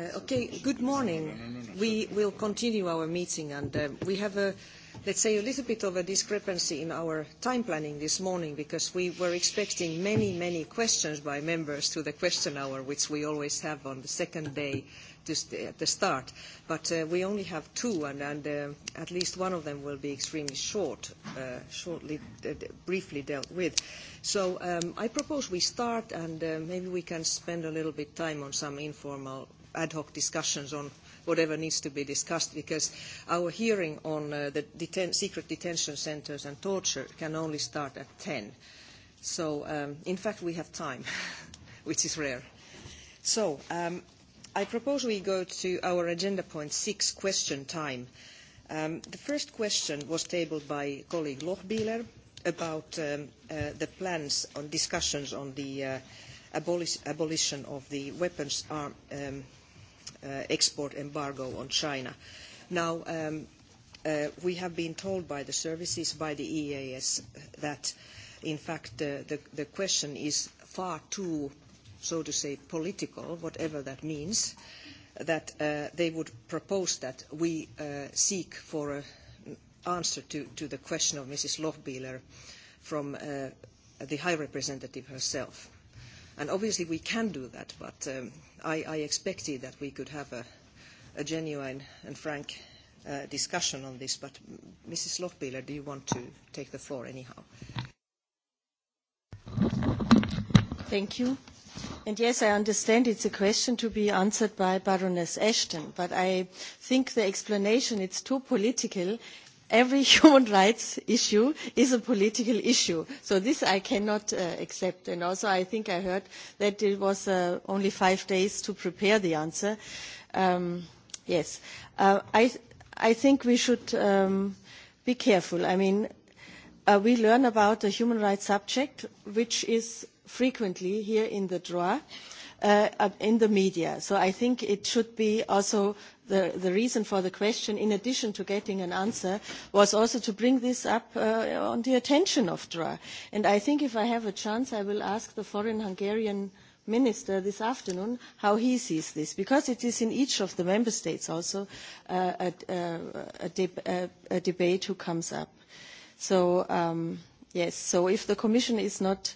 Uh, okay, good morning. We will continue our meeting, and uh, we have a, let's say, a little bit of a discrepancy in our time planning this morning because we were expecting many, many questions by members to the question hour, which we always have on the second day st at the start. But uh, we only have two, and, and uh, at least one of them will be extremely short, uh, shortly, uh, briefly dealt with. So um, I propose we start, and uh, maybe we can spend a little bit time on some informal ad hoc discussions on whatever needs to be discussed because our hearing on uh, the deten secret detention centers and torture can only start at 10. So, um, in fact, we have time, which is rare. So, um, I propose we go to our agenda point six, question time. Um, the first question was tabled by colleague Lochbieler about um, uh, the plans on discussions on the uh, abolish, abolition of the weapons arm, um, uh, export embargo on China. Now, um, uh, we have been told by the services, by the EAS, that in fact uh, the, the question is far too, so to say, political, whatever that means, that uh, they would propose that we uh, seek for an mm, answer to, to the question of Mrs. Lochbieler from uh, the High Representative herself. And obviously we can do that, but um, I, I expected that we could have a, a genuine and frank uh, discussion on this. But Mrs. Mm, Lochbieler, do you want to take the floor anyhow? Thank you. And yes, I understand it's a question to be answered by Baroness Ashton, but I think the explanation it's too political every human rights issue is a political issue. So this I cannot uh, accept. And also I think I heard that it was uh, only five days to prepare the answer. Um, yes. Uh, I, I think we should um, be careful. I mean, uh, we learn about the human rights subject, which is frequently here in the drawer. Uh, uh, in the media. So I think it should be also the, the reason for the question, in addition to getting an answer, was also to bring this up uh, on the attention of DRA. And I think if I have a chance, I will ask the foreign Hungarian minister this afternoon how he sees this, because it is in each of the member states also uh, a, a, deb- a, a debate who comes up. So, um, yes, so if the Commission is not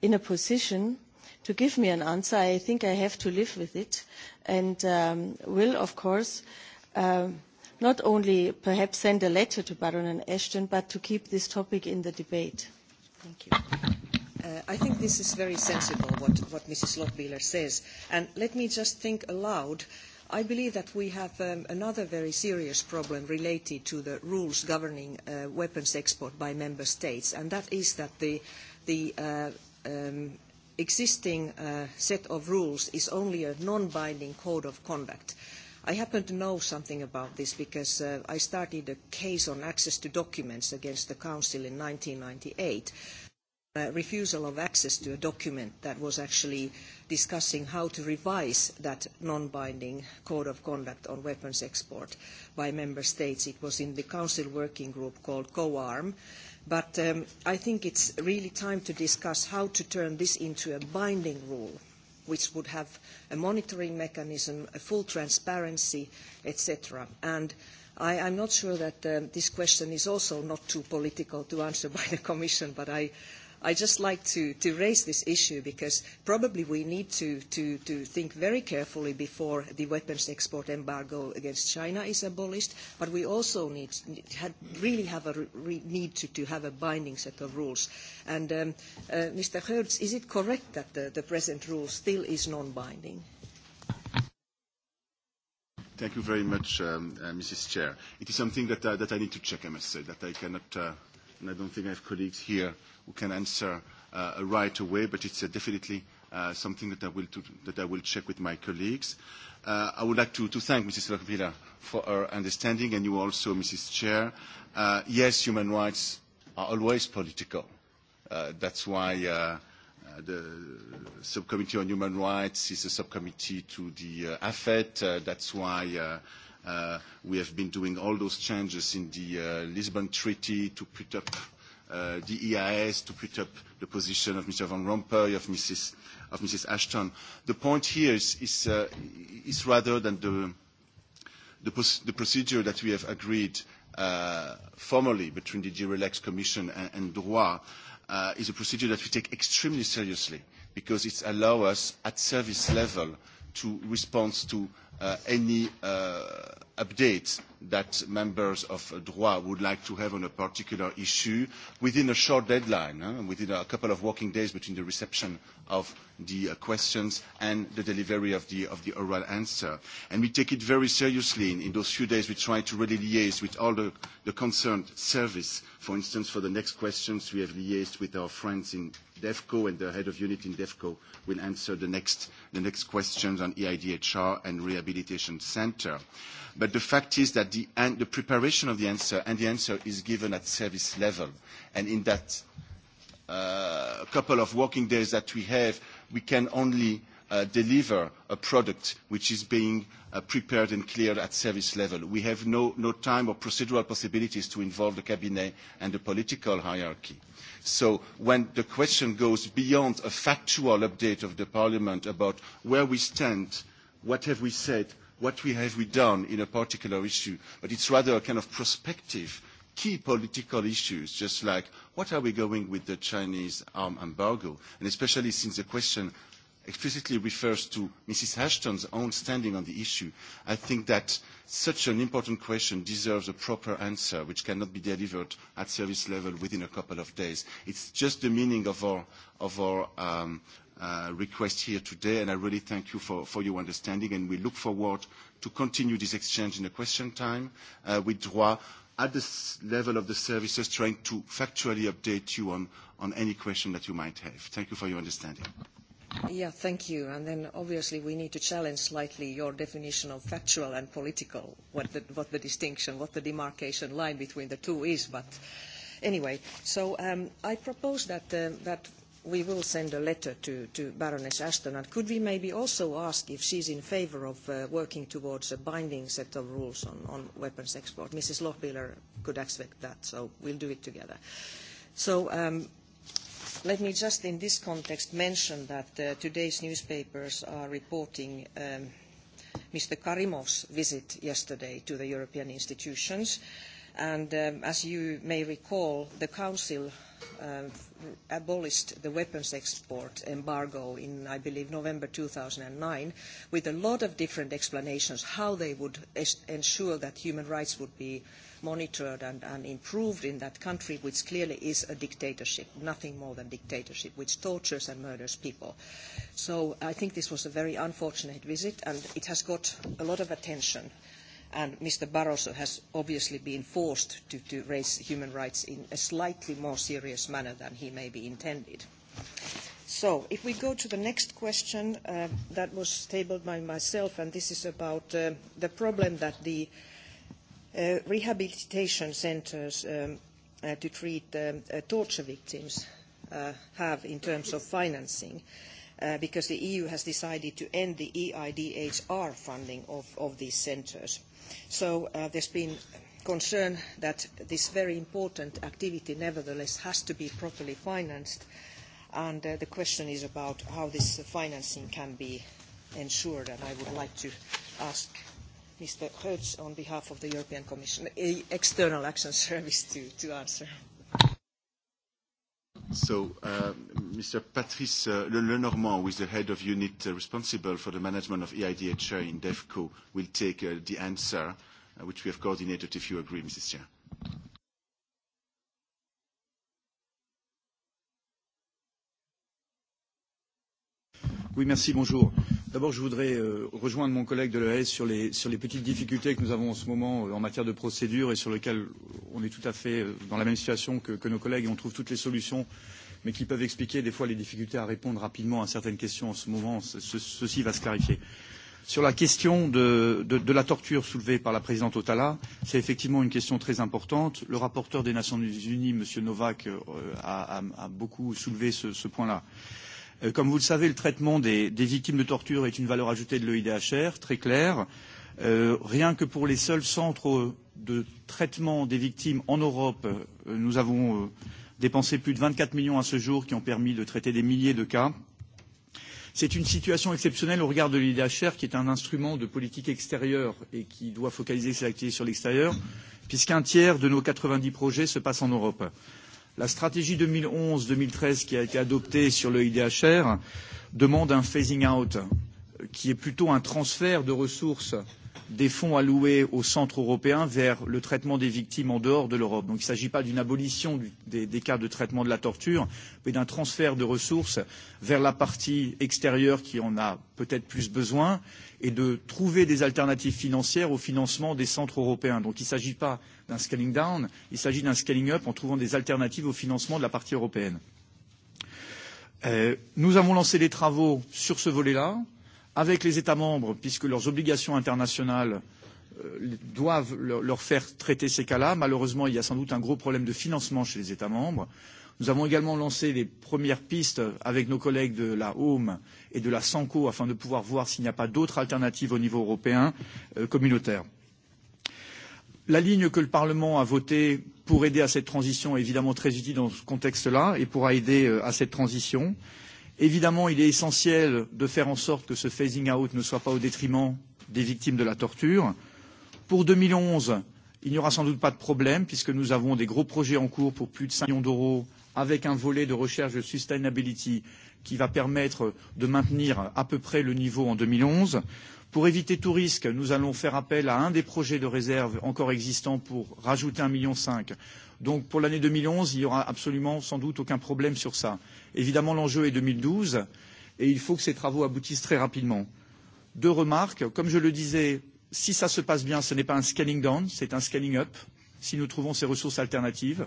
in a position uh, to give me an answer. I think I have to live with it and um, will, of course, um, not only perhaps send a letter to Baroness Ashton, but to keep this topic in the debate. Thank you. Uh, I think this is very sensible, what, what Mrs. Lochbieler says. And let me just think aloud. I believe that we have um, another very serious problem related to the rules governing uh, weapons export by member states, and that is that the, the uh, um, existing uh, set of rules is only a non-binding code of conduct. I happen to know something about this because uh, I started a case on access to documents against the Council in 1998, uh, refusal of access to a document that was actually discussing how to revise that non-binding code of conduct on weapons export by member states. It was in the Council working group called COARM. Uh, But um, I think it's really time to discuss how to turn this into a binding rule, which would have a monitoring mechanism, a full transparency, etc. And I, I'm not sure that um, this question is also not too political to answer by the Commission, but I, I just like to, to raise this issue because probably we need to, to, to think very carefully before the weapons export embargo against China is abolished, but we also need, had, really have a re, need to, to have a binding set of rules. And um, uh, Mr. Hertz, is it correct that the, the present rule still is non-binding? Thank you very much, um, uh, Mrs. Chair. It is something that, uh, that I need to check, I must say, that I cannot, uh, and I don't think I have colleagues here who can answer uh, right away, but it's uh, definitely uh, something that I, will to, that I will check with my colleagues. Uh, I would like to, to thank Mrs. Lochvila for her understanding, and you also, Mrs. Chair. Uh, yes, human rights are always political. Uh, that's why uh, Uh, the subcommittee on human rights is a subcommittee to the uh, AFET. Uh, that's why uh, uh, we have been doing all those changes in the uh, Lisbon Treaty to put up uh, the EIS to put up the position of Mr. Van Rompuy, of Mrs. Of Mrs. Ashton. The point here is, is, uh, is rather than the, the, the procedure that we have agreed uh, formally between the GRELEX Commission and, and DROIT uh, is a procedure that we take extremely seriously because it allows us at service level to respond to uh, any uh, updates that members of droit would like to have on a particular issue within a short deadline, eh, within a couple of working days between the reception of the uh, questions and the delivery of the, of the oral answer. And we take it very seriously. In, in those few days, we try to really liaise with all the, the concerned service. For instance, for the next questions, we have liaised with our friends in DEFCO, and the head of unit in DEFCO will answer the next, the next questions on EIDHR and Rehabilitation Center. But the fact is that the, an- the preparation of the answer and the answer is given at service level. And in that uh, couple of working days that we have, we can only uh, deliver a product which is being uh, prepared and cleared at service level. We have no, no time or procedural possibilities to involve the cabinet and the political hierarchy. So when the question goes beyond a factual update of the parliament about where we stand, what have we said, what we have we done in a particular issue, but it's rather a kind of prospective key political issues, just like what are we going with the Chinese arm embargo, and especially since the question explicitly refers to Mrs. Ashton's own standing on the issue. I think that such an important question deserves a proper answer, which cannot be delivered at service level within a couple of days. It's just the meaning of our, of our um, uh, request here today, and I really thank you for, for your understanding, and we look forward to continue this exchange in the question time uh, with Droit at the level of the services, trying to factually update you on, on any question that you might have. Thank you for your understanding. Yeah, thank you. And then obviously we need to challenge slightly your definition of factual and political, what the, what the distinction, what the demarcation line between the two is. But anyway, so um, I propose that, uh, that we will send a letter to, to Baroness Ashton, and could we maybe also ask if she's in favour of uh, working towards a binding set of rules on, on weapons export? Mrs. Lochbiller could expect that, so we'll do it together. So um, let me just in this context mention that uh, today's newspapers are reporting um, Mr. Karimov's visit yesterday to the European institutions. And um, as you may recall, the Council uh, abolished the weapons export embargo in, I believe, November 2009, with a lot of different explanations how they would es- ensure that human rights would be monitored and, and improved in that country, which clearly is a dictatorship, nothing more than dictatorship, which tortures and murders people. So I think this was a very unfortunate visit, and it has got a lot of attention. Uh, and Mr. Barroso has obviously been forced to, to raise human rights in a slightly more serious manner than he maybe intended. So if we go to the next question uh, that was tabled by myself, and this is about uh, the problem that the uh, rehabilitation centers um, uh, to treat um, uh, torture victims uh, have in terms of financing. Uh, uh, because the EU has decided to end the EIDHR funding of, of these centres. So uh, there's been concern that this very important activity nevertheless has to be properly financed and uh, the question is about how this uh, financing can be ensured and I would like to ask Mr. Hertz on behalf of the European Commission, External Action Service to, to answer. So, uh, Mr. Patrice uh, Lenormand, who is the head of unit uh, responsible for the management of EIDHR in DEFCO, will take uh, the answer, uh, which we have coordinated, if you agree, Mrs. Chair. Oui, merci, bonjour. Euh, D'abord, je voudrais euh, rejoindre mon collègue de l'EAS sur les, sur les petites difficultés que nous avons en ce moment euh, en matière de procédure et sur lesquelles on est tout à fait euh, dans la même situation que, que nos collègues et on trouve toutes les solutions, mais qui peuvent expliquer des fois les difficultés à répondre rapidement à certaines questions en ce moment. Ce, ce, ceci va se clarifier. Sur la question de, de, de la torture soulevée par la présidente Otala, c'est effectivement une question très importante. Le rapporteur des Nations Unies, M. Novak, euh, a, a, a beaucoup soulevé ce, ce point-là. Euh, Euh, comme vous le savez, le traitement des, des victimes de torture est une valeur ajoutée de l'EIDHR, très claire. Euh, rien que pour les seuls centres euh, de traitement des victimes en Europe, euh, nous avons euh, dépensé plus de 24 millions à ce jour qui ont permis de traiter des milliers de cas. C'est une situation exceptionnelle au regard de l'IDHR, qui est un instrument de politique extérieure et qui doit focaliser ses activités sur l'extérieur, puisqu'un tiers de nos 90 projets se passe en Europe. La stratégie 2011-2013 qui a été adoptée sur le IDHR demande un phasing out euh, qui est plutôt un transfert de ressources euh, des fonds alloués au Centre européen vers le traitement des victimes en dehors de l'Europe. Donc il ne s'agit pas d'une abolition du, des, des cas de traitement de la torture, mais d'un transfert de ressources vers la partie extérieure qui en a peut-être plus besoin et de trouver des alternatives financières au financement des centres européens. Donc il ne s'agit pas d'un scaling down, il s'agit d'un scaling up en trouvant des alternatives au financement de la partie européenne. Euh, nous avons lancé des travaux sur ce volet-là. Euh, avec les États membres, puisque leurs obligations internationales euh, doivent leur, leur faire traiter ces cas-là. Malheureusement, il y a sans doute un gros problème de financement chez les États membres. Nous avons également lancé les premières pistes avec nos collègues de la HOME et de la SANCO afin de pouvoir voir s'il n'y a pas d'autres alternatives au niveau européen euh, communautaire. La ligne que le Parlement a votée pour aider à cette transition est évidemment très utile dans ce contexte-là et pourra aider euh, à cette transition. Euh, Évidemment, il est essentiel de faire en sorte que ce phasing out ne soit pas au détriment des victimes de la torture. Pour 2011, il n'y aura sans doute pas de problème puisque nous avons des gros projets en cours pour plus de 5 millions d'euros avec un volet de recherche de sustainability qui va permettre de maintenir à peu près le niveau en 2011. Pour éviter tout risque, nous allons faire appel à un des projets de réserve encore existants pour rajouter 1,5 million. Donc pour l'année 2011, il n'y aura absolument sans doute aucun problème sur ça. Évidemment, l'enjeu est 2012 et il faut que ces travaux aboutissent très rapidement. Deux remarques. Comme je le disais, si ça se passe bien, ce n'est pas un scaling down, c'est un scaling up, si nous trouvons ces ressources alternatives.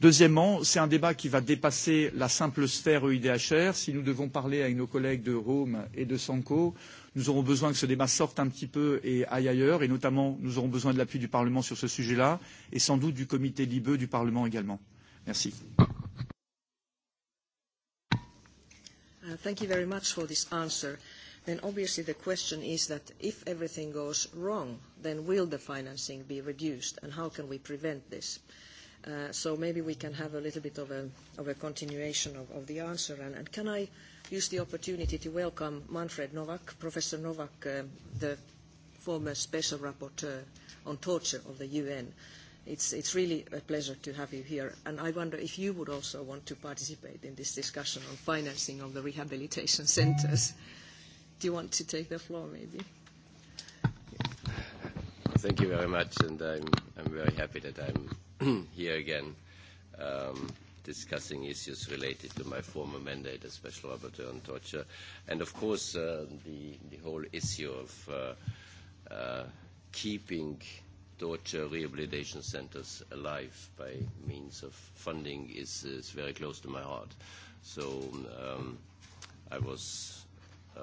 Deuxièmement, c'est un débat qui va dépasser la simple sphère EIDHR. Si nous devons parler avec nos collègues de Rome et de Sanco, nous aurons besoin que ce débat sorte un petit peu et aille ailleurs, et notamment nous aurons besoin de l'appui du Parlement sur ce sujet-là, et sans doute du comité LIBE du Parlement également. Merci. Uh, thank you very much for this answer. Then obviously the question is that if everything goes wrong, then will the financing be reduced, and how can we prevent this? Uh, so maybe we can have a little bit of a, of a continuation of, of the answer. And, and can I use the opportunity to welcome Manfred Novak, Professor Novak, uh, the former special rapporteur on torture of the UN. Uh, It's, it's really a pleasure to have you here. And I wonder if you would also want to participate in this discussion on financing of the rehabilitation centers. Do you want to take the floor, maybe? Thank you very much, and I'm, I'm very happy that I'm here again um, discussing issues related to my former mandate as Special Rapporteur on Torture. And of course, uh, the, the whole issue of uh, uh, keeping uh, Deutsche Rehabilitation Centers alive by means of funding is, is very close to my heart. So um, I was uh,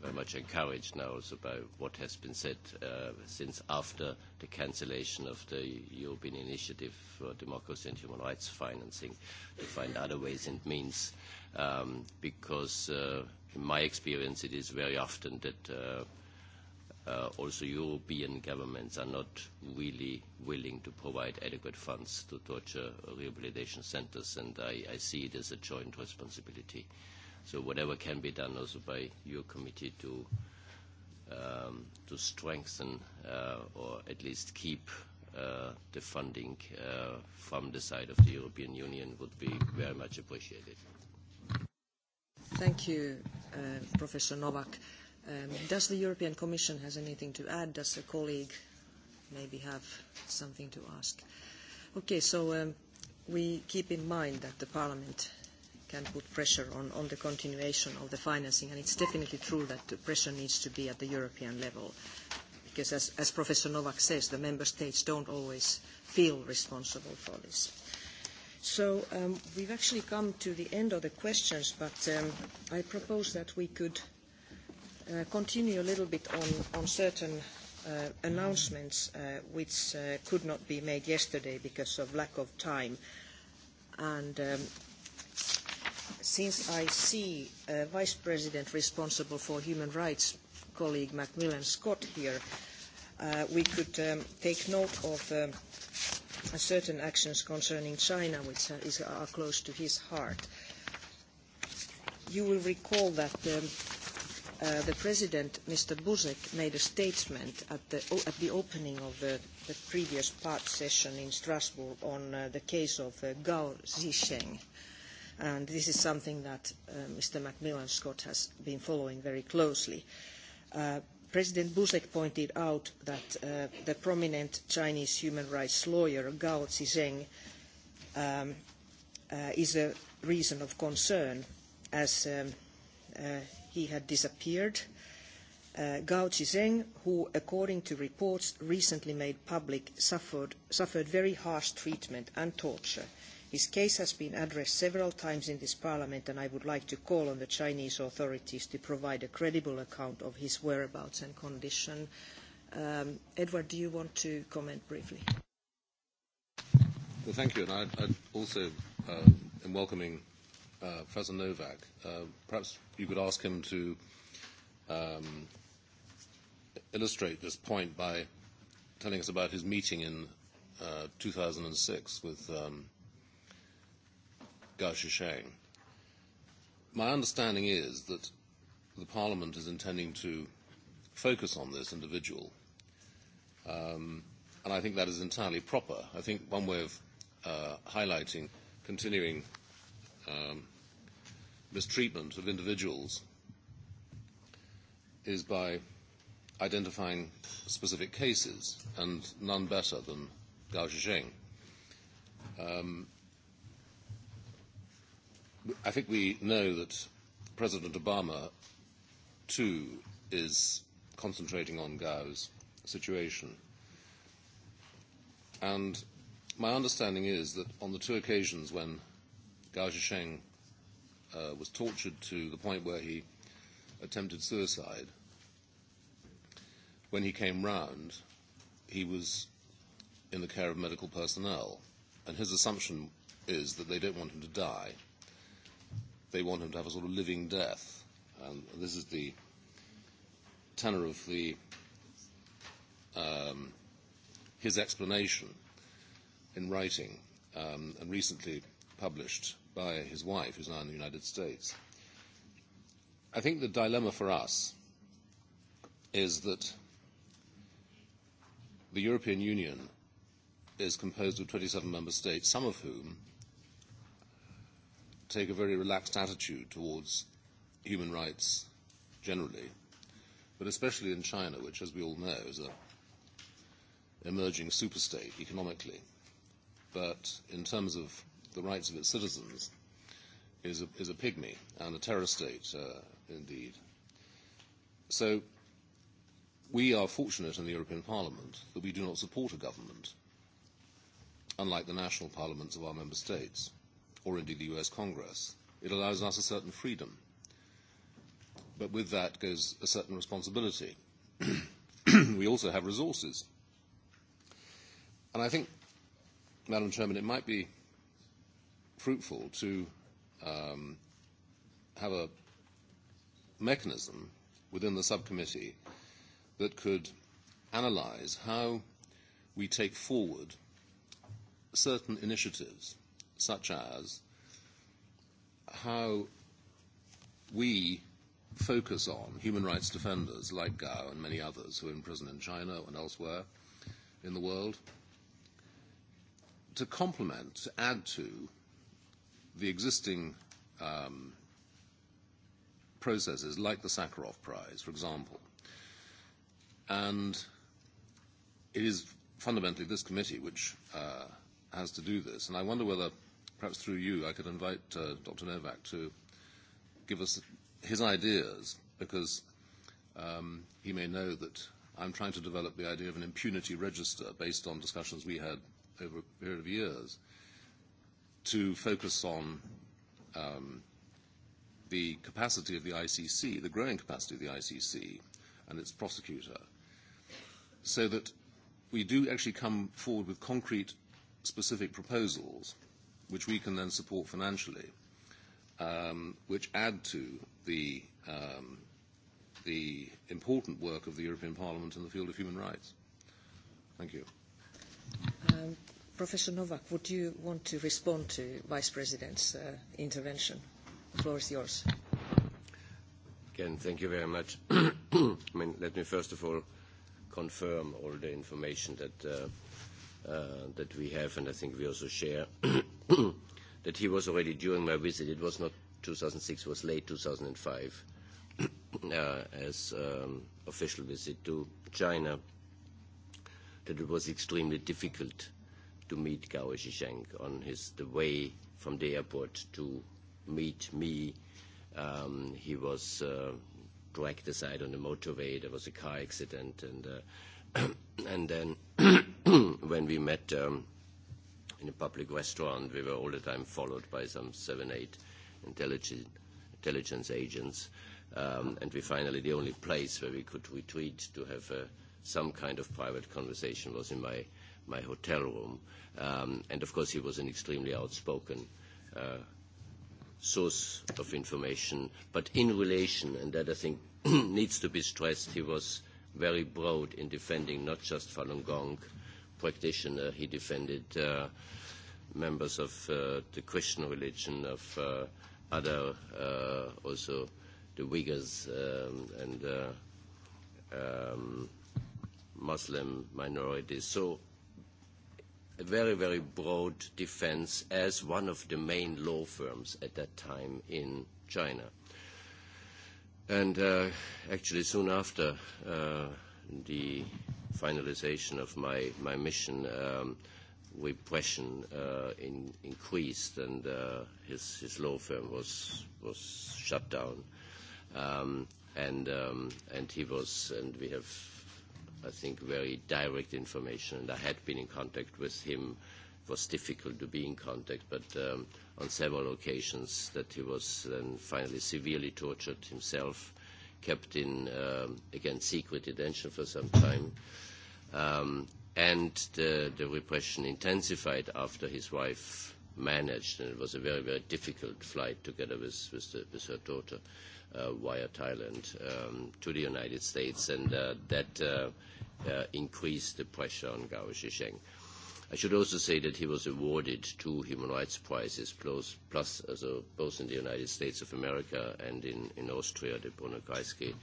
very much encouraged now also by what has been said uh, since after the cancellation of the European Initiative for Democracy and Human Rights financing to find other ways and means um, because uh, in my experience it is very often that uh, uh, also European governments are not really willing to provide adequate funds to torture rehabilitation centers, and I, I see it as a joint responsibility. So whatever can be done also by your committee to, um, to strengthen uh, or at least keep uh, the funding uh, from the side of the European Union would be very much appreciated. Thank you, uh, Professor Novak. Uh, Um, does the European Commission has anything to add? Does a colleague maybe have something to ask? Okay, so um, we keep in mind that the Parliament can put pressure on, on the continuation of the financing, and it's definitely true that the pressure needs to be at the European level, because as, as Professor Novak says, the member states don't always feel responsible for this. So um, we've actually come to the end of the questions, but um, I propose that we could – uh, continue a little bit on, on certain uh, announcements uh, which uh, could not be made yesterday because of lack of time. And um, since I see uh, Vice President responsible for human rights, colleague Macmillan Scott here, uh, we could um, take note of um, certain actions concerning China, which uh, is, are close to his heart. You will recall that um, uh, the President, Mr. Buzek, made a statement at the, at the opening of the, uh, the previous part session in Strasbourg on uh, the case of uh, Gao Zisheng. And this is something that uh, Mr. Macmillan Scott has been following very closely. Uh, President Buzek pointed out that uh, the prominent Chinese human rights lawyer Gao Zizeng um, uh, is a reason of concern as um, uh, he had disappeared. Uh, Gao Chizeng, who, according to reports recently made public, suffered, suffered very harsh treatment and torture. His case has been addressed several times in this parliament, and I would like to call on the Chinese authorities to provide a credible account of his whereabouts and condition. Um, Edward, do you want to comment briefly? Well, thank you, and I'd, I'd also, um, in welcoming uh, Professor Novak. Uh, perhaps you could ask him to um, illustrate this point by telling us about his meeting in uh, 2006 with um, Gao Shisheng. My understanding is that the Parliament is intending to focus on this individual, um, and I think that is entirely proper. I think one way of uh, highlighting continuing um, mistreatment of individuals is by identifying specific cases, and none better than Gao Zhizheng. Um, I think we know that President Obama, too, is concentrating on Gao's situation. And my understanding is that on the two occasions when Gao Zhisheng uh, was tortured to the point where he attempted suicide. When he came round, he was in the care of medical personnel, and his assumption is that they don't want him to die. They want him to have a sort of living death. And this is the tenor of the um, his explanation in writing um, and recently published by his wife, who's now in the United States. I think the dilemma for us is that the European Union is composed of 27 member states, some of whom take a very relaxed attitude towards human rights generally, but especially in China, which, as we all know, is an emerging superstate economically. But in terms of the rights of its citizens is a, is a pygmy and a terror state, uh, indeed. So we are fortunate in the European Parliament that we do not support a government, unlike the national parliaments of our member states, or indeed the US Congress. It allows us a certain freedom, but with that goes a certain responsibility. we also have resources. And I think, Madam Chairman, it might be fruitful to um, have a mechanism within the subcommittee that could analyze how we take forward certain initiatives, such as how we focus on human rights defenders like Gao and many others who are in prison in China and elsewhere in the world, to complement, to add to the existing um, processes, like the Sakharov Prize, for example. And it is fundamentally this committee which uh, has to do this. And I wonder whether, perhaps through you, I could invite uh, Dr. Novak to give us his ideas, because um, he may know that I'm trying to develop the idea of an impunity register based on discussions we had over a period of years. Uh, to focus on um, the capacity of the ICC, the growing capacity of the ICC and its prosecutor, so that we do actually come forward with concrete, specific proposals, which we can then support financially, um, which add to the, um, the important work of the European Parliament in the field of human rights. Thank you. Um, Professor Novak, would you want to respond to Vice President's uh, intervention? The floor is yours. Again, thank you very much. I mean, let me first of all confirm all the information that, uh, uh, that we have, and I think we also share, that he was already during my visit. It was not 2006, it was late 2005, uh, as um, official visit to China, that it was extremely difficult to meet Gao Zhisheng on his the way from the airport to meet me. Um, he was uh, dragged aside on the motorway. There was a car accident, and uh, and then when we met um, in a public restaurant, we were all the time followed by some seven, eight intelligence intelligence agents. Um, and we finally, the only place where we could retreat to have uh, some kind of private conversation was in my my hotel room. Um, and of course, he was an extremely outspoken uh, source of information. But in relation, and that I think needs to be stressed, he was very broad in defending not just Falun Gong practitioner, he defended uh, members of uh, the Christian religion, of uh, other, uh, also the Uyghurs um, and uh, um, Muslim minorities. So a very, very broad defense as one of the main law firms at that time in China. And uh, actually, soon after uh, the finalization of my, my mission, um, repression uh, in, increased, and uh, his, his law firm was, was shut down. Um, and, um, and he was, and we have I think, very direct information. And I had been in contact with him. It was difficult to be in contact, but um, on several occasions that he was then finally severely tortured himself, kept in, um, again, secret detention for some time. Um, and the, the repression intensified after his wife managed, and it was a very, very difficult flight together with, with, the, with her daughter uh, via Thailand um, to the United States. And uh, that... Uh, uh, increase the pressure on Gao Zhisheng. I should also say that he was awarded two human rights prizes, plus, plus also both in the United States of America and in, in Austria, the Bruno Kreisky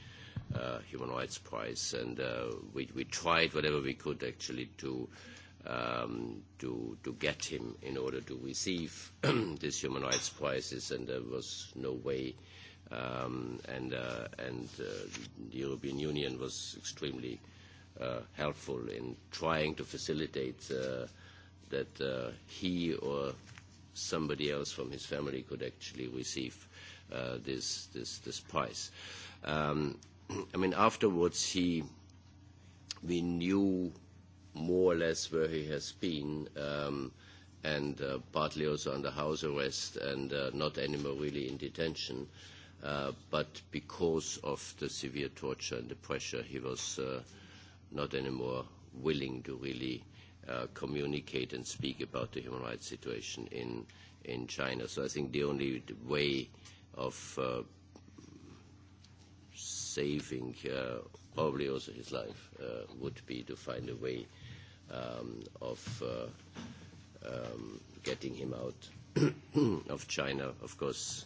uh, Human Rights Prize. And uh, we, we tried whatever we could actually to, um, to, to get him in order to receive these human rights prizes, and there was no way um, and, uh, and uh, the European Union was extremely uh, uh, helpful in trying to facilitate uh, that uh, he or somebody else from his family could actually receive uh, this, this, this prize. Um, I mean, afterwards, he, we knew more or less where he has been, um, and uh, partly also under house arrest and uh, not anymore really in detention. Uh, but because of the severe torture and the pressure, he was uh, not anymore willing to really uh, communicate and speak about the human rights situation in, in China. So I think the only way of uh, saving uh, probably also his life uh, would be to find a way um, of uh, um, getting him out of China. Of course,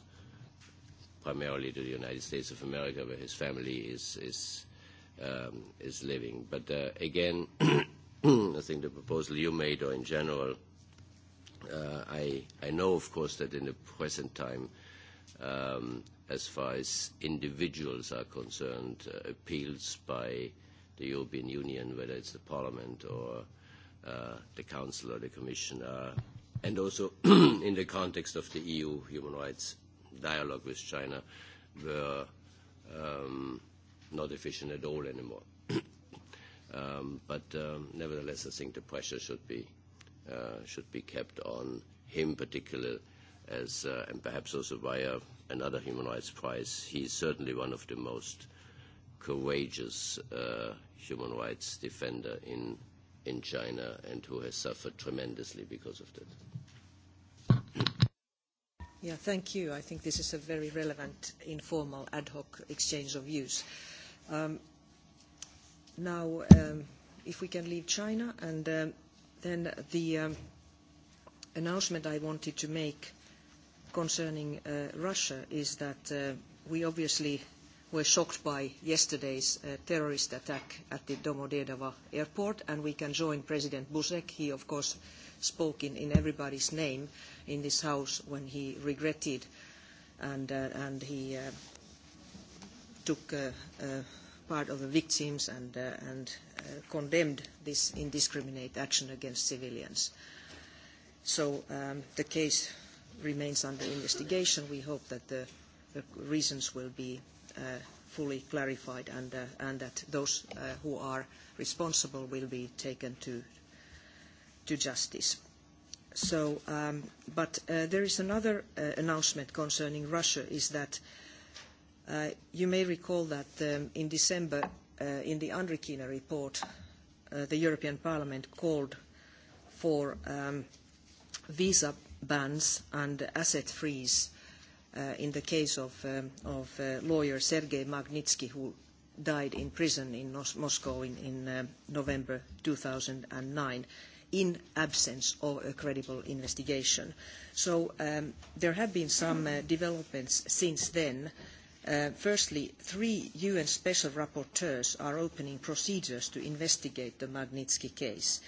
primarily to the United States of America, where his family is, is um, is living. But uh, again, I think the proposal you made, or in general, uh, I, I know, of course, that in the present time, um, as far as individuals are concerned, uh, appeals by the European Union, whether it's the Parliament or uh, the Council or the Commission, are, and also in the context of the EU human rights dialogue with China, were um, – not efficient at all anymore. um, but um, nevertheless, I think the pressure should be uh, should be kept on him, particularly as uh, and perhaps also via another human rights prize. He is certainly one of the most courageous uh, human rights defender in in China and who has suffered tremendously because of that. Yeah, thank you. I think this is a very relevant informal ad hoc exchange of views. Uh, Um, now, um, if we can leave China, and um, then the um, announcement I wanted to make concerning uh, Russia is that uh, we obviously were shocked by yesterday's uh, terrorist attack at the Domodedovo airport, and we can join President Buzek. He, of course, spoke in, in everybody's name in this house when he regretted and, uh, and he uh, took uh, uh, part of the victims and, uh, and uh, condemned this indiscriminate action against civilians. So um, the case remains under investigation. We hope that the, the reasons will be uh, fully clarified and, uh, and that those uh, who are responsible will be taken to, to justice. So, um, but uh, there is another uh, announcement concerning Russia is that uh, Uh, you may recall that um, in December, uh, in the Andrikina report, uh, the European Parliament called for um, visa bans and asset freeze uh, in the case of, um, of uh, lawyer Sergei Magnitsky, who died in prison in Nos Moscow in, in uh, November 2009 in absence of a credible investigation. So um, there have been some uh, developments since then. Uh, Uh, firstly, three UN special rapporteurs are opening procedures to investigate the Magnitsky case.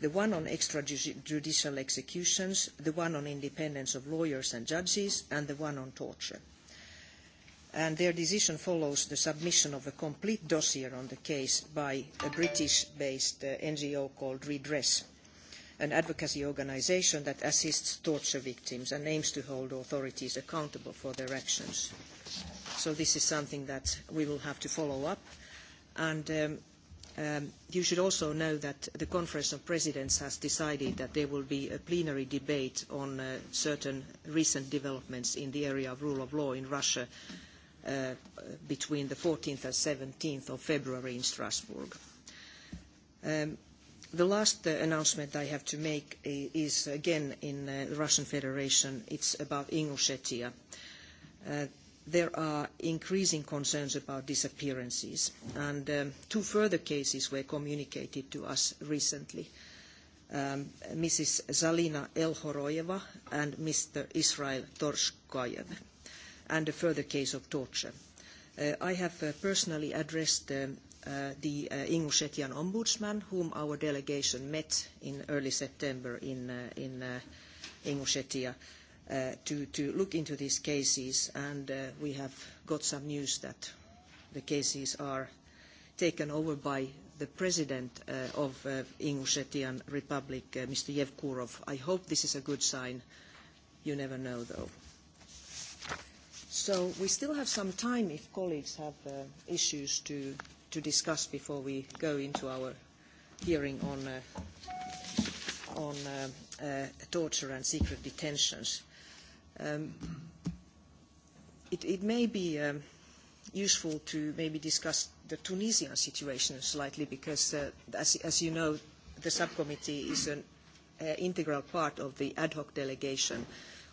The one on extrajudicial executions, the one on independence of lawyers and judges, and the one on torture. And their decision follows the submission of a complete dossier on the case by a British-based uh, NGO called Redress, an advocacy organization that assists torture victims and aims to hold authorities accountable for their actions. Uh, So this is something that we will have to follow up. And um, um, you should also know that the Conference of Presidents has decided that there will be a plenary debate on uh, certain recent developments in the area of rule of law in Russia uh, between the 14th and 17th of February in Strasbourg. Um, The last uh, announcement I have to make uh, is again in uh, the Russian Federation. It's about Ingushetia. Uh, there are increasing concerns about disappearances, and um, two further cases were communicated to us recently. Um, Mrs. Zalina Elhoroyeva and Mr. Israel Torshkayev, and a further case of torture. Uh, I have uh, personally addressed um, uh, the uh, English Etian Ombudsman, whom our delegation met in early September in, uh, in uh, Ingushetia uh, to, to look into these cases, and uh, we have got some news that the cases are taken over by the president uh, of uh, Ingushetian Republic, uh, Mr. Yevkurov. I hope this is a good sign. You never know, though. So we still have some time if colleagues have uh, issues to, to discuss before we go into our hearing on, uh, on uh, uh, torture and secret detentions. Um, it, it may be um, useful to maybe discuss the Tunisian situation slightly because, uh, as, as you know, the subcommittee is an uh, integral part of the ad hoc delegation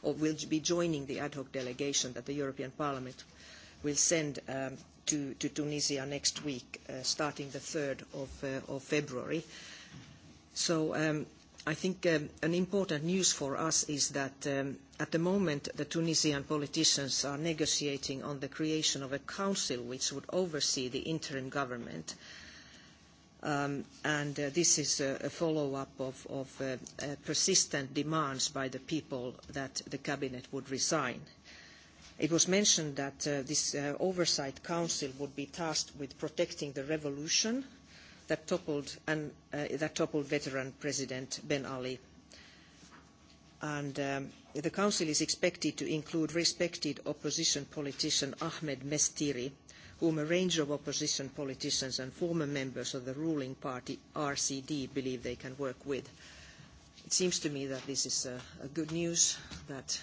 or will be joining the ad hoc delegation that the European Parliament will send um, to, to Tunisia next week, uh, starting the 3rd of, uh, of February. So um, I think um, an important news for us is that um, at the moment the Tunisian politicians are negotiating on the creation of a council which would oversee the interim government. Um, and uh, this is a, a follow-up of, of uh, uh, persistent demands by the people that the cabinet would resign. It was mentioned that uh, this uh, oversight council would be tasked with protecting the revolution that toppled, and, uh, that toppled veteran President Ben Ali. And um, the Council is expected to include respected opposition politician Ahmed Mestiri, whom a range of opposition politicians and former members of the ruling party RCD believe they can work with. It seems to me that this is a, a good news that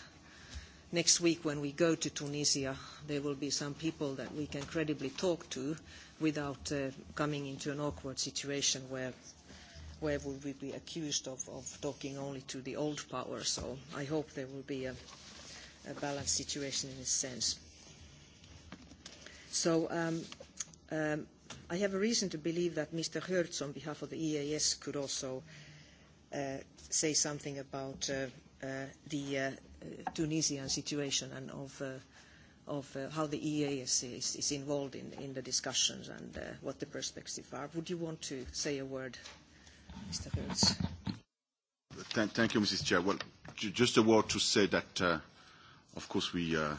next week when we go to Tunisia, there will be some people that we can credibly talk to without uh, coming into an awkward situation where where would we be accused of, of talking only to the old power. So I hope there will be a, a balanced situation in this sense. So um, um, I have a reason to believe that Mr. Hertz, on behalf of the EAS, could also uh, say something about uh, uh, the uh, Tunisian situation and of uh, of uh, how the EAS is, is involved in, in the discussions and uh, what the perspectives are. Would you want to say a word, Mr. Hertz? Thank, thank you, Mrs. Chair. Well, j- just a word to say that, uh, of course, we uh,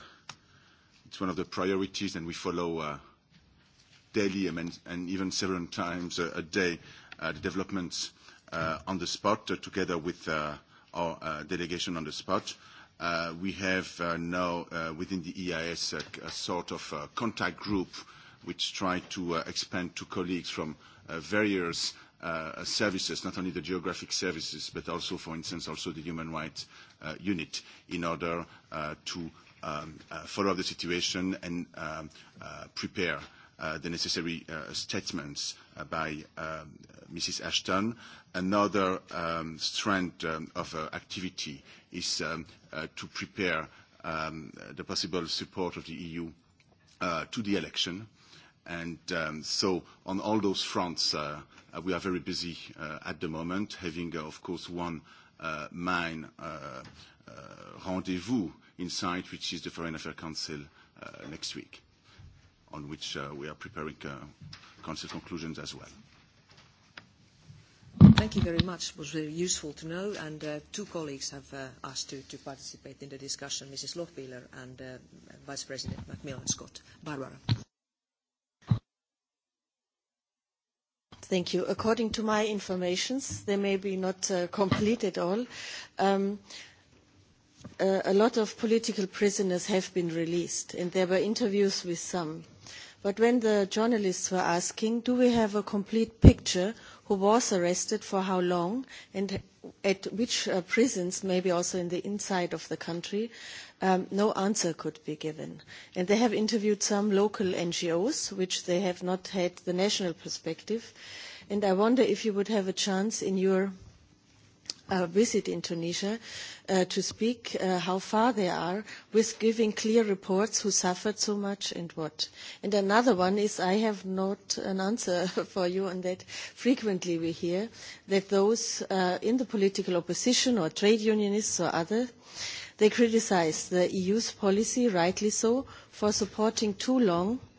it's one of the priorities, and we follow uh, daily and, and even several times a, a day uh, the developments uh, on the spot, uh, together with uh, our uh, delegation on the spot. Uh, uh, we have uh, now uh, within the EIS a, a sort of uh, contact group which try to uh, expand to colleagues from uh, various uh, services, not only the geographic services, but also, for instance, also the human rights uh, unit in order uh, to um, uh, follow up the situation and um, uh, prepare uh, the necessary uh, statements uh, by um, Mrs. Ashton. Another um, strand um, of uh, activity is um, uh, to prepare um, the possible support of the EU uh, to the election. And um, so on all those fronts, uh, uh, we are very busy uh, at the moment, having, uh, of course, one uh, main uh, uh, rendezvous in sight, which is the Foreign Affairs Council uh, next week, on which uh, we are preparing uh, Council conclusions as well. Thank you very much. It was very useful to know, and uh, two colleagues have uh, asked to, to participate in the discussion, Mrs. Lochbihler and uh, Vice President Macmillan Scott. Barbara. Thank you. According to my informations, they may be not uh, complete at all. Um, uh, a lot of political prisoners have been released, and there were interviews with some. But when the journalists were asking, do we have a complete picture who was arrested for how long and at which uh, prisons, maybe also in the inside of the country, um, no answer could be given. And they have interviewed some local NGOs, which they have not had the national perspective. And I wonder if you would have a chance in your uh, visit in Tunisia uh, to speak uh, how far they are with giving clear reports who suffered so much and what. And another one is I have not an answer for you on that. Frequently we hear that those uh, in the political opposition or trade unionists or others, they criticize the EU's policy, rightly so, for supporting too long –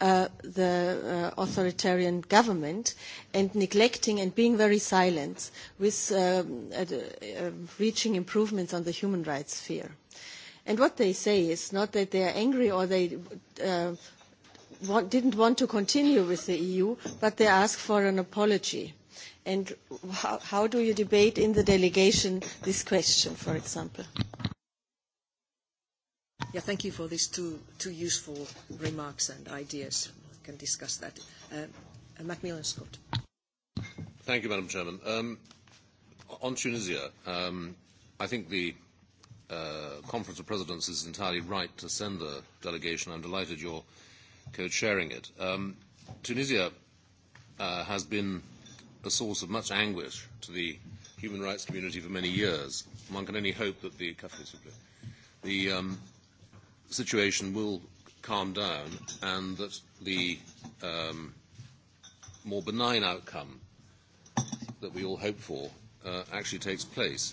uh, the uh, authoritarian government and neglecting and being very silent with um, uh, uh, reaching improvements on the human rights sphere. And what they say is not that they are angry or they uh, want, didn't want to continue with the EU, but they ask for an apology. And how, how do you debate in the delegation this question, for example? Yeah, thank you for these two, two useful remarks and ideas. We can discuss that. Uh, Macmillan Scott. Thank you, Madam Chairman. Um, on Tunisia, um, I think the uh, Conference of Presidents is entirely right to send a delegation. I'm delighted you're co-chairing it. Um, Tunisia uh, has been a source of much anguish to the human rights community for many years. One can only hope that the, the um, situation will calm down and that the um, more benign outcome that we all hope for uh, actually takes place.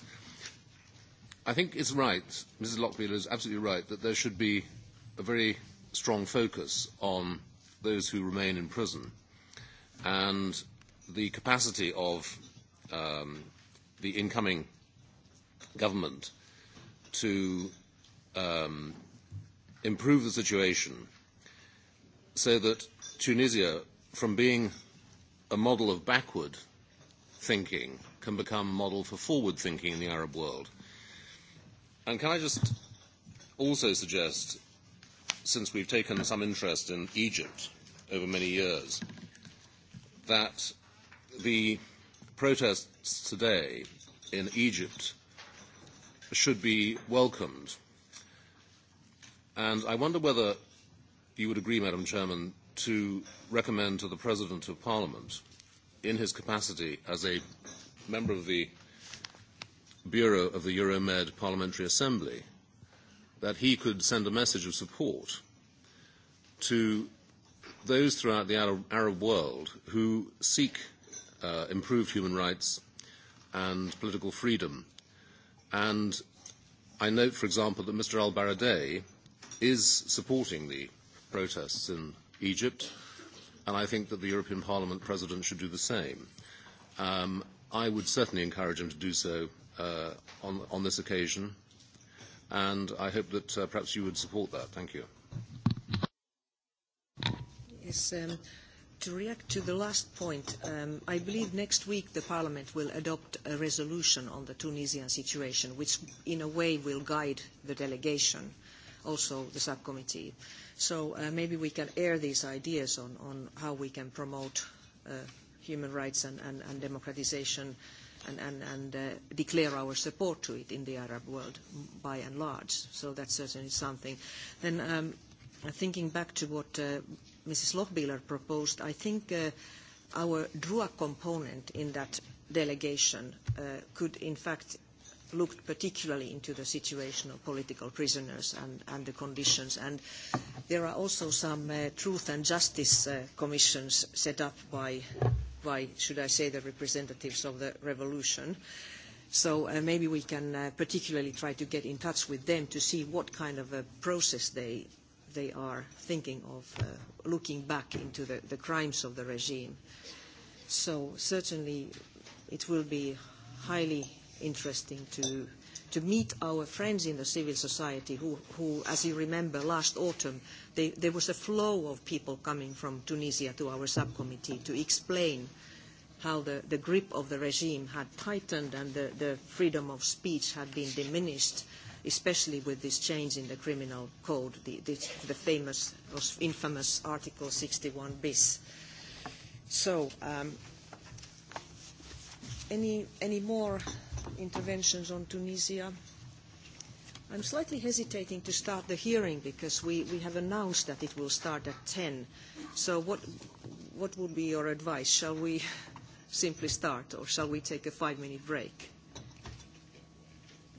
I think it's right, Mrs. Lockbeeler is absolutely right, that there should be a very strong focus on those who remain in prison and the capacity of um, the incoming government to um, improve the situation so that Tunisia, from being a model of backward thinking, can become a model for forward thinking in the Arab world. And can I just also suggest, since we've taken some interest in Egypt over many years, that the protests today in Egypt should be welcomed And I wonder whether you would agree, Madam Chairman, to recommend to the President of Parliament, in his capacity as a member of the Bureau of the Euromed Parliamentary Assembly, that he could send a message of support to those throughout the Arab world who seek uh, improved human rights and political freedom. And I note, for example, that Mr. al-Baradei is supporting the protests in Egypt, and I think that the European Parliament President should do the same. Um, I would certainly encourage him to do so uh, on, on this occasion, and I hope that uh, perhaps you would support that. Thank you. Yes. Um, to react to the last point, um, I believe next week the Parliament will adopt a resolution on the Tunisian situation, which in a way will guide the delegation. Uh, also the subcommittee. So uh, maybe we can air these ideas on, on how we can promote uh, human rights and, and, and democratization and, and, and uh, declare our support to it in the Arab world by and large. So that's certainly something. Then um, thinking back to what uh, Mrs. Lochbieler proposed, I think uh, our DRUA component in that delegation uh, could in fact looked particularly into the situation of political prisoners and, and the conditions. And there are also some uh, Truth and Justice uh, commissions set up by, by, should I say, the representatives of the revolution. So uh, maybe we can uh, particularly try to get in touch with them to see what kind of a process they, they are thinking of uh, looking back into the, the crimes of the regime. So certainly it will be highly interesting to, to meet our friends in the civil society who, who as you remember, last autumn, they, there was a flow of people coming from Tunisia to our subcommittee to explain how the, the grip of the regime had tightened and the, the freedom of speech had been diminished, especially with this change in the criminal code, the, the, the famous, infamous Article 61 bis. So um, Any, any more interventions on Tunisia? I'm slightly hesitating to start the hearing because we, we have announced that it will start at 10. So what, what would be your advice? Shall we simply start or shall we take a five-minute break?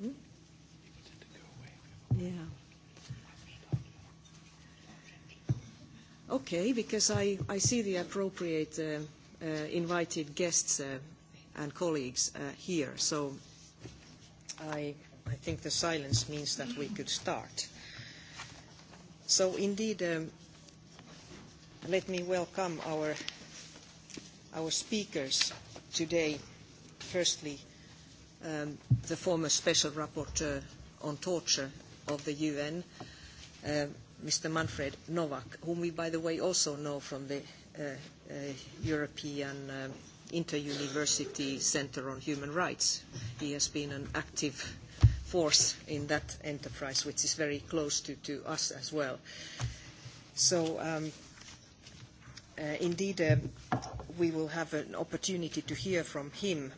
Hmm? Yeah. Okay, because I, I see the appropriate uh, uh, invited guests uh, and colleagues uh, here. So I, I think the silence means that we could start. So indeed, um, let me welcome our, our speakers today. Firstly, um, the former Special Rapporteur on Torture of the UN, uh, Mr. Manfred Novak, whom we, by the way, also know from the uh, uh, European uh, Inter-University Center on Human Rights. He has been an active force in that enterprise, which is very close to, to us as well. So um, uh, indeed, uh, we will have an opportunity to hear from him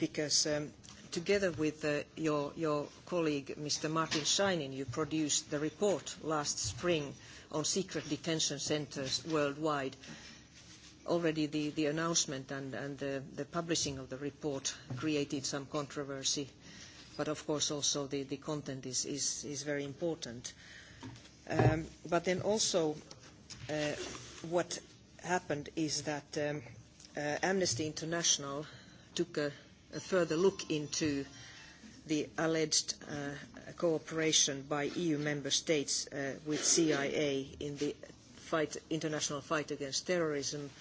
because um, together with uh, your, your colleague, Mr. Martin Scheinin, you produced the report last spring on secret detention centers worldwide. Uh, already the, the announcement and, and the, the publishing of the report created some controversy, but of course also the, the content is, is, is very important. Um, but then also uh, what happened is that um, uh, Amnesty International took a, a further look into the alleged uh, cooperation by EU member states uh, with CIA in the fight, international fight against terrorism uh,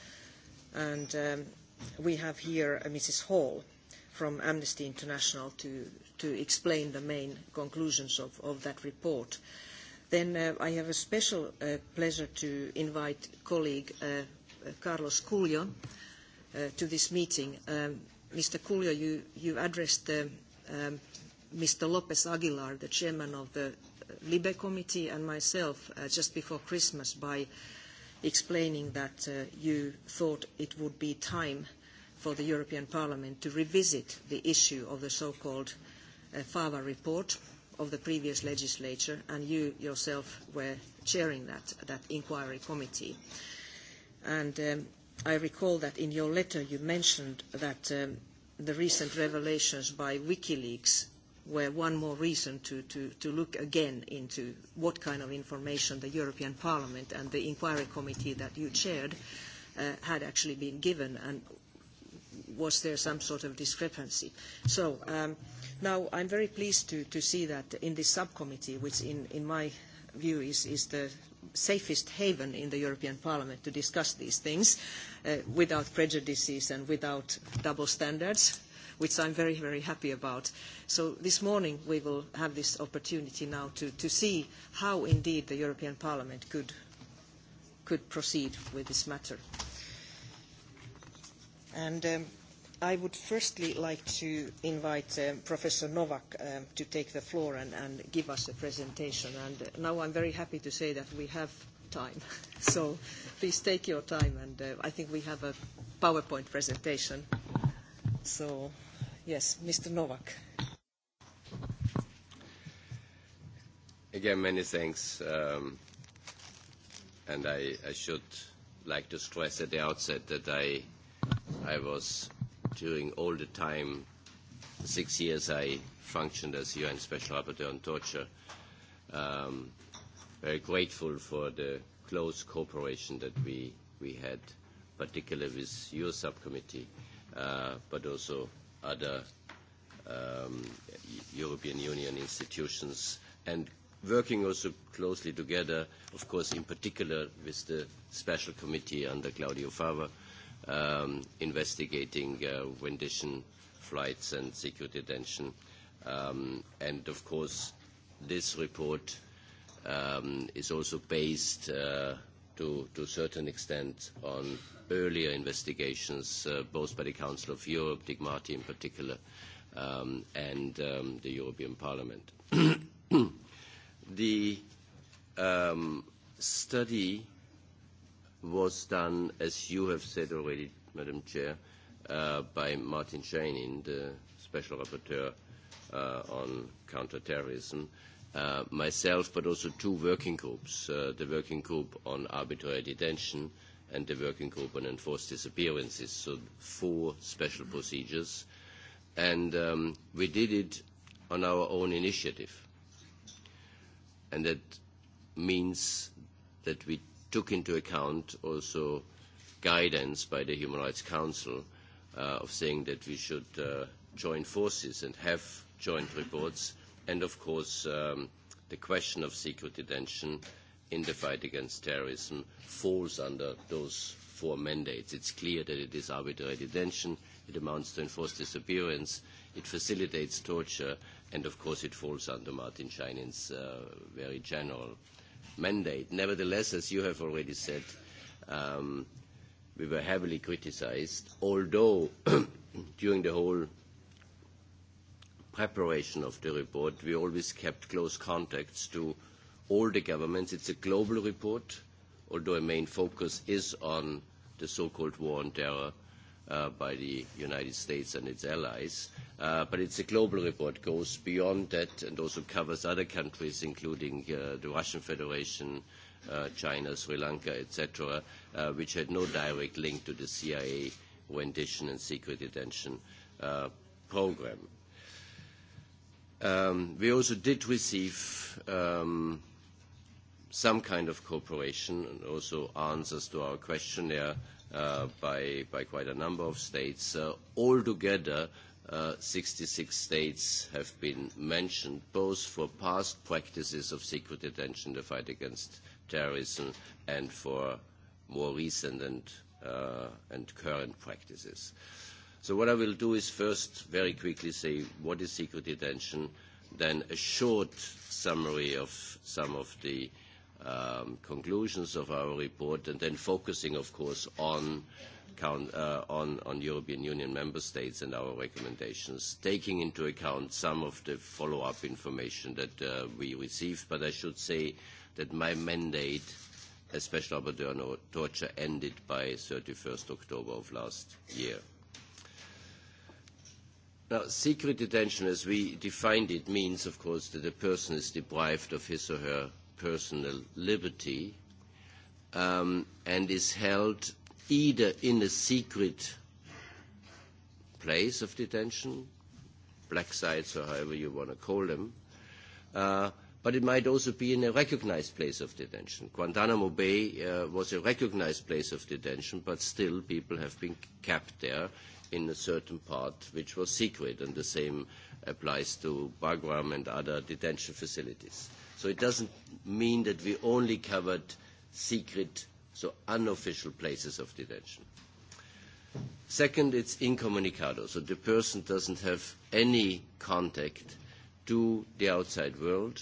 And um, we have here uh, Mrs. Hall from Amnesty International to, to explain the main conclusions of, of that report. Then uh, I have a special uh, pleasure to invite colleague uh, uh Carlos Coelho uh, to this meeting. Um, Mr. Coelho, you, you addressed uh, um, Mr. Um, Lopez Aguilar, the chairman of the uh, LIBE committee, and myself uh, just before Christmas by uh, explaining that uh, you thought it would be time for the European Parliament to revisit the issue of the so-called uh, FAVA report of the previous legislature, and you yourself were chairing that, that inquiry committee. And um, I recall that in your letter you mentioned that um, the recent revelations by WikiLeaks were one more reason to, to, to look again into what kind of information the European Parliament and the inquiry committee that you chaired uh, had actually been given and was there some sort of discrepancy. So um, now I'm very pleased to, to see that in this subcommittee, which in, in my view is, is the safest haven in the European Parliament to discuss these things uh, without prejudices and without double standards, which I'm very, very happy about. So this morning we will have this opportunity now to, to see how indeed the European Parliament could, could proceed with this matter. And um, I would firstly like to invite um, Professor Novak um, to take the floor and, and give us a presentation. And uh, now I'm very happy to say that we have time. so please take your time, and uh, I think we have a PowerPoint presentation So, yes, Mr. Novak. Again, many thanks. Um, and I, I should like to stress at the outset that I, I was, during all the time, six years I functioned as UN Special Rapporteur on Torture, um, very grateful for the close cooperation that we, we had, particularly with your subcommittee. Uh, uh, but also other um, European Union institutions, and working also closely together, of course, in particular with the special committee under Claudio Fava, um, investigating uh, rendition flights and security detention. Um, and of course, this report um, is also based uh, to, to a certain extent on earlier investigations, uh, both by the Council of Europe, Dick Marty in particular, um, and um, the European Parliament. the um, study was done, as you have said already, Madam Chair, uh, by Martin Shainin, the Special Rapporteur uh, on Counterterrorism. Uh, uh, myself, but also two working groups, uh, the working group on arbitrary detention and the working group on enforced disappearances, so four special mm-hmm. procedures. And um, we did it on our own initiative. And that means that we took into account also guidance by the Human Rights Council uh, of saying that we should uh, join forces and have joint reports and of course um, the question of secret detention in the fight against terrorism falls under those four mandates. It's clear that it is arbitrary detention, it amounts to enforced disappearance, it facilitates torture, and of course it falls under Martin Scheinin's uh, very general mandate. Nevertheless, as you have already said, um, we were heavily criticized, although during the whole preparation of the report, we always kept close contacts to all the governments. It's a global report, although a main focus is on the so-called war on terror uh, by the United States and its allies. Uh, but it's a global report, goes beyond that and also covers other countries, including uh, the Russian Federation, uh, China, Sri Lanka, etc., uh, which had no direct link to the CIA rendition and secret detention uh, program. Um, we also did receive um, some kind of cooperation and also answers to our questionnaire uh, by, by quite a number of states. Uh, altogether, uh, 66 states have been mentioned, both for past practices of secret detention, the fight against terrorism, and for more recent and, uh, and current practices. Uh, So what I will do is first very quickly say what is secret detention, then a short summary of some of the um, conclusions of our report, and then focusing, of course, on, count, uh, on, on European Union member states and our recommendations, taking into account some of the follow-up information that uh, we received. But I should say that my mandate as Special Rapporteur on Torture ended by 31st October of last year. Now, secret detention, as we defined it, means, of course, that a person is deprived of his or her personal liberty um, and is held either in a secret place of detention, black sites or however you want to call them, uh, but it might also be in a recognized place of detention. Guantanamo Bay uh, was a recognized place of detention, but still people have been kept there in a certain part which was secret, and the same applies to Bagram and other detention facilities. So it doesn't mean that we only covered secret, so unofficial places of detention. Second, it's incommunicado, so the person doesn't have any contact to the outside world,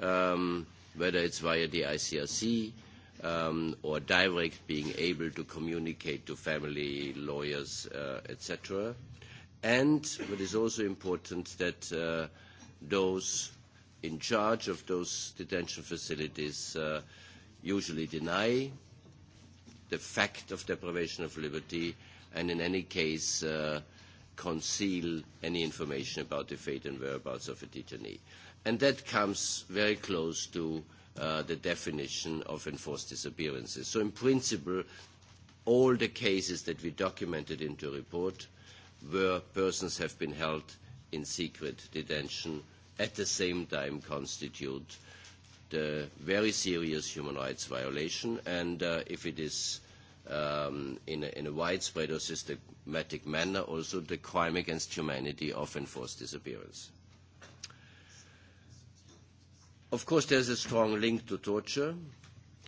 um, whether it's via the ICRC um, or direct being able to communicate to family lawyers, uh, etc. And what is also important that uh, those in charge of those detention facilities uh, usually deny the fact of deprivation of liberty and in any case uh, conceal any information about the fate and whereabouts of a detainee and that comes very close to uh, the definition of enforced disappearances. So in principle, all the cases that we documented into the report where persons have been held in secret detention at the same time constitute the very serious human rights violation and uh, if it is um, in, a, in a widespread or systematic manner also the crime against humanity of enforced disappearance. Of course, there's a strong link to torture.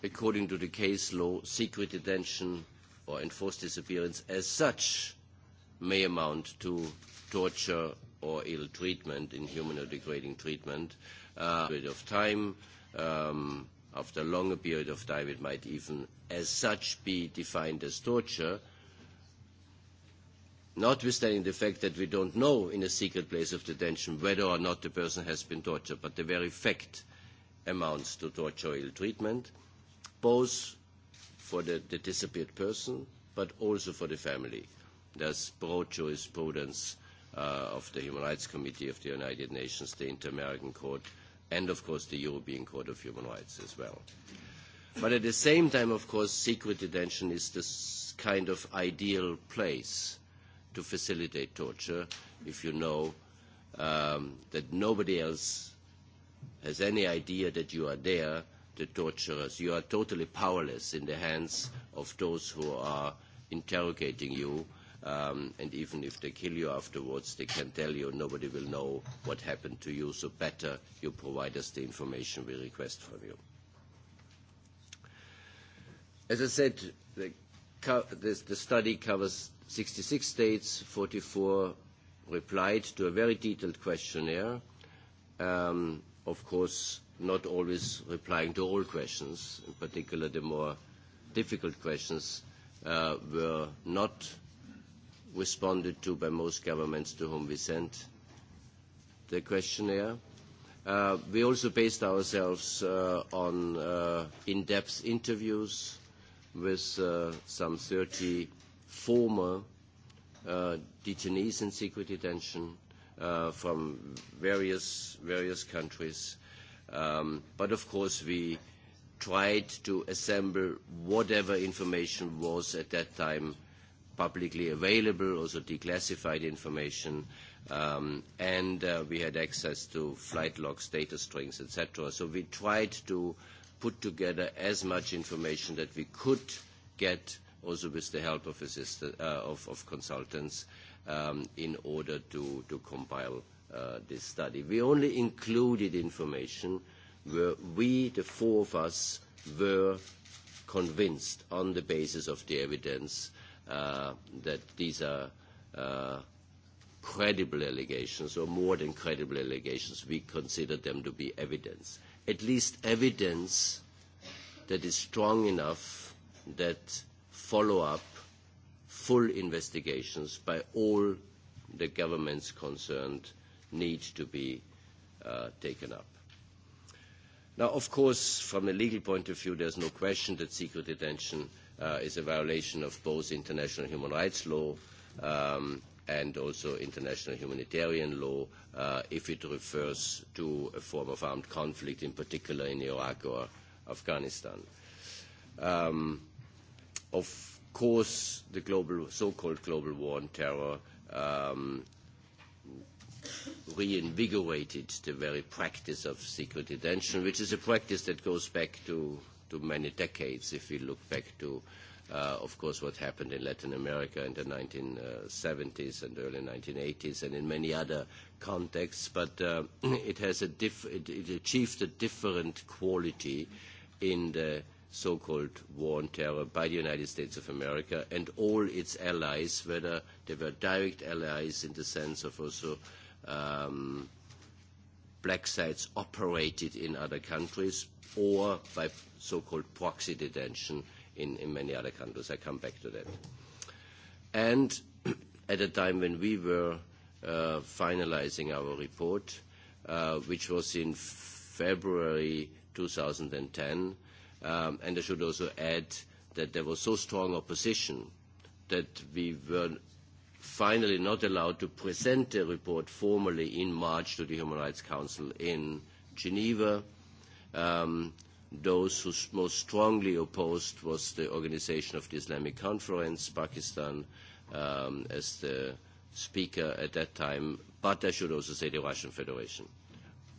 According to the case law, secret detention or enforced disappearance as such may amount to torture or ill treatment, inhuman or degrading treatment, uh, period of time. Um, after a longer period of time, it might even as such be defined as torture, notwithstanding the fact that we don't know in a secret place of detention whether or not the person has been tortured, but the very fact amounts to tortural treatment, both for the, the disappeared person but also for the family. There's broad jurisprudence uh, of the Human Rights Committee of the United Nations, the Inter-American Court, and of course the European Court of Human Rights as well. But at the same time, of course, secret detention is this kind of ideal place to facilitate torture if you know um, that nobody else has any idea that you are there to torture us. You are totally powerless in the hands of those who are interrogating you. Um, and even if they kill you afterwards, they can tell you nobody will know what happened to you. So better you provide us the information we request from you. As I said, the, the, the study covers 66 states, 44 replied to a very detailed questionnaire. Um, of course, not always replying to all questions. In particular, the more difficult questions uh, were not responded to by most governments to whom we sent the questionnaire. Uh, we also based ourselves uh, on uh, in-depth interviews with uh, some 30 former uh, detainees in secret detention, uh, from various, various countries. Um, but of course, we tried to assemble whatever information was at that time publicly available, also declassified information, um, and uh, we had access to flight logs, data strings, etc. So we tried to put together as much information that we could get, also with the help of, assist- uh, of, of consultants, uh, um, in order to, to compile uh, this study. We only included information where we, the four of us, were convinced on the basis of the evidence uh, that these are uh, credible allegations or more than credible allegations. We consider them to be evidence. At least evidence that is strong enough that follow-up full investigations by all the governments concerned need to be uh, taken up. Now, of course, from a legal point of view, there's no question that secret detention uh, is a violation of both international human rights law um, and also international humanitarian law uh, if it refers to a form of armed conflict, in particular in Iraq or Afghanistan. Um, of cause the global, so-called global war on terror um, reinvigorated the very practice of secret detention, which is a practice that goes back to, to many decades if we look back to, uh, of course, what happened in Latin America in the 1970s and early 1980s and in many other contexts. But uh, it, has a diff- it, it achieved a different quality in the so-called war on terror by the United States of America and all its allies, whether they were direct allies in the sense of also um, black sites operated in other countries or by so-called proxy detention in, in many other countries. I come back to that. And at a time when we were uh, finalizing our report, uh, which was in February 2010, Um, and I should also add that there was so strong opposition that we were finally not allowed to present a report formally in March to the Human Rights Council in Geneva. Um, those who most strongly opposed was the Organization of the Islamic Conference, Pakistan, um, as the speaker at that time, but I should also say the Russian Federation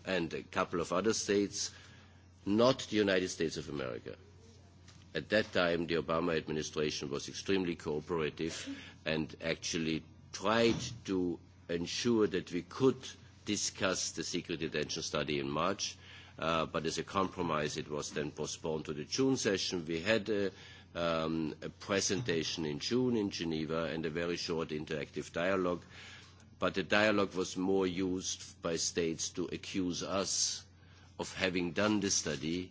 and a couple of other states not the United States of America. At that time, the Obama administration was extremely cooperative and actually tried to ensure that we could discuss the secret detention study in March, uh, but as a compromise, it was then postponed to the June session. We had a, um, a presentation in June in Geneva and a very short interactive dialogue, but the dialogue was more used by states to accuse us of having done the study,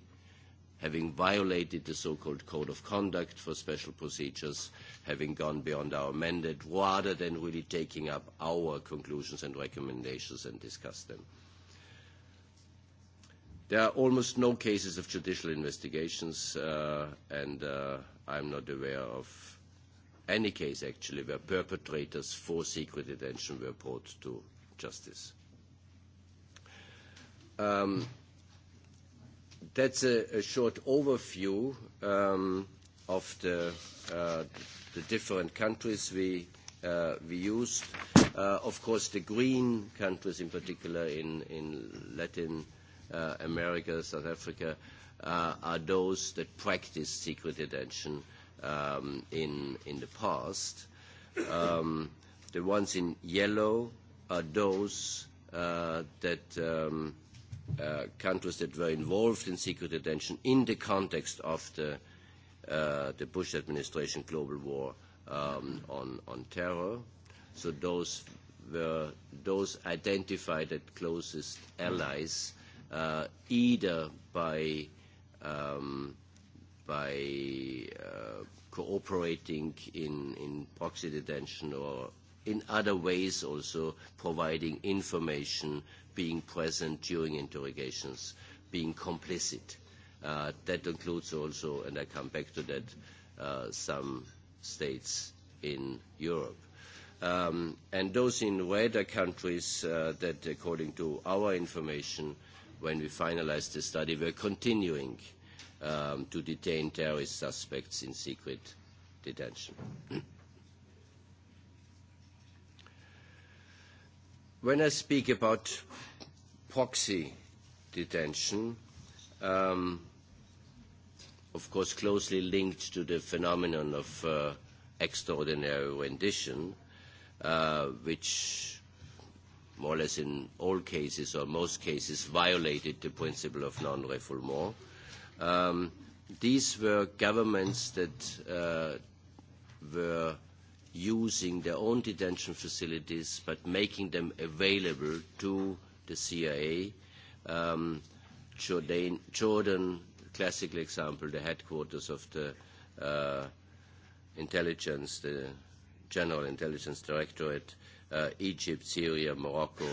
having violated the so-called code of conduct for special procedures, having gone beyond our mandate, rather than really taking up our conclusions and recommendations and discuss them. There are almost no cases of judicial investigations, uh, and uh, I'm not aware of any case, actually, where perpetrators for secret detention were brought to justice. Um, That's a, a short overview um, of the, uh, the different countries we, uh, we used. Uh, of course, the green countries, in particular in, in Latin uh, America, South Africa, uh, are those that practiced secret detention um, in, in the past. Um, the ones in yellow are those uh, that um, – uh, countries that were involved in secret detention in the context of the, uh, the Bush administration global war um, on, on terror. So those were those identified as closest allies, uh, either by, um, by uh, cooperating in, in proxy detention or in other ways also providing information uh, being present during interrogations, being complicit. Uh, that includes also, and I come back to that, uh, some states in Europe. Um, and those in red are countries uh, that, according to our information, when we finalized the study, were continuing um, to detain terrorist suspects in secret detention. When I speak about proxy detention, um, of course, closely linked to the phenomenon of uh, extraordinary rendition, uh, which more or less in all cases or most cases violated the principle of non-refoulement. Um, these were governments that uh, were using their own detention facilities but making them available to the CIA. Um, Jordan, Jordan, classical example, the headquarters of the uh, intelligence, the General Intelligence Directorate, uh, Egypt, Syria, Morocco,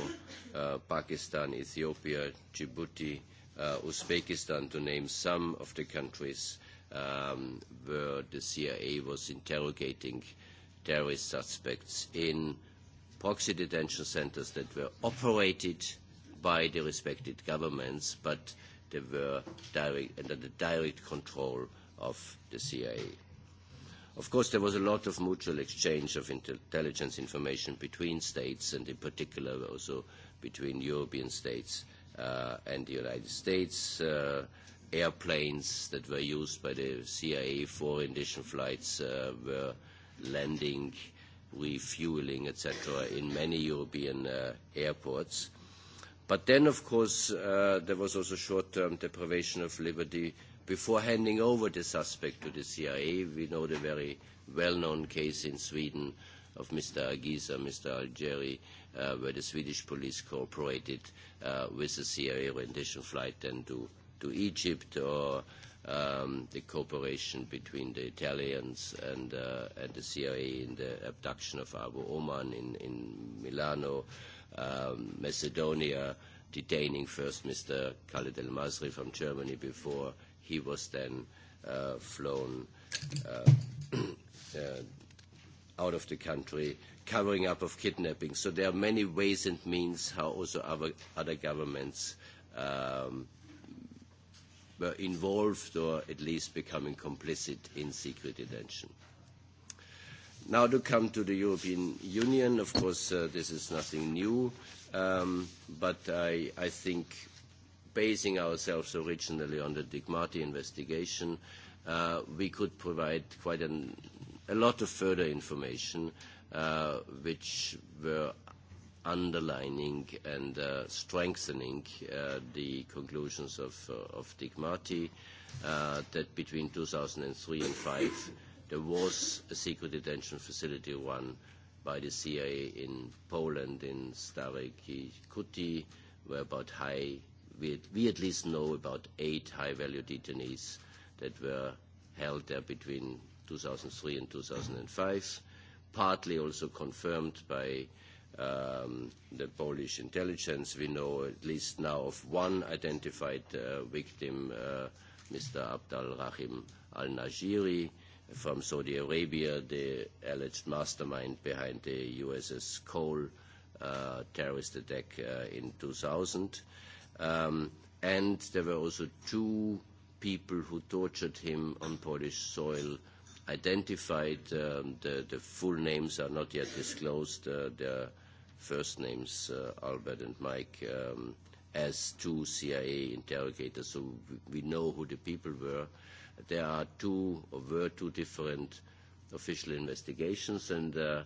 uh, Pakistan, Ethiopia, Djibouti, uh, Uzbekistan, to name some of the countries um, where the CIA was interrogating uh, terrorist suspects in proxy detention centers that were operated by the respected governments, but they were direct, under the direct control of the CIA. Of course, there was a lot of mutual exchange of intelligence information between states, and in particular also between European states uh, and the United States. Uh, airplanes that were used by the CIA for rendition flights uh, were uh, landing, refueling, etc., in many European uh, airports. But then, of course, uh, there was also short-term deprivation of liberty before handing over the suspect to the CIA. We know the very well-known case in Sweden of Mr. Agiza, Mr. Algeri, uh, where the Swedish police cooperated uh, with the CIA rendition flight then to, to Egypt or um, the cooperation between the Italians and, uh, and the CIA in the abduction of Abu Oman in, in Milano, um, Macedonia, detaining first Mr. Khalid El Masri from Germany before he was then uh, flown uh, uh, out of the country, covering up of kidnapping. So there are many ways and means how also other, other governments um, were involved or at least becoming complicit in secret detention. Now to come to the European Union, of course uh, this is nothing new, um, but I, I think basing ourselves originally on the Digmati investigation, uh, we could provide quite an, a lot of further information uh, which were underlining and uh, strengthening uh, the conclusions of, uh, of Digmati uh, that between 2003 and 2005 there was a secret detention facility run by the CIA in Poland, in Starej Kuti, where about high, we, we at least know about eight high-value detainees that were held there between 2003 and 2005, partly also confirmed by uh, um, the Polish intelligence. We know at least now of one identified uh, victim, uh, Mr. Abdal Rahim al-Najiri from Saudi Arabia, the alleged mastermind behind the USS Cole uh, terrorist attack uh, in 2000. Um, and there were also two people who tortured him on Polish soil identified. Um, the, the full names are not yet disclosed. Uh, they're first names, uh, Albert and Mike, um, as two CIA interrogators, so we know who the people were. There are two, or were two different official investigations, and uh,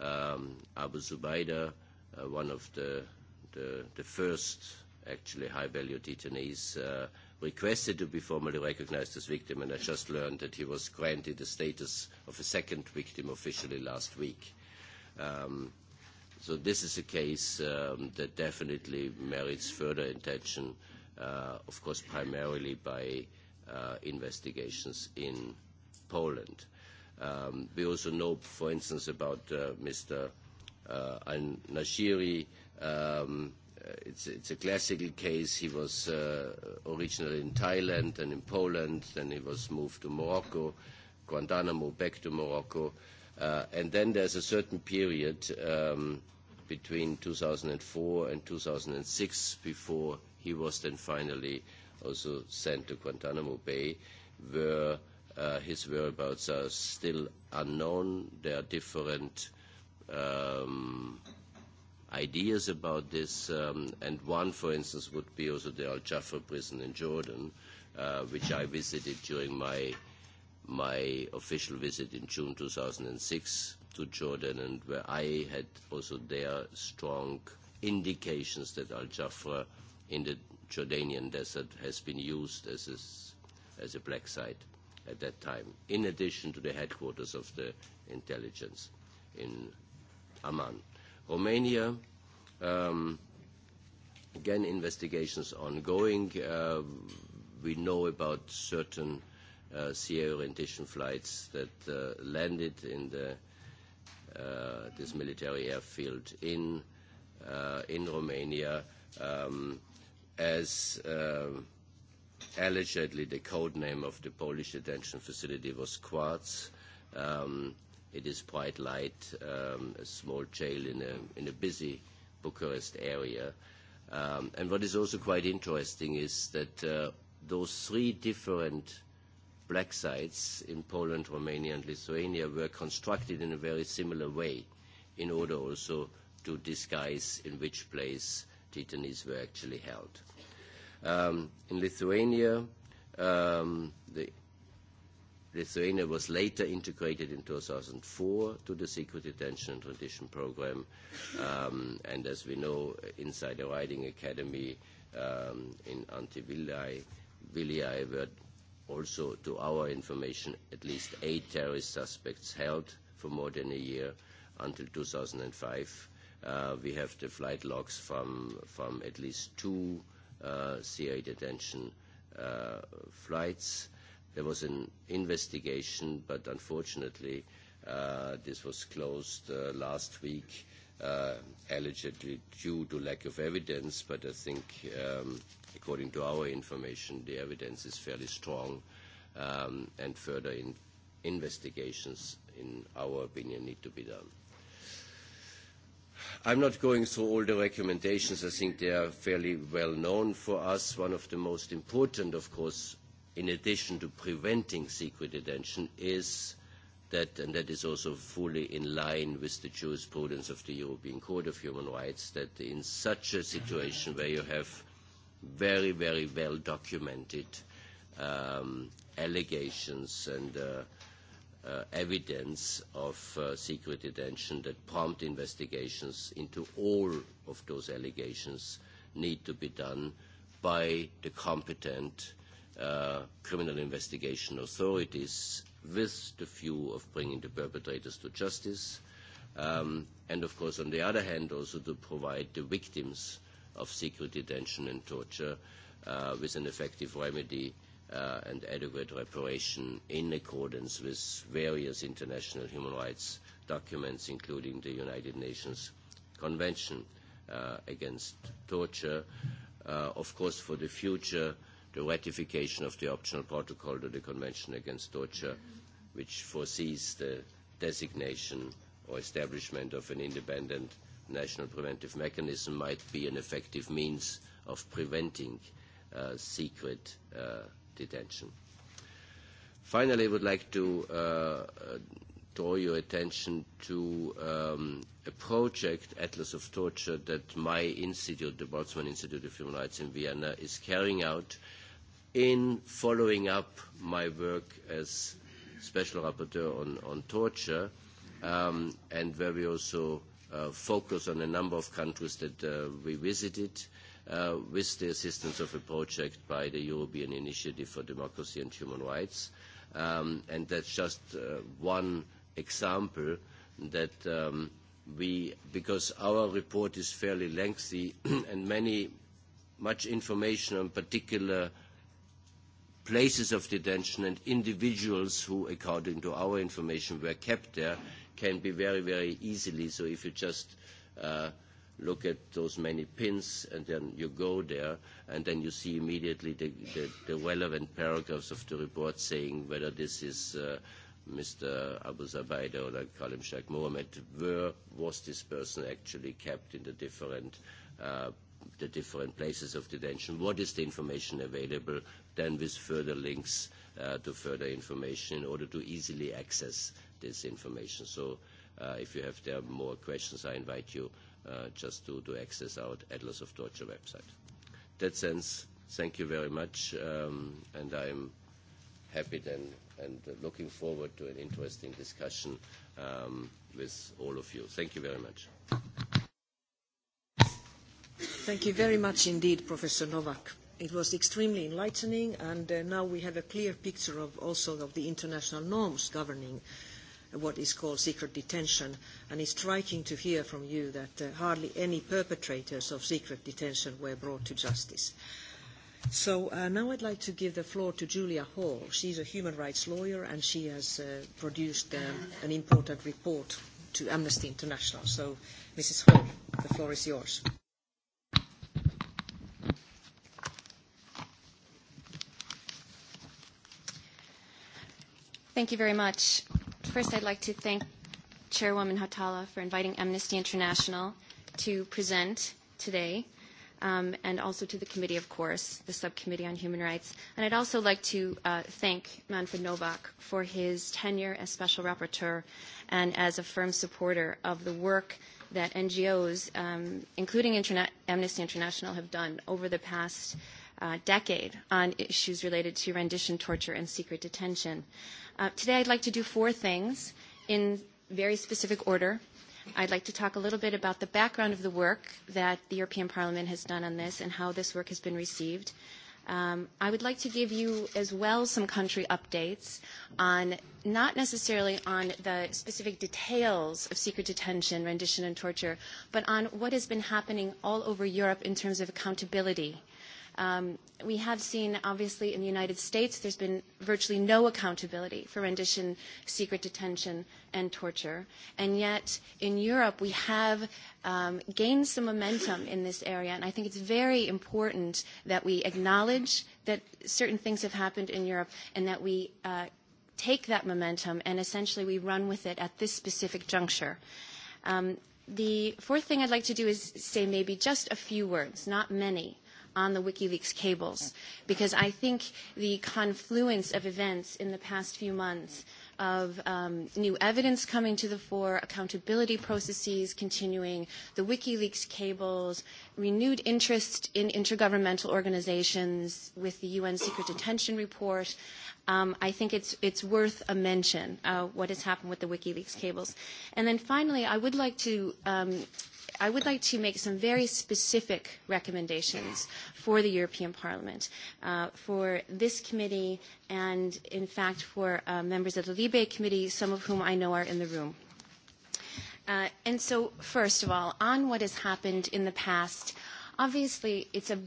um, Abu Zubaydah, uh, one of the, the, the first actually high-value detainees, uh, requested to be formally recognized as victim, and I just learned that he was granted the status of a second victim officially last week. Um, So this is a case um, that definitely merits further attention, uh, of course, primarily by uh, investigations in Poland. Um, we also know, for instance, about uh, Mr. Uh, al-Nashiri. Um, it's, it's a classical case. He was uh, originally in Thailand and in Poland, then he was moved to Morocco, Guantanamo, back to Morocco. Uh, and then there's a certain period um, – between 2004 and 2006 before he was then finally also sent to Guantanamo Bay where uh, his whereabouts are still unknown. There are different um, ideas about this, um, and one, for instance, would be also the Al Jaffa prison in Jordan, uh, which I visited during my my official visit in June 2006 to Jordan, and where I had also there strong indications that Al Jafra in the Jordanian desert has been used as a, as a black site at that time, in addition to the headquarters of the intelligence in Amman. Romania, um, again, investigations ongoing. Uh, we know about certain uh, CIA orientation flights that uh, landed in the uh, this military airfield in uh, in Romania um, as uh, allegedly the code name of the Polish detention facility was Quartz. Um, it is quite light, um, a small jail in a, in a busy Bucharest area. Um, and what is also quite interesting is that uh, those three different black sites in Poland, Romania, and Lithuania were constructed in a very similar way in order also to disguise in which place detainees were actually held. Um, in Lithuania, um, the Lithuania was later integrated in 2004 to the secret detention and rendition program. Um, and as we know, inside the Riding Academy um, in Antivilai, Vilai were also to our information, at least eight terrorist suspects held for more than a year until 2005. Uh, we have the flight logs from, from at least two uh, CIA detention uh, flights. There was an investigation, but unfortunately, uh, this was closed uh, last week uh, allegedly due to lack of evidence, but I think um, according to our information, the evidence is fairly strong, um, and further in investigations, in our opinion, need to be done. I'm not going through all the recommendations. I think they are fairly well known for us. One of the most important, of course, in addition to preventing secret detention, is uh, that, and that is also fully in line with the jurisprudence of the European Court of Human Rights, that in such a situation where you have very, very well documented um, allegations and uh, uh, evidence of uh, secret detention, that prompt investigations into all of those allegations need to be done by the competent uh, criminal investigation authorities with the view of bringing the perpetrators to justice. Um, and of course, on the other hand, also to provide the victims of secret detention and torture uh, with an effective remedy uh, and adequate reparation in accordance with various international human rights documents, including the United Nations Convention uh, against Torture. Uh, of course, for the future, uh, the ratification of the optional protocol to the Convention against Torture, which foresees the designation or establishment of an independent national preventive mechanism might be an effective means of preventing uh, secret uh, detention. Finally, I would like to uh, uh draw your attention to um, a project, Atlas of Torture, that my institute, the Boltzmann Institute of Human Rights in Vienna, is carrying out uh, in following up my work as Special Rapporteur on, on Torture, um, and where we also uh, focus on a number of countries that uh, we visited uh, with the assistance of a project by the European Initiative for Democracy and Human Rights. Um, and that's just uh, one example that um, we, because our report is fairly lengthy and many, much information on particular uh, places of detention and individuals who, according to our information, were kept there can be very, very easily. So if you just uh, look at those many pins and then you go there and then you see immediately the, the, the relevant paragraphs of the report saying whether this is uh, Mr. Abu Zubaydah or I call him Sheikh Mohammed, where was this person actually kept in the different uh, the different places of detention? What is the information available? then with further links uh, to further information in order to easily access this information. So uh, if you have there more questions, I invite you uh, just to, to access our Atlas of Torture website. In that sense, thank you very much, um, and I'm happy then and looking forward to an interesting discussion um, with all of you. Thank you very much. Thank you very much indeed, Professor Novak it was extremely enlightening, and uh, now we have a clear picture of also of the international norms governing what is called secret detention, and it's striking to hear from you that uh, hardly any perpetrators of secret detention were brought to justice. So uh, now I'd like to give the floor to Julia Hall. She's a human rights lawyer, and she has uh, produced um, an important report to Amnesty International. So, Mrs. Hall, the floor is yours. Thank you very much. First, I'd like to thank Chairwoman Hatala for inviting Amnesty International to present today, um, and also to the committee, of course, the Subcommittee on Human Rights. And I'd also like to uh, thank Manfred Novak for his tenure as Special Rapporteur and as a firm supporter of the work that NGOs, um, including Interna- Amnesty International, have done over the past – uh, decade on issues related to rendition, torture, and secret detention. Uh, today, I'd like to do four things in very specific order. I'd like to talk a little bit about the background of the work that the European Parliament has done on this and how this work has been received. Um, I would like to give you as well some country updates on not necessarily on the specific details of secret detention, rendition, and torture, but on what has been happening all over Europe in terms of accountability uh, Um, we have seen, obviously, in the United States, there's been virtually no accountability for rendition, secret detention, and torture. And yet, in Europe, we have um, gained some momentum in this area. And I think it's very important that we acknowledge that certain things have happened in Europe and that we uh, take that momentum and essentially we run with it at this specific juncture. Um, the fourth thing I'd like to do is say maybe just a few words, not many on the WikiLeaks cables, because I think the confluence of events in the past few months of um, new evidence coming to the fore, accountability processes continuing, the WikiLeaks cables, renewed interest in intergovernmental organizations with the UN Secret Detention Report. Um, I think it's, it's worth a mention, uh, what has happened with the WikiLeaks cables. And then finally, I would like to um, I would like to make some very specific recommendations for the European Parliament, uh, for this committee, and in fact for uh, members of the Libe Committee, some of whom I know are in the room. Uh, and so, first of all, on what has happened in the past, obviously it's a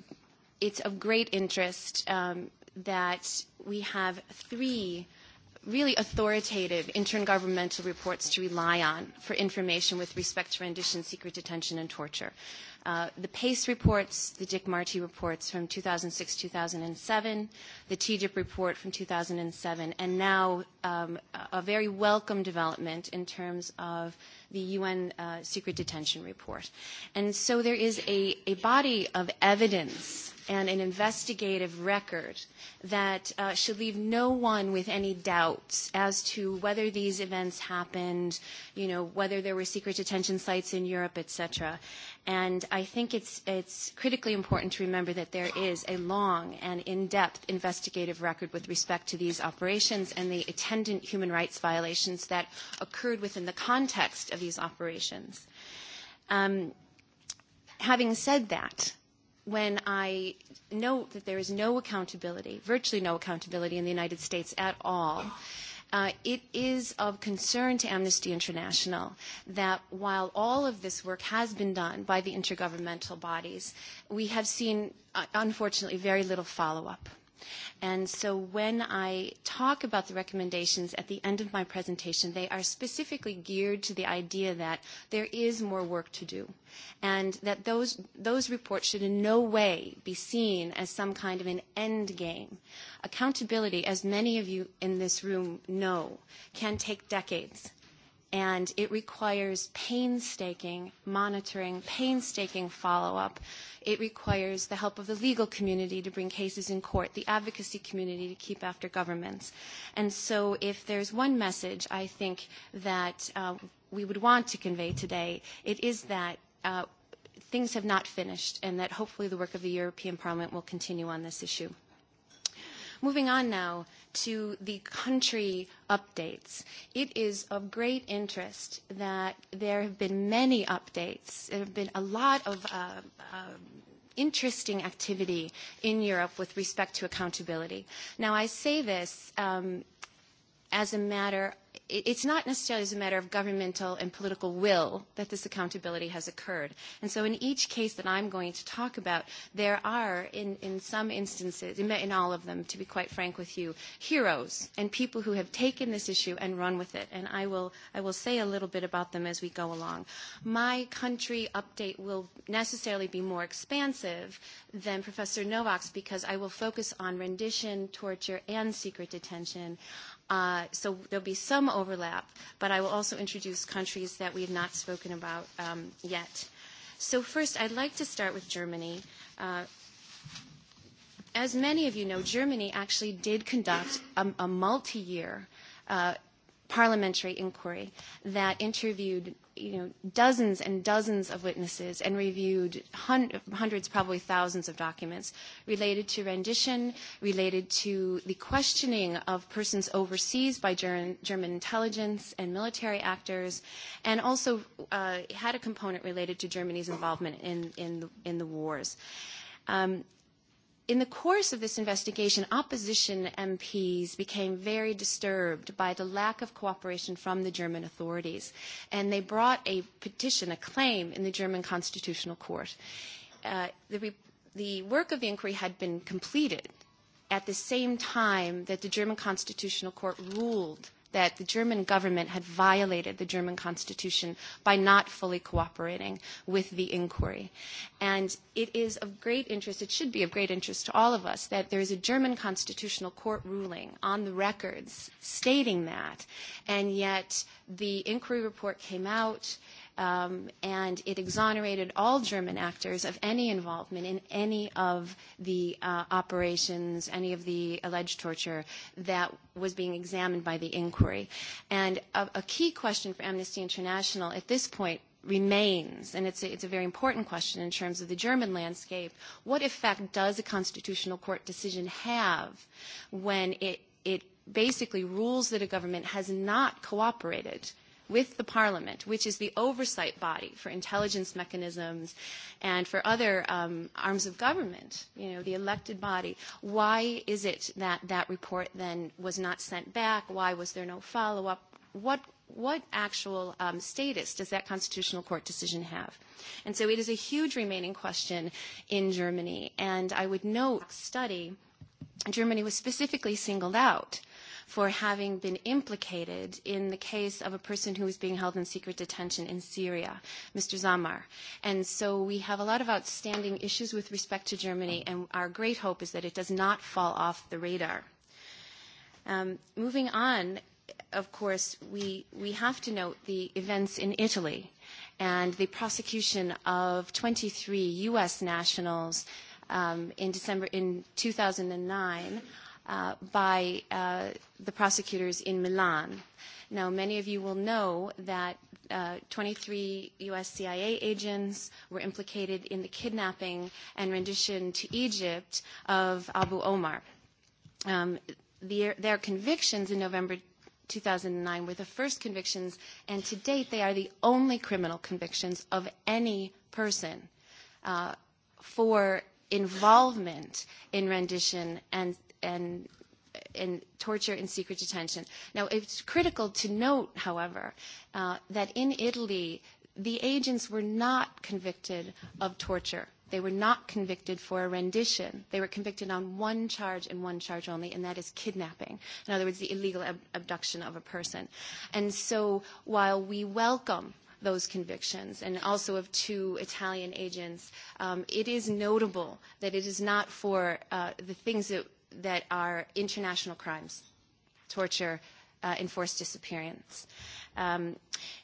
it's of great interest um, that we have three uh, really authoritative intergovernmental reports to rely on for information with respect to rendition, secret detention, and torture. Uh, the PACE reports, the Dick Marty reports from 2006, 2007, the TGIP report from 2007, and now um, a very welcome development in terms of the UN uh, secret detention report. And so there is a, a body of evidence and an investigative record that uh, should leave no one with any doubts as to whether these events happened, you know, whether there were secret detention sites in Europe, et cetera. And I think it's, it's critically important to remember that there is a long and in-depth investigative record with respect to these operations and the attendant human rights violations that occurred within the context of these operations. Um, having said that, when I note that there is no accountability, virtually no accountability in the United States at all, Uh, it is of concern to Amnesty International that while all of this work has been done by the intergovernmental bodies, we have seen, uh, unfortunately, very little follow-up. And so when I talk about the recommendations at the end of my presentation, they are specifically geared to the idea that there is more work to do and that those, those reports should in no way be seen as some kind of an end game. Accountability, as many of you in this room know, can take decades and it requires painstaking monitoring, painstaking follow-up. It requires the help of the legal community to bring cases in court, the advocacy community to keep after governments. And so if there's one message I think that uh, we would want to convey today, it is that uh, things have not finished and that hopefully the work of the European Parliament will continue on this issue. Moving on now to the country updates. It is of great interest that there have been many updates. There have been a lot of uh, uh, interesting activity in Europe with respect to accountability. Now, I say this um, as a matter it's not necessarily as a matter of governmental and political will that this accountability has occurred. And so in each case that I'm going to talk about, there are, in, in some instances, in, in all of them, to be quite frank with you, heroes and people who have taken this issue and run with it. And I will, I will say a little bit about them as we go along. My country update will necessarily be more expansive than Professor Novak's because I will focus on rendition, torture, and secret detention. Uh, so there'll be some overlap, but I will also introduce countries that we have not spoken about um, yet. So first, I'd like to start with Germany. Uh, as many of you know, Germany actually did conduct a, a multi-year uh, parliamentary inquiry that interviewed you know, dozens and dozens of witnesses and reviewed hun- hundreds, probably thousands of documents related to rendition, related to the questioning of persons overseas by Ger- German intelligence and military actors, and also uh, had a component related to Germany's involvement in, in, the, in the wars. Um, in the course of this investigation, opposition MPs became very disturbed by the lack of cooperation from the German authorities, and they brought a petition, a claim, in the German Constitutional Court. Uh, the, re- the work of the inquiry had been completed at the same time that the German Constitutional Court ruled that the German government had violated the German constitution by not fully cooperating with the inquiry. And it is of great interest, it should be of great interest to all of us, that there is a German constitutional court ruling on the records stating that, and yet the inquiry report came out. Uh, um, and it exonerated all German actors of any involvement in any of the uh, operations, any of the alleged torture that was being examined by the inquiry. And a, a key question for Amnesty International at this point remains, and it's a, it's a very important question in terms of the German landscape, what effect does a constitutional court decision have when it, it basically rules that a government has not cooperated uh, with the Parliament, which is the oversight body for intelligence mechanisms and for other um, arms of government, you know, the elected body. Why is it that that report then was not sent back? Why was there no follow-up? What what actual um, status does that constitutional court decision have? And so it is a huge remaining question in Germany. And I would note study, Germany was specifically singled out for having been implicated in the case of a person who was being held in secret detention in Syria, Mr. Zamar. And so we have a lot of outstanding issues with respect to Germany, and our great hope is that it does not fall off the radar. Um, moving on, of course, we, we have to note the events in Italy and the prosecution of 23 U.S. nationals um, in December in 2009 uh, by uh, the prosecutors in Milan. Now, many of you will know that uh, 23 U.S. CIA agents were implicated in the kidnapping and rendition to Egypt of Abu Omar. Um, the, their convictions in November 2009 were the first convictions, and to date they are the only criminal convictions of any person uh, for involvement in rendition and and and torture in secret detention. Now, it's critical to note, however, uh, that in Italy, the agents were not convicted of torture. They were not convicted for a rendition. They were convicted on one charge and one charge only, and that is kidnapping. In other words, the illegal ab- abduction of a person. And so while we welcome those convictions and also of two Italian agents, um, it is notable that it is not for uh, the things that that are international crimes, torture, uh, enforced disappearance. Uh, Um,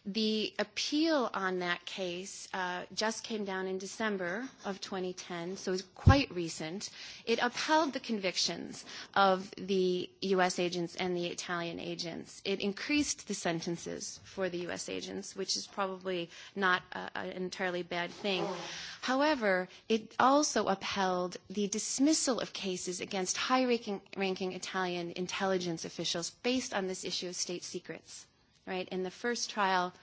the appeal on that case uh, just came down in December of 2010, so it's quite recent. It upheld the convictions of the U.S. agents and the Italian agents. It increased the sentences for the U.S. agents, which is probably not a, an entirely bad thing. Oh. However, it also upheld the dismissal of cases against high-ranking Italian intelligence officials based on this issue of state secrets right? In the first trial,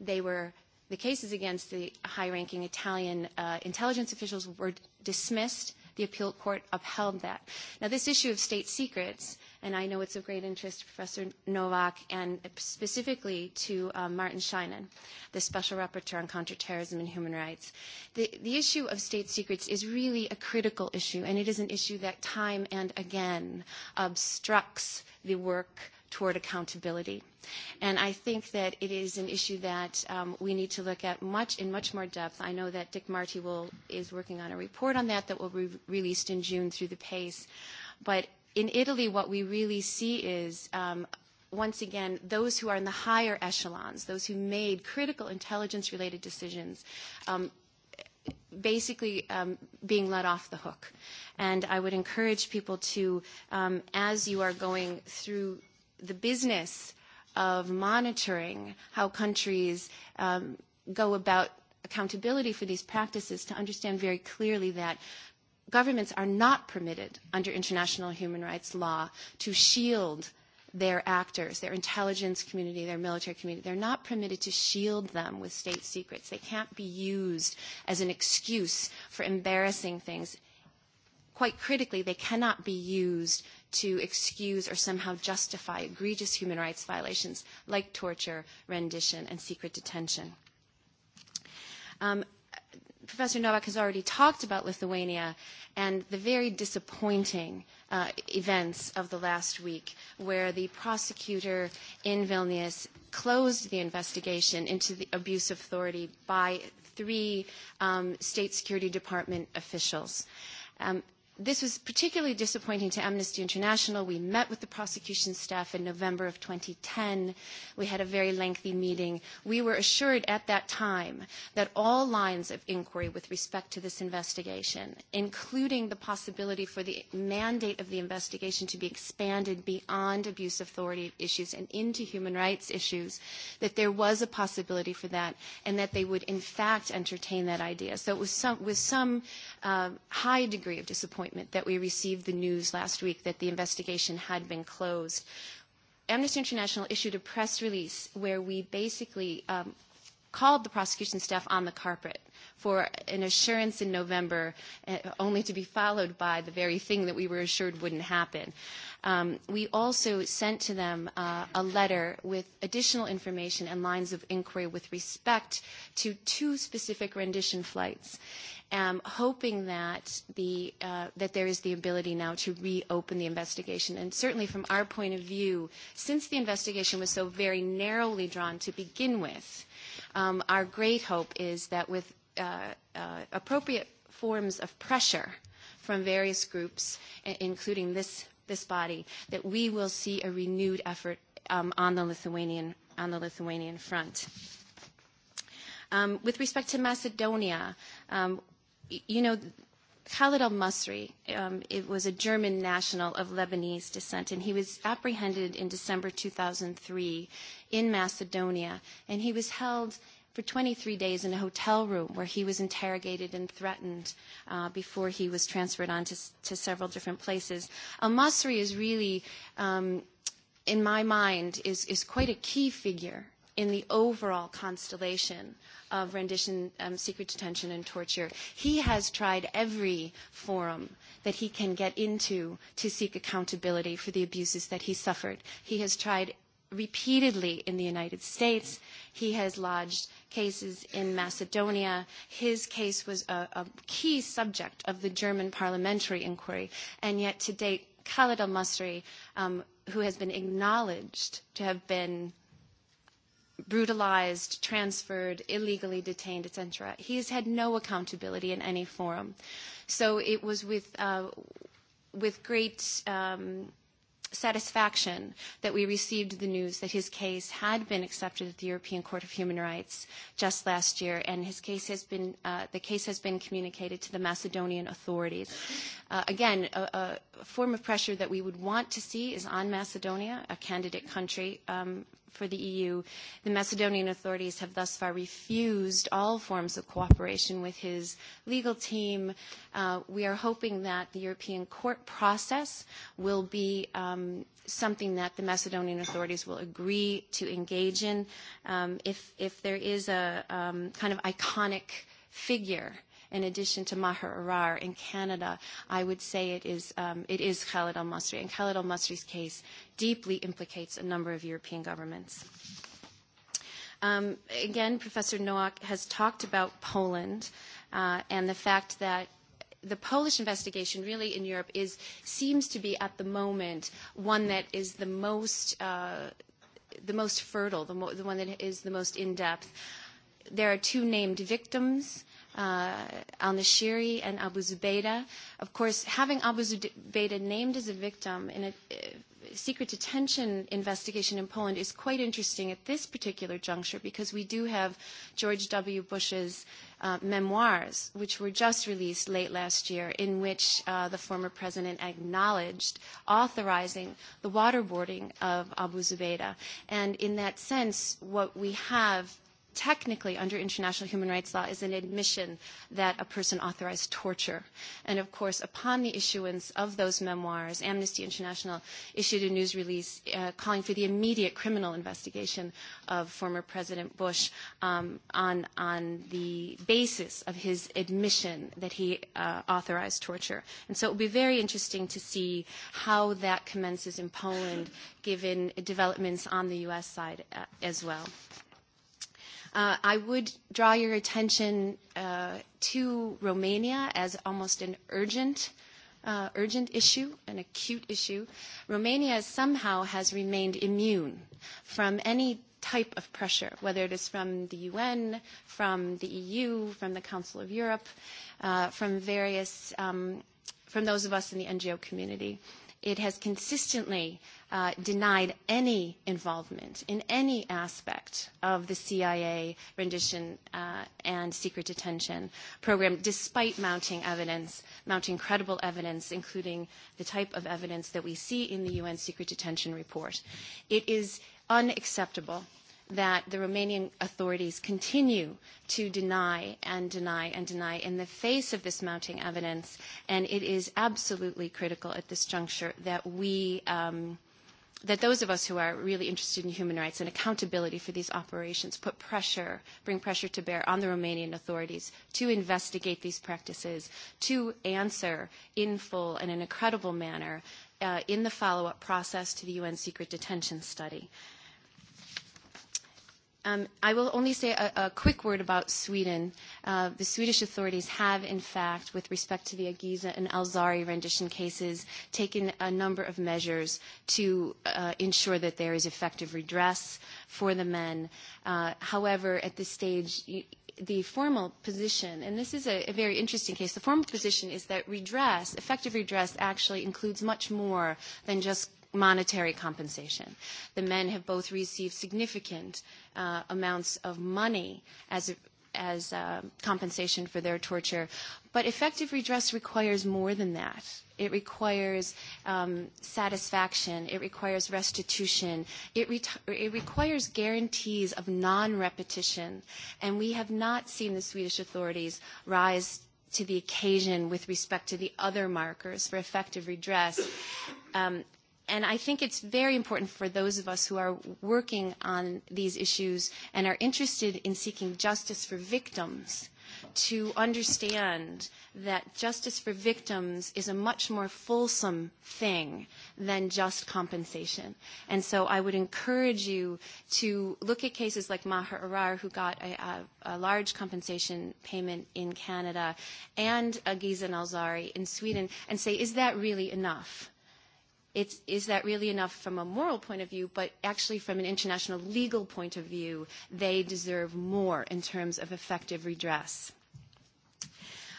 they were the cases against the high-ranking Italian uh, intelligence officials were dismissed. The appeal court upheld that. Now, this issue of state secrets, and I know it's of great interest to Professor Novak and specifically to uh, Martin Scheinen, the Special Rapporteur on Counterterrorism and Human Rights. The, the issue of state secrets is really a critical issue, and it is an issue that time and again obstructs the work toward accountability. And I think that it is an issue that um, we need to look at much in much more depth. I know that Dick Marty will, is working on a report on that that will be released in June through the PACE. But in Italy, what we really see is um, once again, those who are in the higher echelons, those who made critical intelligence related decisions, um, basically um, being let off the hook. And I would encourage people to, um, as you are going through the business of monitoring how countries um, go about accountability for these practices to understand very clearly that governments are not permitted under international human rights law to shield their actors, their intelligence community, their military community. They're not permitted to shield them with state secrets. They can't be used as an excuse for embarrassing things. Quite critically, they cannot be used to excuse or somehow justify egregious human rights violations like torture, rendition, and secret detention. Um, Professor Novak has already talked about Lithuania and the very disappointing uh, events of the last week, where the prosecutor in Vilnius closed the investigation into the abuse of authority by three um, State Security Department officials. Um, this was particularly disappointing to Amnesty International. We met with the prosecution staff in November of 2010. We had a very lengthy meeting. We were assured at that time that all lines of inquiry with respect to this investigation, including the possibility for the mandate of the investigation to be expanded beyond abuse authority issues and into human rights issues, that there was a possibility for that and that they would in fact entertain that idea. So it was some, with some um, high degree of disappointment that we received the news last week that the investigation had been closed. Amnesty International issued a press release where we basically um, called the prosecution staff on the carpet for an assurance in November, uh, only to be followed by the very thing that we were assured wouldn't happen. Um, we also sent to them uh, a letter with additional information and lines of inquiry with respect to two specific rendition flights um, hoping that the uh, that there is the ability now to reopen the investigation. And certainly, from our point of view, since the investigation was so very narrowly drawn to begin with, um, our great hope is that with uh, uh, appropriate forms of pressure from various groups, including this this body, that we will see a renewed effort um, on the Lithuanian on the Lithuanian front. Um, with respect to Macedonia, um, you know, Khalid al-Masri, um, it was a German national of Lebanese descent, and he was apprehended in December 2003 in Macedonia, and he was held for 23 days in a hotel room where he was interrogated and threatened uh, before he was transferred on to, to several different places. Al-Masri is really, um, in my mind, is, is quite a key figure in the overall constellation of rendition, um, secret detention, and torture. He has tried every forum that he can get into to seek accountability for the abuses that he suffered. He has tried repeatedly in the United States. He has lodged cases in Macedonia. His case was a, a key subject of the German parliamentary inquiry, and yet to date, Khalid al-Masri, um, who has been acknowledged to have been brutalized, transferred, illegally detained, etc. He has had no accountability in any forum. So it was with, uh, with great um, satisfaction that we received the news that his case had been accepted at the European Court of Human Rights just last year, and his case has been, uh, the case has been communicated to the Macedonian authorities. Uh, again, a, a form of pressure that we would want to see is on Macedonia, a candidate country um, for the EU, the Macedonian authorities have thus far refused all forms of cooperation with his legal team. Uh, we are hoping that the European court process will be um, something that the Macedonian authorities will agree to engage in. Um, if, if there is a um, kind of iconic figure in addition to Maher Arar in Canada, I would say it is, um, it is Khalid al-Masri. And Khalid al-Masri's case deeply implicates a number of European governments. Um, again, Professor Nowak has talked about Poland uh, and the fact that the Polish investigation really in Europe is seems to be at the moment one that is the most uh, the most fertile, the, mo- the one that is the most in depth. There are two named victims uh, al-Nashiri and Abu Zubaydah. Of course, having Abu Zubaydah named as a victim in a uh, secret detention investigation in Poland is quite interesting at this particular juncture because we do have George W. Bush's uh, memoirs, which were just released late last year, in which uh, the former president acknowledged authorizing the waterboarding of Abu Zubaydah. And in that sense, what we have technically, under international human rights law, is an admission that a person authorized torture. And of course, upon the issuance of those memoirs, Amnesty International issued a news release uh, calling for the immediate criminal investigation of former President Bush um, on, on the basis of his admission that he uh, authorized torture. And so it will be very interesting to see how that commences in Poland, given developments on the U.S. side uh, as well. Uh, I would draw your attention uh, to Romania as almost an urgent uh, urgent issue, an acute issue. Romania somehow has remained immune from any type of pressure, whether it is from the UN, from the EU, from the Council of Europe, uh, from various, um, from those of us in the NGO community. Uh, it has consistently uh, denied any involvement in any aspect of the CIA rendition uh, and secret detention program, despite mounting evidence, mounting credible evidence, including the type of evidence that we see in the UN secret detention report. It is unacceptable that the Romanian authorities continue to deny and deny and deny in the face of this mounting evidence. And it is absolutely critical at this juncture that we, um, that those of us who are really interested in human rights and accountability for these operations put pressure, bring pressure to bear on the Romanian authorities to investigate these practices, to answer in full and in a credible manner uh, in the follow-up process to the UN secret detention study. Uh, Um, I will only say a, a quick word about Sweden. Uh, the Swedish authorities have, in fact, with respect to the Agiza and Alzari rendition cases, taken a number of measures to uh, ensure that there is effective redress for the men. Uh, however, at this stage, you, the formal position, and this is a, a very interesting case, the formal position is that redress, effective redress, actually includes much more than just monetary compensation. The men have both received significant uh, amounts of money as a, as uh, compensation for their torture. But effective redress requires more than that. It requires um, satisfaction. It requires restitution. It, re- it requires guarantees of non repetition. And we have not seen the Swedish authorities rise to the occasion with respect to the other markers for effective redress. Um, and I think it's very important for those of us who are working on these issues and are interested in seeking justice for victims to understand that justice for victims is a much more fulsome thing than just compensation. And so I would encourage you to look at cases like Maher Arar, who got a, a, a large compensation payment in Canada, and Agiza Nalzari in Sweden, and say, is that really enough? it's, is that really enough from a moral point of view, but actually from an international legal point of view, they deserve more in terms of effective redress.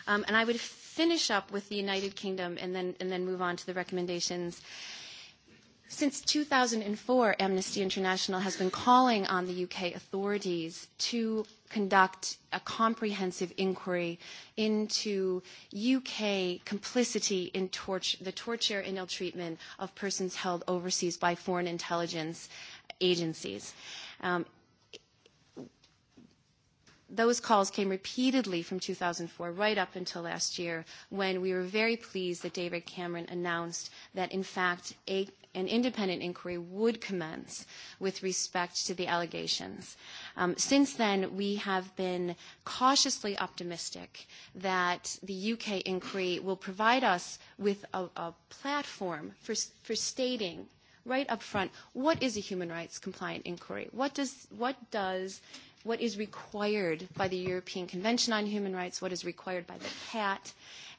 Um, and I would finish up with the United Kingdom and then, and then move on to the recommendations. Uh, Since 2004, Amnesty International has been calling on the UK authorities to conduct a comprehensive inquiry into UK complicity in torture, the torture and ill treatment of persons held overseas by foreign intelligence agencies. Um, those calls came repeatedly from 2004 right up until last year when we were very pleased that David Cameron announced that, in fact, a, an independent inquiry would commence with respect to the allegations. Um, since then, we have been cautiously optimistic that the UK inquiry will provide us with a, a platform for, for stating right up front what is a human rights compliant inquiry? What does, what does what is required by the European Convention on Human Rights, what is required by the CAT,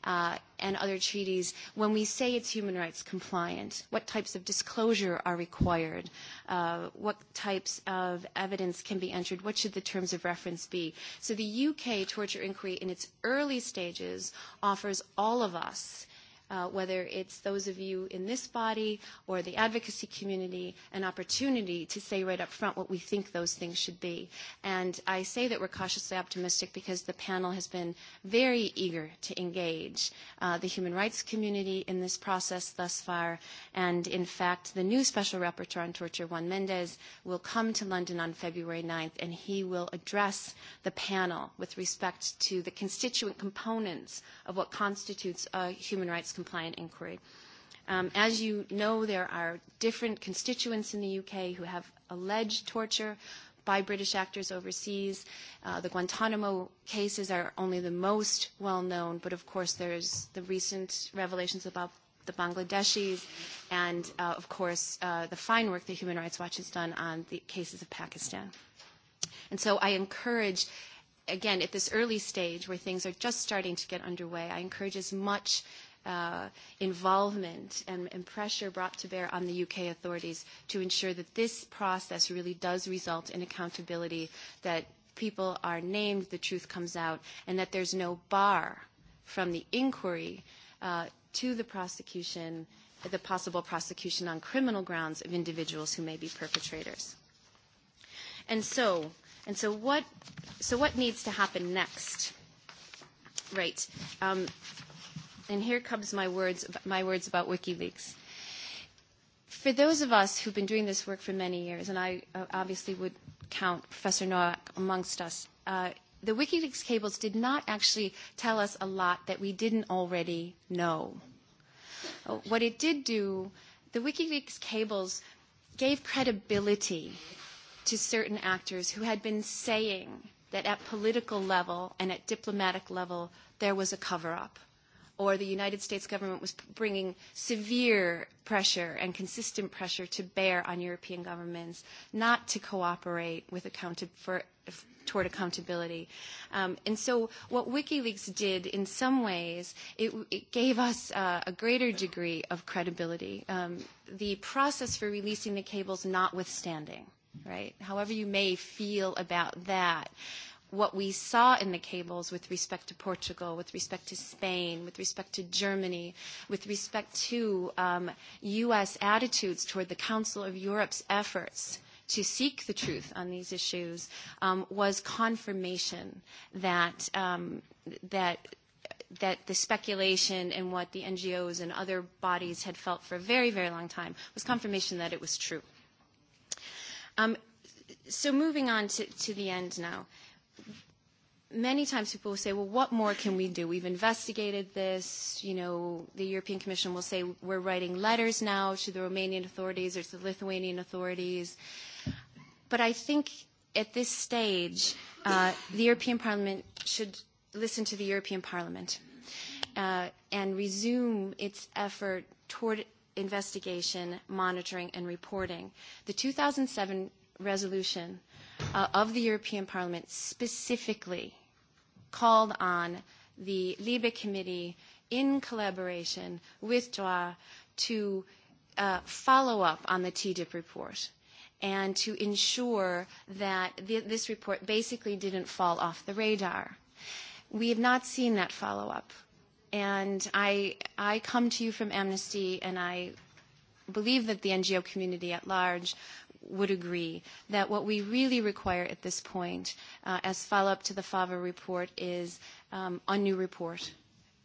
uh, and other treaties when we say it's human rights compliant? What types of disclosure are required? Uh, what types of evidence can be entered? What should the terms of reference be? So the UK torture inquiry in its early stages offers all of us uh, whether it's those of you in this body or the advocacy community, an opportunity to say right up front what we think those things should be. And I say that we're cautiously optimistic because the panel has been very eager to engage uh, the human rights community in this process thus far. And in fact, the new Special Rapporteur on Torture, Juan Mendez, will come to London on February 9th and he will address the panel with respect to the constituent components of what constitutes a human rights compliant inquiry. Um, as you know, there are different constituents in the UK who have alleged torture by British actors overseas. Uh, the Guantanamo cases are only the most well known, but of course there's the recent revelations about the Bangladeshis and, uh, of course, uh, the fine work that Human Rights Watch has done on the cases of Pakistan. And so I encourage, again, at this early stage where things are just starting to get underway, I encourage as much uh, involvement and, and pressure brought to bear on the UK authorities to ensure that this process really does result in accountability, that people are named, the truth comes out, and that there's no bar from the inquiry uh, to the prosecution, the possible prosecution on criminal grounds of individuals who may be perpetrators. And so, and so what, so what needs to happen next? Right. Um, and here comes my words, my words about WikiLeaks. For those of us who've been doing this work for many years, and I uh, obviously would count Professor Nowak amongst us, uh, the WikiLeaks cables did not actually tell us a lot that we didn't already know. Uh, what it did do, the WikiLeaks cables gave credibility to certain actors who had been saying that at political level and at diplomatic level there was a cover up or the United States government was bringing severe pressure and consistent pressure to bear on European governments not to cooperate with accounta- for, toward accountability. Um, and so what WikiLeaks did in some ways, it, it gave us uh, a greater degree of credibility. Um, the process for releasing the cables notwithstanding, right? However you may feel about that, uh, what we saw in the cables with respect to Portugal, with respect to Spain, with respect to Germany, with respect to um, U.S. attitudes toward the Council of Europe's efforts to seek the truth on these issues um, was confirmation that um, that that the speculation and what the NGOs and other bodies had felt for a very, very long time was confirmation that it was true. Um, so moving on to, to the end now many times people say, well, what more can we do? We've investigated this. You know, the European Commission will say we're writing letters now to the Romanian authorities or to the Lithuanian authorities. But I think at this stage, uh, the European Parliament should listen to the European Parliament uh, and resume its effort toward investigation, monitoring, and reporting. The 2007 resolution uh, of the European Parliament specifically called on the Libe Committee in collaboration with DROA to uh, follow up on the TDIP report and to ensure that th- this report basically didn't fall off the radar. We have not seen that follow up. And I, I come to you from Amnesty, and I believe that the NGO community at large would agree that what we really require at this point, uh, as follow-up to the FAVA report, is um, a new report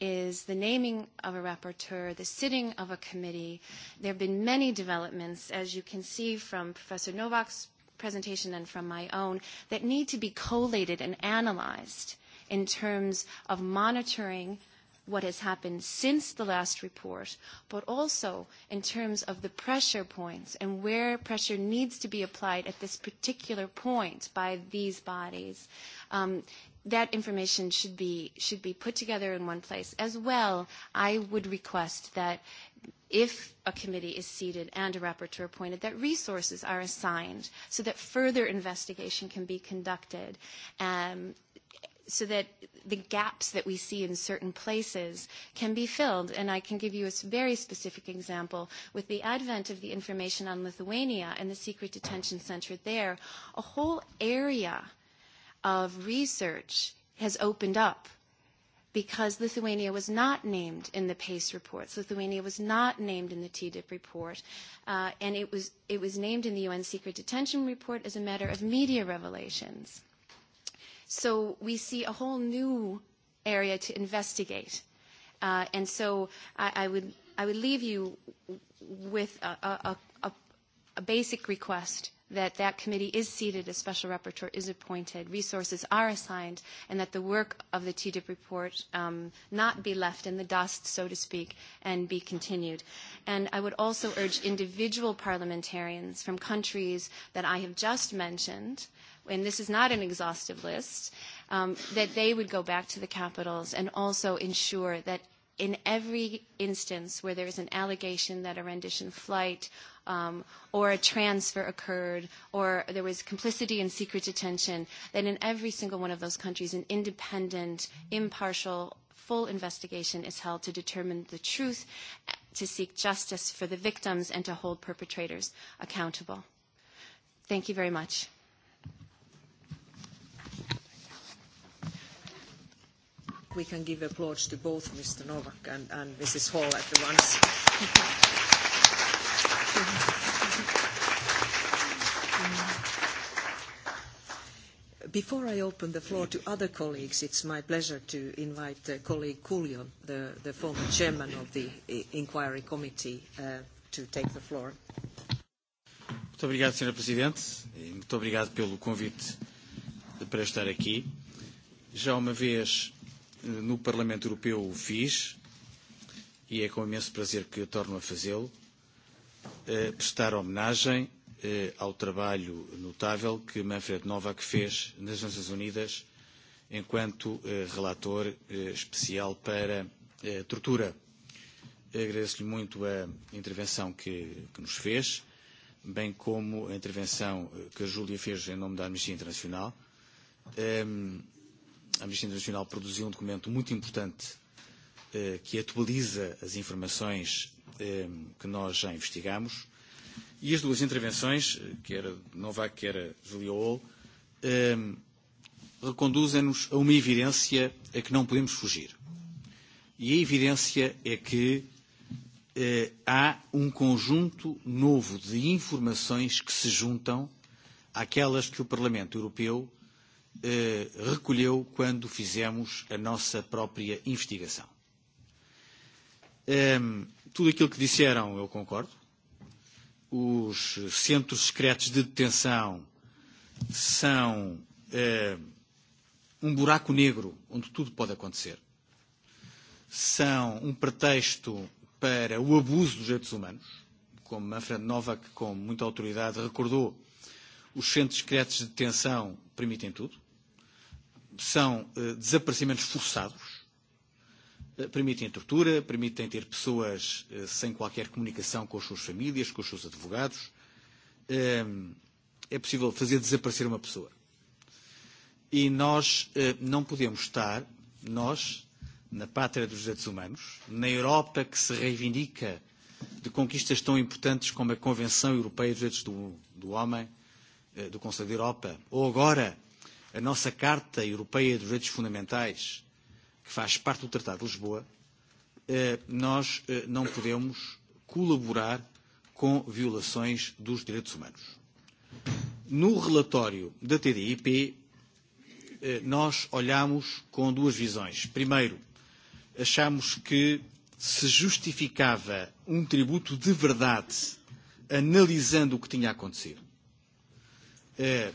is the naming of a rapporteur, the sitting of a committee. There have been many developments, as you can see from Professor Novak's presentation and from my own, that need to be collated and analyzed in terms of monitoring uh, what has happened since the last report, but also in terms of the pressure points and where pressure needs to be applied at this particular point by these bodies. Um, that information should be should be put together in one place. As well, I would request that if a committee is seated and a rapporteur appointed, that resources are assigned so that further investigation can be conducted um, so that the gaps that we see in certain places can be filled. And I can give you a very specific example. With the advent of the information on Lithuania and the secret detention center there, a whole area of research has opened up because Lithuania was not named in the PACE reports. Lithuania was not named in the TDIP report, uh, and it was, it was named in the UN secret detention report as a matter of media revelations. So we see a whole new area to investigate. Uh, and so I, I, would, I would leave you with a, a, a, a basic request that that committee is seated, a special rapporteur is appointed, resources are assigned, and that the work of the TDIP report um, not be left in the dust, so to speak, and be continued. And I would also urge individual parliamentarians from countries that I have just mentioned uh, and this is not an exhaustive list, um, that they would go back to the capitals and also ensure that in every instance where there is an allegation that a rendition flight um, or a transfer occurred or there was complicity in secret detention, that in every single one of those countries an independent, impartial, full investigation is held to determine the truth, to seek justice for the victims, and to hold perpetrators accountable. Thank you very much. we can give applause to both Mr. Novak and, and Mrs. Hall at the once. Before I open the floor to other colleagues, it's my pleasure to invite uh, colleague Coolio, the, the former chairman of the uh, inquiry committee, uh, to take the floor. Muito obrigado, Sra. Presidente, e muito obrigado pelo convite para estar aqui. Já uma vez no Parlamento Europeu fiz, e é com imenso prazer que eu torno a fazê-lo, eh, prestar homenagem eh, ao trabalho notável que Manfred Novak fez nas Nações Unidas enquanto eh, relator eh, especial para eh, tortura. Agradeço-lhe muito a intervenção que, que nos fez, bem como a intervenção eh, que a Júlia fez em nome da Amnistia Internacional. Um, a Amnistia Internacional produziu um documento muito importante eh, que atualiza as informações eh, que nós já investigamos. E as duas intervenções, quer Novak, quer Julia Hall, eh, reconduzem-nos a uma evidência a que não podemos fugir. E a evidência é que eh, há um conjunto novo de informações que se juntam àquelas que o Parlamento Europeu eh, recolheu quando fizemos a nossa própria investigação. Um, tudo aquilo que disseram eu concordo. Os centros secretos de detenção são um, um buraco negro onde tudo pode acontecer. São um pretexto para o abuso dos direitos humanos. Como Manfred Novak, com muita autoridade, recordou, os centros secretos de detenção permitem tudo são uh, desaparecimentos forçados. Uh, permitem a tortura, permitem ter pessoas uh, sem qualquer comunicação com as suas famílias, com os seus advogados. Uh, é possível fazer desaparecer uma pessoa. E nós uh, não podemos estar, nós, na pátria dos direitos humanos, na Europa que se reivindica de conquistas tão importantes como a Convenção Europeia dos Direitos do, do Homem, uh, do Conselho da Europa, ou agora a nossa Carta Europeia dos Direitos Fundamentais, que faz parte do Tratado de Lisboa, eh, nós eh, não podemos colaborar com violações dos direitos humanos. No relatório da TDIP, eh, nós olhamos com duas visões. Primeiro, achamos que se justificava um tributo de verdade analisando o que tinha acontecido.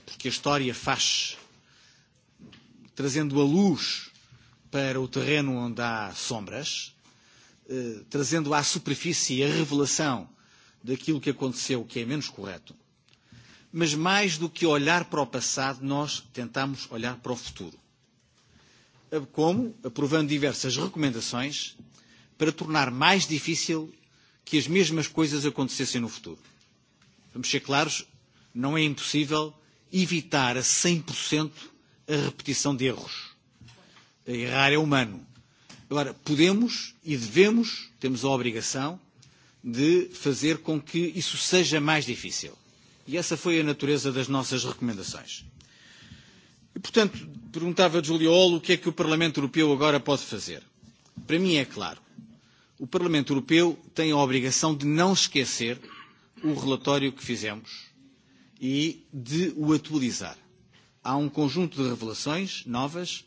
Porque a história faz trazendo a luz para o terreno onde há sombras, eh, trazendo à superfície a revelação daquilo que aconteceu, que é menos correto. Mas mais do que olhar para o passado, nós tentamos olhar para o futuro. Eh, como? Aprovando diversas recomendações para tornar mais difícil que as mesmas coisas acontecessem no futuro. Vamos ser claros, não é impossível evitar a 100% a repetição de erros. Errar é humano. Agora, podemos e devemos, temos a obrigação de fazer com que isso seja mais difícil. E essa foi a natureza das nossas recomendações. E, portanto, perguntava Juliolo o que é que o Parlamento Europeu agora pode fazer. Para mim é claro. O Parlamento Europeu tem a obrigação de não esquecer o relatório que fizemos e de o atualizar há um conjunto de revelações novas,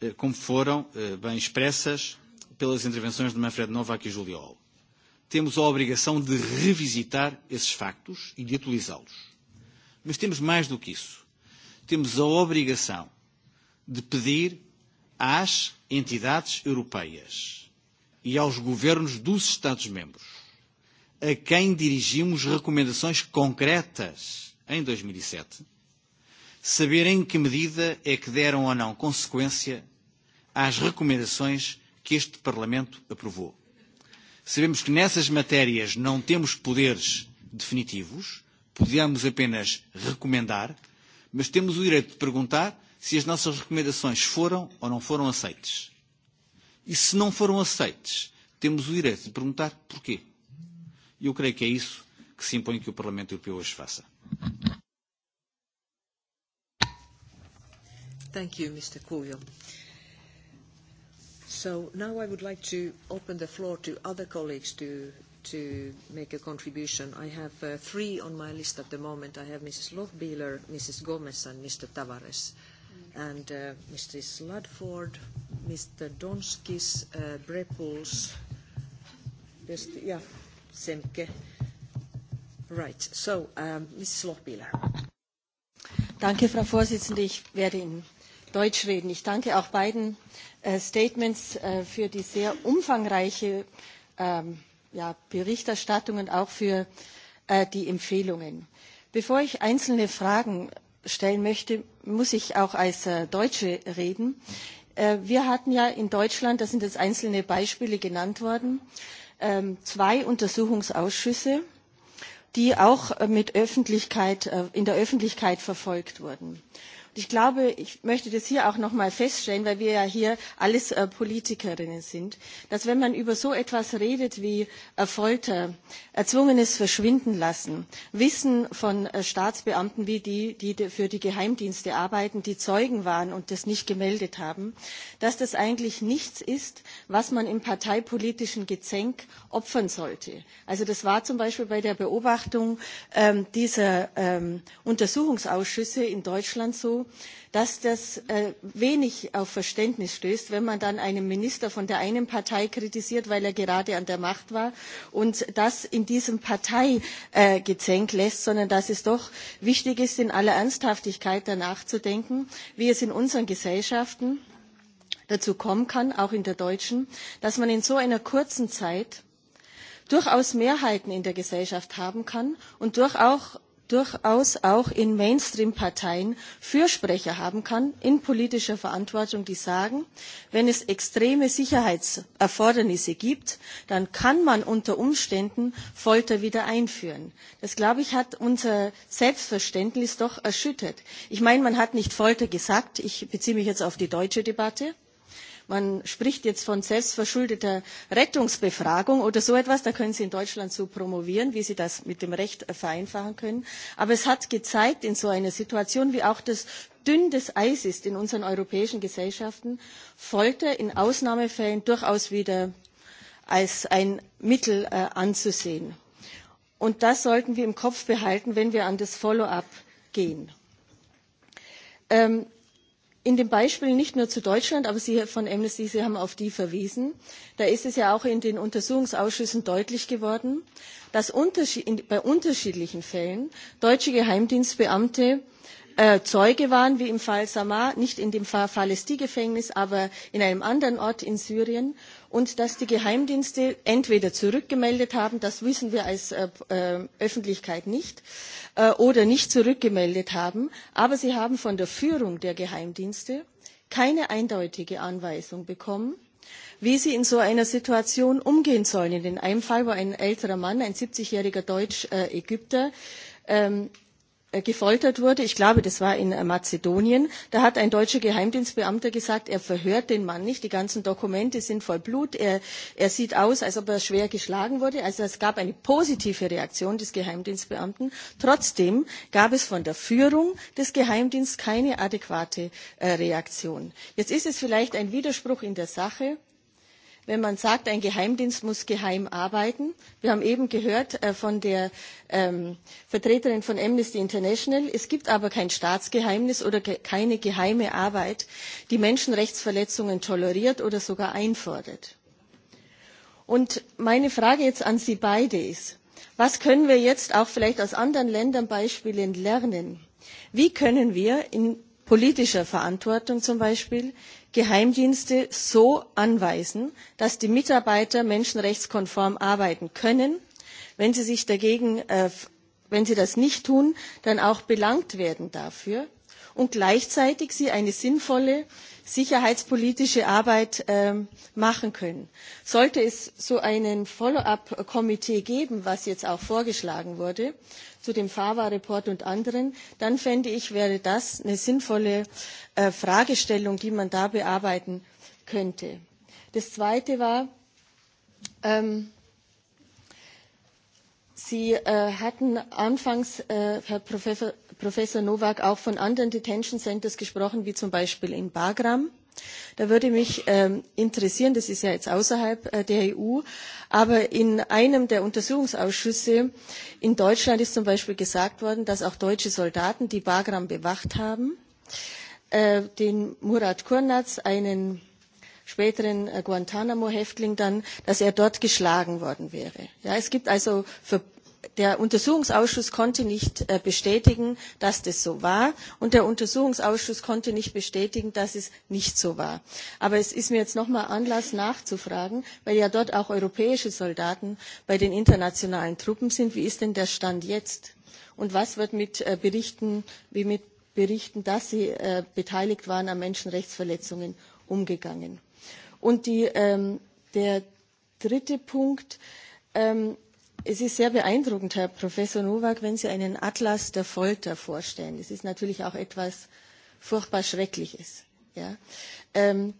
eh, como foram eh, bem expressas pelas intervenções de Manfred Novak e Julio Hall. Temos a obrigação de revisitar esses factos e de atualizá-los. Mas temos mais do que isso. Temos a obrigação de pedir às entidades europeias e aos governos dos Estados-membros a quem dirigimos recomendações concretas em 2007 saber em que medida é que deram ou não consequência às recomendações que este Parlamento aprovou. Sabemos que nessas matérias não temos poderes definitivos, podemos apenas recomendar, mas temos o direito de perguntar se as nossas recomendações foram ou não foram aceites. E se não foram aceites, temos o direito de perguntar porquê. E eu creio que é isso que se impõe que o Parlamento Europeu hoje faça. Thank you, Mr. Kujo. So now I would like to open the floor to other colleagues to, to make a contribution. I have uh, three on my list at the moment. I have Mrs. Lochbieler, Mrs. Gomez, and Mr. Tavares. And uh, Mrs. Ludford, Mr. Donskis, uh, Brepuls, just, yeah, Semke. Right. So, um, Mrs. Lochbieler. Danke, Frau Vorsitzende. Ich werde in Deutschschweden. Ich danke auch beiden äh, Statements äh, für die sehr umfangreiche ähm, ja, Berichterstattung und auch für äh, die Empfehlungen. Bevor ich einzelne Fragen stellen möchte, muss ich auch als äh, Deutsche reden. Äh, wir hatten ja in Deutschland, da sind jetzt einzelne Beispiele genannt worden, äh, zwei Untersuchungsausschüsse, die auch äh, mit Öffentlichkeit, äh, in der Öffentlichkeit verfolgt wurden ich glaube, ich möchte das hier auch noch mal feststellen, weil wir ja hier alles äh, Politikerinnen sind, dass wenn man über so etwas redet wie äh, Folter, erzwungenes Verschwinden lassen, Wissen von äh, Staatsbeamten wie die, die für die Geheimdienste arbeiten, die Zeugen waren und das nicht gemeldet haben, dass das eigentlich nichts ist, was man im parteipolitischen Gezänk opfern sollte. Also das war zum Beispiel bei der Beobachtung ähm, dieser ähm, Untersuchungsausschüsse in Deutschland so, dass das äh, wenig auf Verständnis stößt, wenn man dann einen Minister von der einen Partei kritisiert, weil er gerade an der Macht war und das in diesem Parteigezänk äh, lässt, sondern dass es doch wichtig ist, in aller Ernsthaftigkeit danach zu denken, wie es in unseren Gesellschaften dazu kommen kann, auch in der deutschen, dass man in so einer kurzen Zeit durchaus Mehrheiten in der Gesellschaft haben kann und durch auch durchaus auch in Mainstream-Parteien Fürsprecher haben kann in politischer Verantwortung, die sagen, wenn es extreme Sicherheitserfordernisse gibt, dann kann man unter Umständen Folter wieder einführen. Das, glaube ich, hat unser Selbstverständnis doch erschüttert. Ich meine, man hat nicht Folter gesagt, ich beziehe mich jetzt auf die deutsche Debatte, Man spricht jetzt von selbstverschuldeter Rettungsbefragung oder so etwas. Da können Sie in Deutschland so promovieren, wie Sie das mit dem Recht vereinfachen können. Aber es hat gezeigt, in so einer Situation, wie auch das dünn das Eis ist in unseren europäischen Gesellschaften, Folter in Ausnahmefällen durchaus wieder als ein Mittel äh, anzusehen. Und das sollten wir im Kopf behalten, wenn wir an das Follow-up gehen. Ähm, in dem Beispiel nicht nur zu Deutschland, aber Sie von Amnesty, Sie haben auf die verwiesen, da ist es ja auch in den Untersuchungsausschüssen deutlich geworden, dass unterschied, in, bei unterschiedlichen Fällen deutsche Geheimdienstbeamte äh, Zeuge waren, wie im Fall Samar, nicht in dem Fall Falesti-Gefängnis, aber in einem anderen Ort in Syrien, und dass die Geheimdienste entweder zurückgemeldet haben, das wissen wir als äh, äh, Öffentlichkeit nicht, äh, oder nicht zurückgemeldet haben. Aber sie haben von der Führung der Geheimdienste keine eindeutige Anweisung bekommen, wie sie in so einer Situation umgehen sollen. In einem Fall war ein älterer Mann, ein 70-jähriger Deutsch-Ägypter, äh, ähm, Äh, gefoltert wurde. Ich glaube, das war in äh, Mazedonien. Da hat ein deutscher Geheimdienstbeamter gesagt, er verhört den Mann nicht. Die ganzen Dokumente sind voll Blut. Er, er sieht aus, als ob er schwer geschlagen wurde. Also es gab eine positive Reaktion des Geheimdienstbeamten. Trotzdem gab es von der Führung des Geheimdienstes keine adäquate äh, Reaktion. Jetzt ist es vielleicht ein Widerspruch in der Sache wenn man sagt, ein Geheimdienst muss geheim arbeiten. Wir haben eben gehört äh, von der ähm, Vertreterin von Amnesty International, es gibt aber kein Staatsgeheimnis oder ge keine geheime Arbeit, die Menschenrechtsverletzungen toleriert oder sogar einfordert. Und meine Frage jetzt an Sie beide ist, was können wir jetzt auch vielleicht aus anderen Ländern Beispielen lernen? Wie können wir in politischer Verantwortung zum Beispiel Geheimdienste so anweisen, dass die Mitarbeiter menschenrechtskonform arbeiten können. Wenn sie sich dagegen, äh, wenn sie das nicht tun, dann auch belangt werden dafür und gleichzeitig sie eine sinnvolle sicherheitspolitische Arbeit ähm, machen können. Sollte es so einen Follow-up-Komitee geben, was jetzt auch vorgeschlagen wurde, zu dem Fava-Report und anderen, dann fände ich, wäre das eine sinnvolle äh, Fragestellung, die man da bearbeiten könnte. Das Zweite war, ähm, Sie äh, hatten anfangs, äh, Herr Professor, Professor Nowak, auch von anderen Detention Centers gesprochen, wie zum Beispiel in Bagram. Da würde mich ähm, interessieren, das ist ja jetzt außerhalb äh, der EU, aber in einem der Untersuchungsausschüsse in Deutschland ist zum Beispiel gesagt worden, dass auch deutsche Soldaten, die Bagram bewacht haben, äh, den Murat Kurnaz, einen späteren äh, Guantanamo-Häftling dann, dass er dort geschlagen worden wäre. Ja, es gibt also für der Untersuchungsausschuss konnte nicht äh, bestätigen, dass das so war, und der Untersuchungsausschuss konnte nicht bestätigen, dass es nicht so war. Aber es ist mir jetzt nochmal Anlass nachzufragen, weil ja dort auch europäische Soldaten bei den internationalen Truppen sind. Wie ist denn der Stand jetzt? Und was wird mit äh, Berichten, wie mit Berichten, dass sie beteiligt waren an Menschenrechtsverletzungen, umgegangen? Und die, ähm, der dritte Punkt. Ähm, es ist sehr beeindruckend, Herr Professor Nowak, wenn Sie einen Atlas der Folter vorstellen. Das ist natürlich auch etwas furchtbar Schreckliches. Ja? Ähm,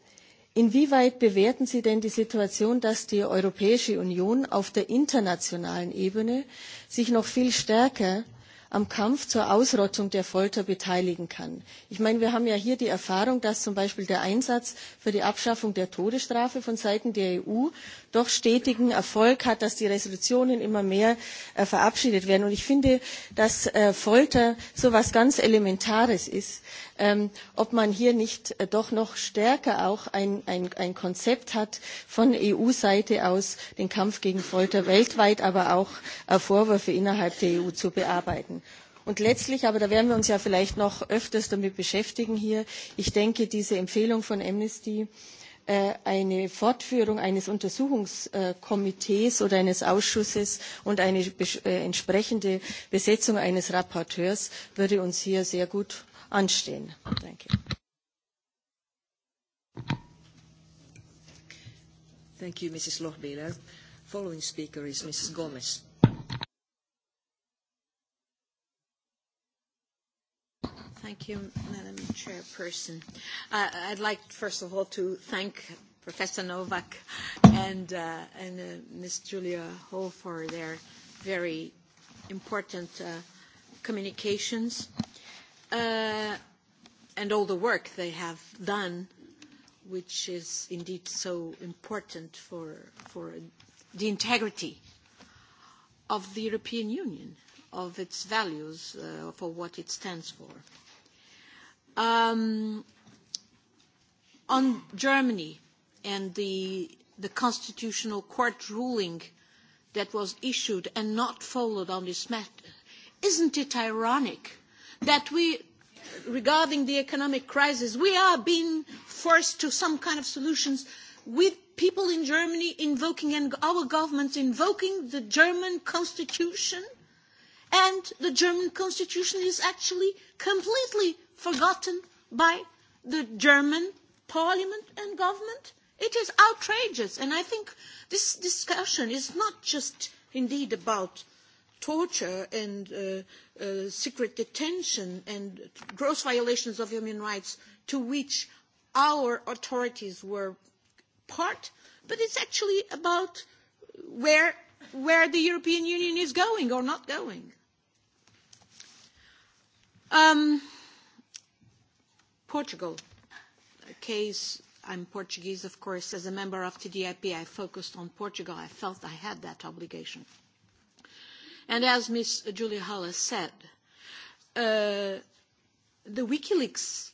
Inwieweit bewerten Sie denn die Situation, dass die Europäische Union auf der internationalen Ebene sich noch viel stärker am Kampf zur Ausrottung der Folter beteiligen kann. Ich meine, wir haben ja hier die Erfahrung, dass zum Beispiel der Einsatz für die Abschaffung der Todesstrafe von Seiten der EU doch stetigen Erfolg hat, dass die Resolutionen immer mehr äh, verabschiedet werden. Und ich finde, dass äh, Folter so etwas ganz Elementares ist ähm, ob man hier nicht äh, doch noch stärker auch ein, ein, ein Konzept hat von EU-Seite aus, den Kampf gegen Folter weltweit, aber auch äh, Vorwürfe innerhalb der EU zu bearbeiten. Und letztlich, aber da werden wir uns ja vielleicht noch öfters damit beschäftigen hier, ich denke, diese Empfehlung von Amnesty äh, eine Fortführung eines Untersuchungskomitees oder eines Ausschusses und eine äh, entsprechende Besetzung eines Rapporteurs würde uns hier sehr gut anstehen. Danke. Thank you, Mrs. Lochbihler. Following speaker is Mrs. Gomez. Thank you, Madam Chairperson. Uh, I'd like, first of all, to thank Professor Novak and, uh, and uh, Ms. Julia Hall for their very important uh, communications. Uh, uh, and all the work they have done, which is indeed so important for, for the integrity of the European Union, of its values, uh, for what it stands for. Um, on Germany and the, the Constitutional Court ruling that was issued and not followed on this matter, isn't it ironic uh, that we, regarding the economic crisis, we are being forced to some kind of solutions with people in Germany invoking and our governments invoking the German constitution and the German constitution is actually completely forgotten by the German parliament and government. It is outrageous and I think this discussion is not just indeed about torture and uh, uh, secret detention and gross violations of human rights to which our authorities were part, but it's actually about where, where the European Union is going or not going. Um, Portugal, a case, I'm Portuguese, of course, as a member of TDIP, I focused on Portugal. I felt I had that obligation. Uh, And as Ms. Julia Haller said, uh, the WikiLeaks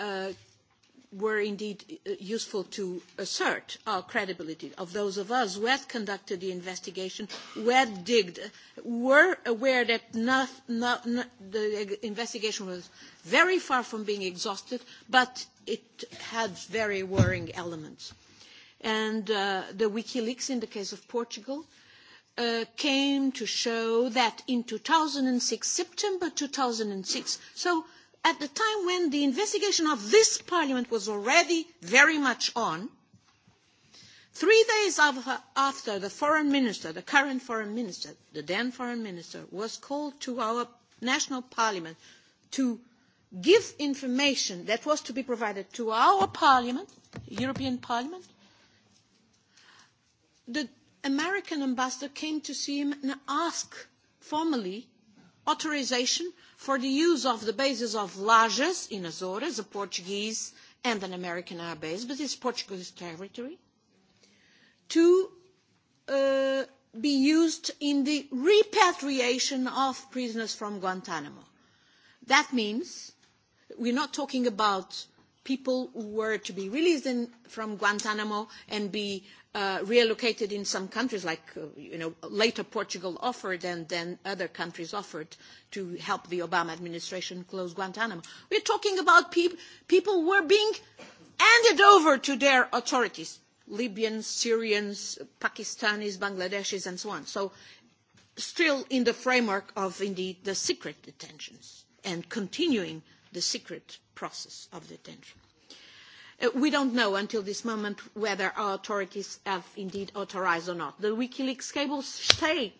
uh, were indeed uh, useful to assert our credibility of those of us who had conducted the investigation, who had digged, were aware that not, not, not, the investigation was very far from being exhausted, but it had very worrying elements. And uh, the WikiLeaks in the case of Portugal uh, uh, came to show that in 2006, September 2006, so at the time when the investigation of this parliament was already very much on, three days after the foreign minister, the current foreign minister, the then foreign minister, was called to our national parliament to give information that was to be provided to our parliament, European Parliament, the American ambassador came to see him and asked formally authorization for the use of the bases of Lajes in Azores, a Portuguese and an American air base, but it's Portuguese territory, to uh, be used in the repatriation of prisoners from Guantanamo. That means we're not talking about people who were to be released in, from Guantanamo and be uh, reallocated in some countries, like uh, you know later Portugal offered and then other countries offered to help the Obama administration close Guantanamo. We're talking about pe- people were being handed over to their authorities, Libyans, Syrians, Pakistanis, Bangladeshis, and so on. So still in the framework of indeed the secret detentions and continuing the secret process of detention. Uh, we don't know until this moment whether our authorities have indeed authorized or not. The WikiLeaks cables say,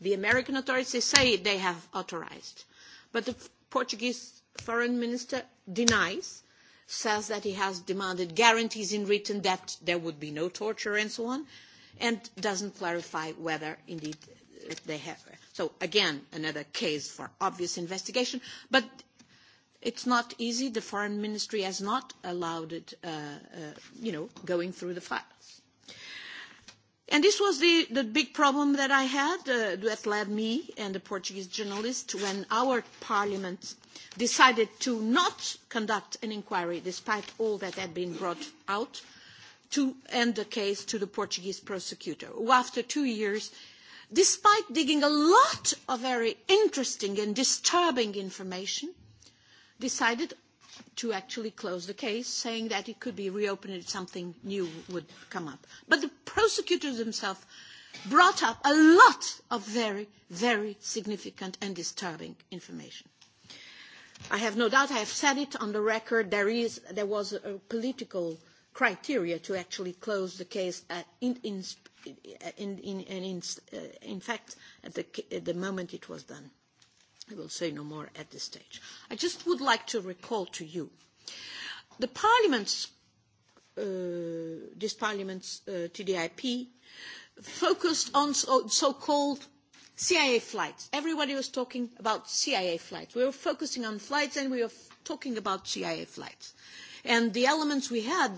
the American authorities say they have authorized. But the Portuguese foreign minister denies, says that he has demanded guarantees in written that there would be no torture and so on, and doesn't clarify whether indeed uh, they have. So again, another case for obvious investigation. But It's not easy. The foreign ministry has not allowed it, uh, uh, you know, going through the files. And this was the, the big problem that I had uh, that led me and the Portuguese journalist when our parliament decided to not conduct an inquiry despite all that had been brought out to end the case to the Portuguese prosecutor, who after two years, despite digging a lot of very interesting and disturbing information, uh, decided to actually close the case, saying that it could be reopened if something new would come up. But the prosecutors themselves brought up a lot of very, very significant and disturbing information. I have no doubt, I have said it on the record, there, is, there was a political criteria to actually close the case at, uh, in, in, uh, in, in, in, in, uh, in fact at the, at the moment it was done. I will say no more at this stage. I just would like to recall to you the Parliament's, uh, this Parliament's uh, TDIP focused on so, so-called CIA flights. Everybody was talking about CIA flights. We were focusing on flights and we were f- talking about CIA flights. And the elements we had,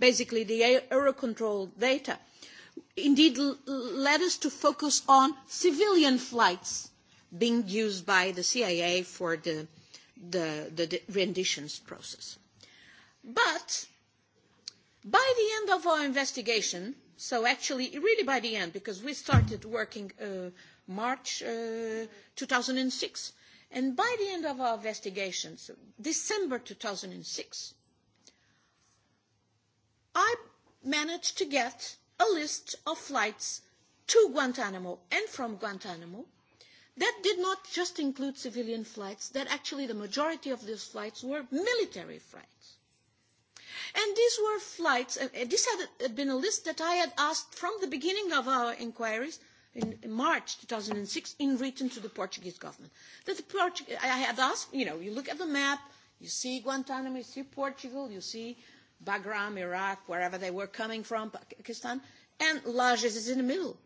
basically the Eurocontrol data, indeed l- led us to focus on civilian flights being used by the CIA for the, the, the, the renditions process. But by the end of our investigation, so actually, really by the end, because we started working uh, March uh, 2006, and by the end of our investigations, so December 2006, I managed to get a list of flights to Guantanamo and from Guantanamo That did not just include civilian flights, that actually the majority of these flights were military flights. And these were flights, and this had been a list that I had asked from the beginning of our inquiries, in March 2006, in written to the Portuguese government. That the Portu- I had asked, you know, you look at the map, you see Guantanamo, you see Portugal, you see Bagram, Iraq, wherever they were coming from, Pakistan, and Lajes is in the middle.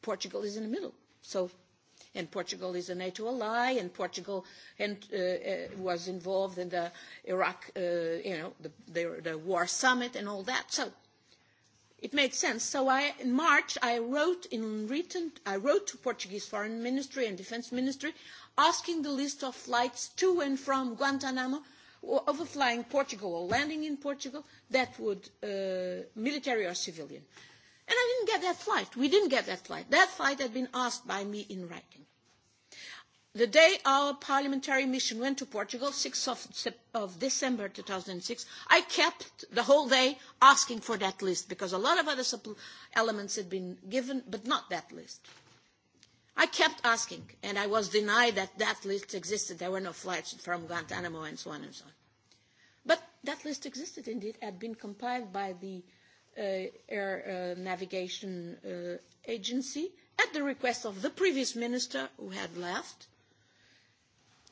Portugal is in the middle. So and Portugal is a NATO ally, and Portugal and, uh, uh, was involved in the Iraq, uh, you know, the, the, the war summit and all that. So it made sense. So I, in March, I wrote in written, I wrote to Portuguese Foreign Ministry and Defense Ministry asking the list of flights to and from Guantanamo overflying Portugal or landing in Portugal that would, uh, military or civilian. Uh, And I didn't get that flight. We didn't get that flight. That flight had been asked by me in writing. The day our parliamentary mission went to Portugal, 6th of, of December 2006, I kept the whole day asking for that list because a lot of other elements had been given, but not that list. I kept asking, and I was denied that that list existed. There were no flights from Guantanamo and so on and so on. But that list existed indeed, had been compiled by the uh, uh, Air uh, Navigation uh, Agency at the request of the previous minister who had left,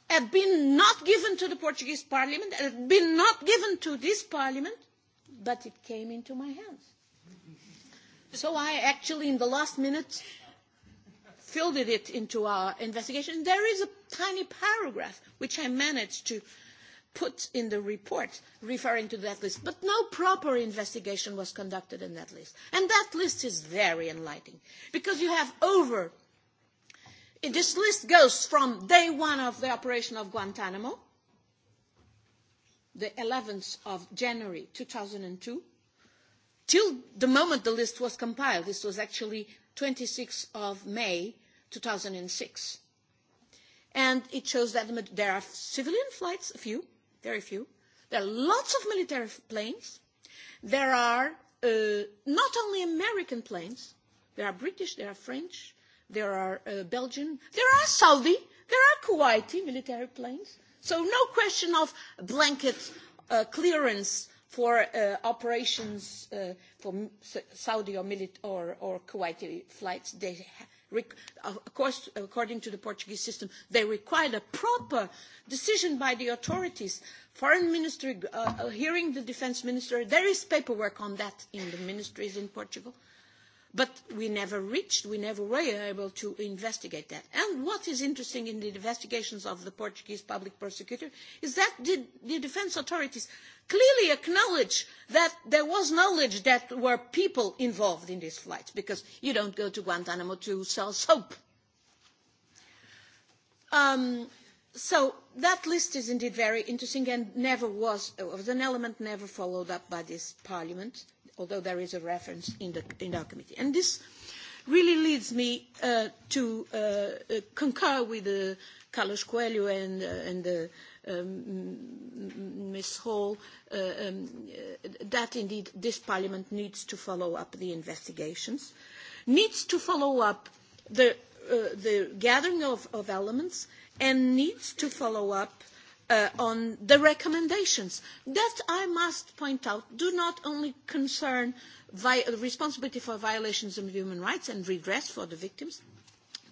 had been not given to the Portuguese parliament, had been not given to this parliament, but it came into my hands. So I actually, in the last minute, fielded it into our investigation. There is a tiny paragraph which I managed to uh, put in the report referring to that list, but no proper investigation was conducted in that list. And that list is very enlightening because you have over, this list goes from day one of the operation of Guantanamo, the 11th of January 2002, till the moment the list was compiled. This was actually 26th of May 2006. And it shows that there are civilian flights, a few, very few. There are lots of military planes. There are uh, not only American planes. There are British, there are French, there are uh, Belgian, there are Saudi, there are Kuwaiti military planes. So no question of blanket uh, clearance for uh, operations uh, for Saudi or, milit- or, or Kuwaiti flights. They ha- Of course, according to the Portuguese system, they required a proper decision by the authorities. Foreign Ministry uh, uh, hearing the defense minister, there is paperwork on that in the ministries in Portugal. Uh, But we never reached, we never were able to investigate that. And what is interesting in the investigations of the Portuguese public prosecutor is that the, the defense authorities clearly acknowledge that there was knowledge that were people involved in these flights, because you don't go to Guantanamo to sell soap. Um, so that list is indeed very interesting and never was, was an element never followed up by this parliament. Uh, although there is a reference in, the, in our committee. And this really leads me uh, to uh, uh, concur with uh, Carlos Coelho and, uh, and uh, um, Ms. Hall uh, um, uh, that indeed this Parliament needs to follow up the investigations, needs to follow up the, uh, the gathering of, of elements, and needs to follow up uh, uh, on the recommendations that I must point out do not only concern vi responsibility for violations of human rights and redress for the victims,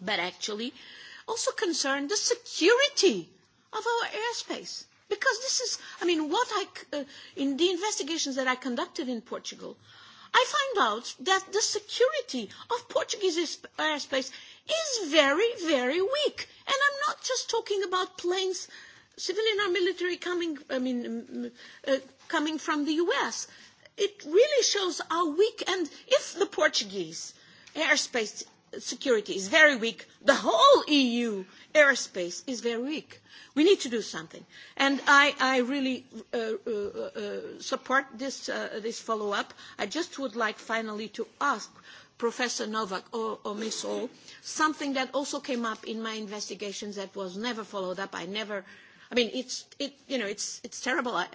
but actually also concern the security of our airspace. Because this is, I mean, what I, uh, in the investigations that I conducted in Portugal, I find out that the security of Portuguese airspace is very, very weak. And I'm not just talking about planes uh, civilian armed military coming, I mean, uh, coming from the U.S. It really shows how weak, and if the Portuguese airspace security is very weak, the whole EU airspace is very weak. We need to do something. And I, I really uh, uh, uh, support this, uh, this follow-up. I just would like finally to ask Professor Novak or, or Miss O, something that also came up in my investigations that was never followed up. I never I mean, it's, it, you know, it's, it's terrible. I,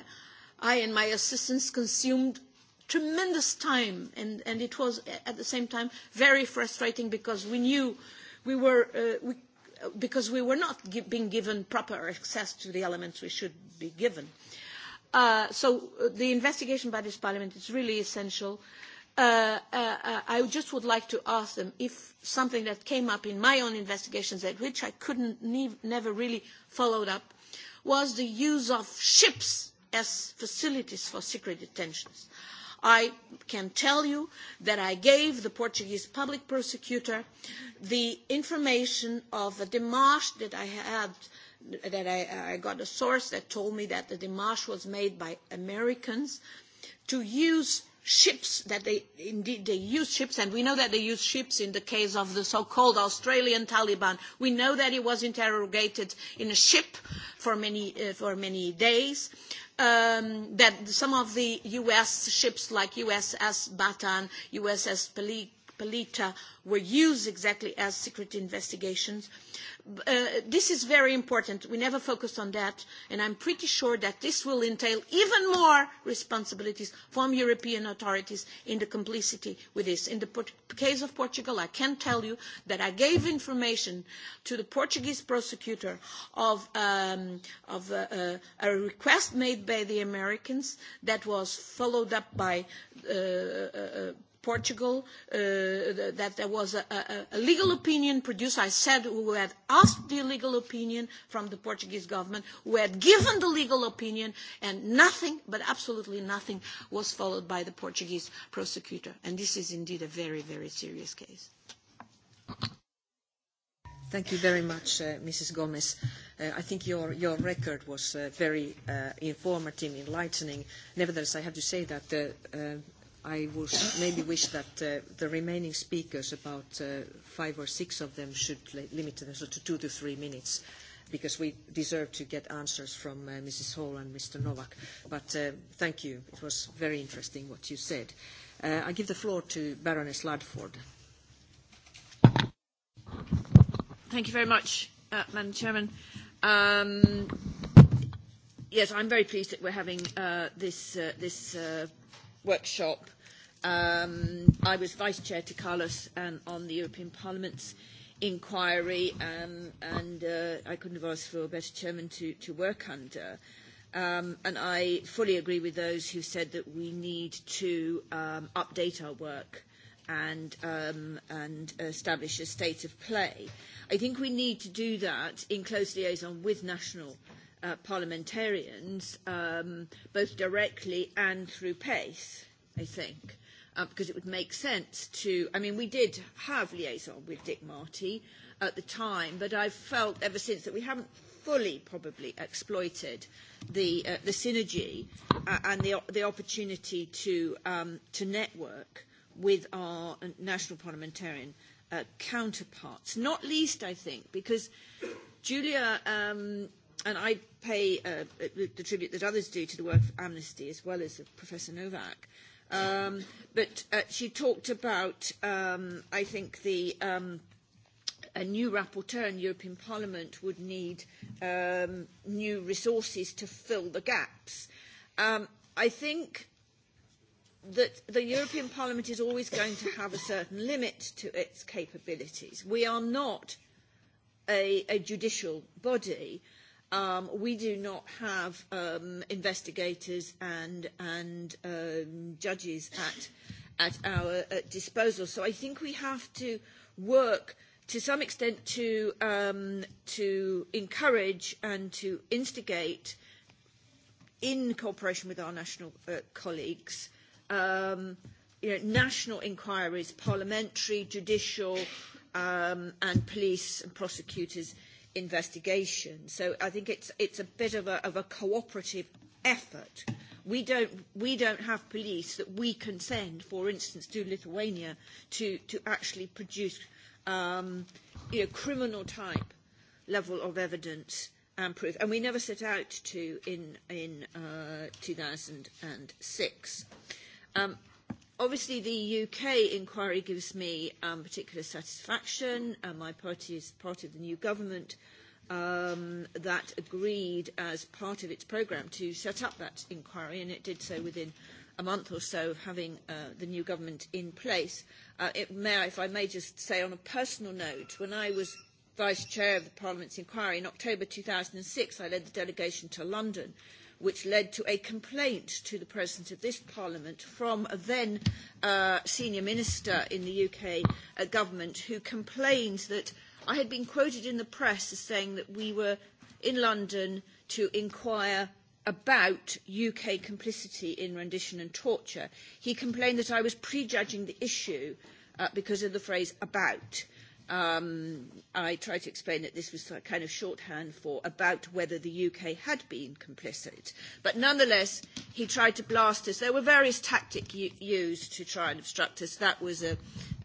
I and my assistants consumed tremendous time, and, and it was at the same time very frustrating because we knew we were, uh, we, because we were not gi- being given proper access to the elements we should be given. Uh, so uh, the investigation by this parliament is really essential. Uh, uh, uh, I just would like to ask them if something that came up in my own investigations at which I couldn't ne- never really followed up was the use of ships as facilities for secret detentions. I can tell you that I gave the Portuguese public prosecutor the information of a demarche that I had, that I, I got a source that told me that the demarche was made by Americans to use ships that they indeed they use ships and we know that they use ships in the case of the so-called Australian Taliban we know that he was interrogated in a ship for many uh, for many days um, that some of the US ships like USS Batan USS Palik Polita were used exactly as secret investigations. Uh, this is very important. We never focused on that, and I'm pretty sure that this will entail even more responsibilities from European authorities in the complicity with this. In the port- case of Portugal, I can tell you that I gave information to the Portuguese prosecutor of, um, of uh, uh, a request made by the Americans that was followed up by uh, uh, uh Portugal, uh, that there was a, a, a legal opinion produced. I said who had asked the legal opinion from the Portuguese government, who had given the legal opinion, and nothing, but absolutely nothing, was followed by the Portuguese prosecutor. And this is indeed a very, very serious case. Thank you very much, uh, Mrs. Gomez. Uh, I think your, your record was uh, very uh, informative, enlightening. Nevertheless, I have to say that the uh, I would maybe wish that uh, the remaining speakers, about uh, five or six of them, should li limit themselves to two to three minutes, because we deserve to get answers from uh, Mrs. Hall and Mr. Novak. But uh, thank you. It was very interesting what you said. Uh, I give the floor to Baroness Ludford. Thank you very much, uh, Madam Chairman. Um, yes, I'm very pleased that we're having uh, this, uh, this uh, workshop. Um, I was vice chair to Carlos um, on the European Parliament's inquiry, um, and uh, I couldn't have asked for a better chairman to, to work under. Um, and I fully agree with those who said that we need to um, update our work and, um, and establish a state of play. I think we need to do that in close liaison with national uh, uh, parliamentarians, um, both directly and through PACE, I think, uh, because it would make sense to. I mean, we did have liaison with Dick Marty at the time, but I've felt ever since that we haven't fully probably exploited the uh, the synergy uh, and the the opportunity to um, to network with our national parliamentarian uh, counterparts. Not least, I think, because Julia um, and I pay uh, uh, the tribute that others do to the work of Amnesty as well as of Professor Novak. Um, but uh, she talked about, um, I think, the um, a new rapporteur in European Parliament would need um, new resources to fill the gaps. Um, I think that the European Parliament is always going to have a certain limit to its capabilities. We are not a, a judicial body, uh, um, we do not have um, investigators and, and um, judges at, at our at disposal. So I think we have to work to some extent to, um, to encourage and to instigate in cooperation with our national uh, colleagues um, you know, national inquiries, parliamentary, judicial um, and police and prosecutors – investigation. So I think it's, it's a bit of a, of a cooperative effort. We don't, we don't have police that we can send, for instance, to Lithuania to, to actually produce um, you know, criminal type level of evidence and proof. And we never set out to in, in uh, 2006. Um, Obviously, the UK inquiry gives me um, particular satisfaction. Uh, my party is part of the new government um, that agreed as part of its programme to set up that inquiry, and it did so within a month or so of having uh, the new government in place. Uh, it may, if I may just say on a personal note, when I was vice chair of the Parliament's inquiry in October 2006, I led the delegation to London which led to a complaint to the President of this Parliament from a then uh, senior minister in the UK uh, government who complained that I had been quoted in the press as saying that we were in London to inquire about UK complicity in rendition and torture. He complained that I was prejudging the issue uh, because of the phrase about. Uh, um, I tried to explain that this was a kind of shorthand for about whether the UK had been complicit. But nonetheless, he tried to blast us. There were various tactics used to try and obstruct us. That was a,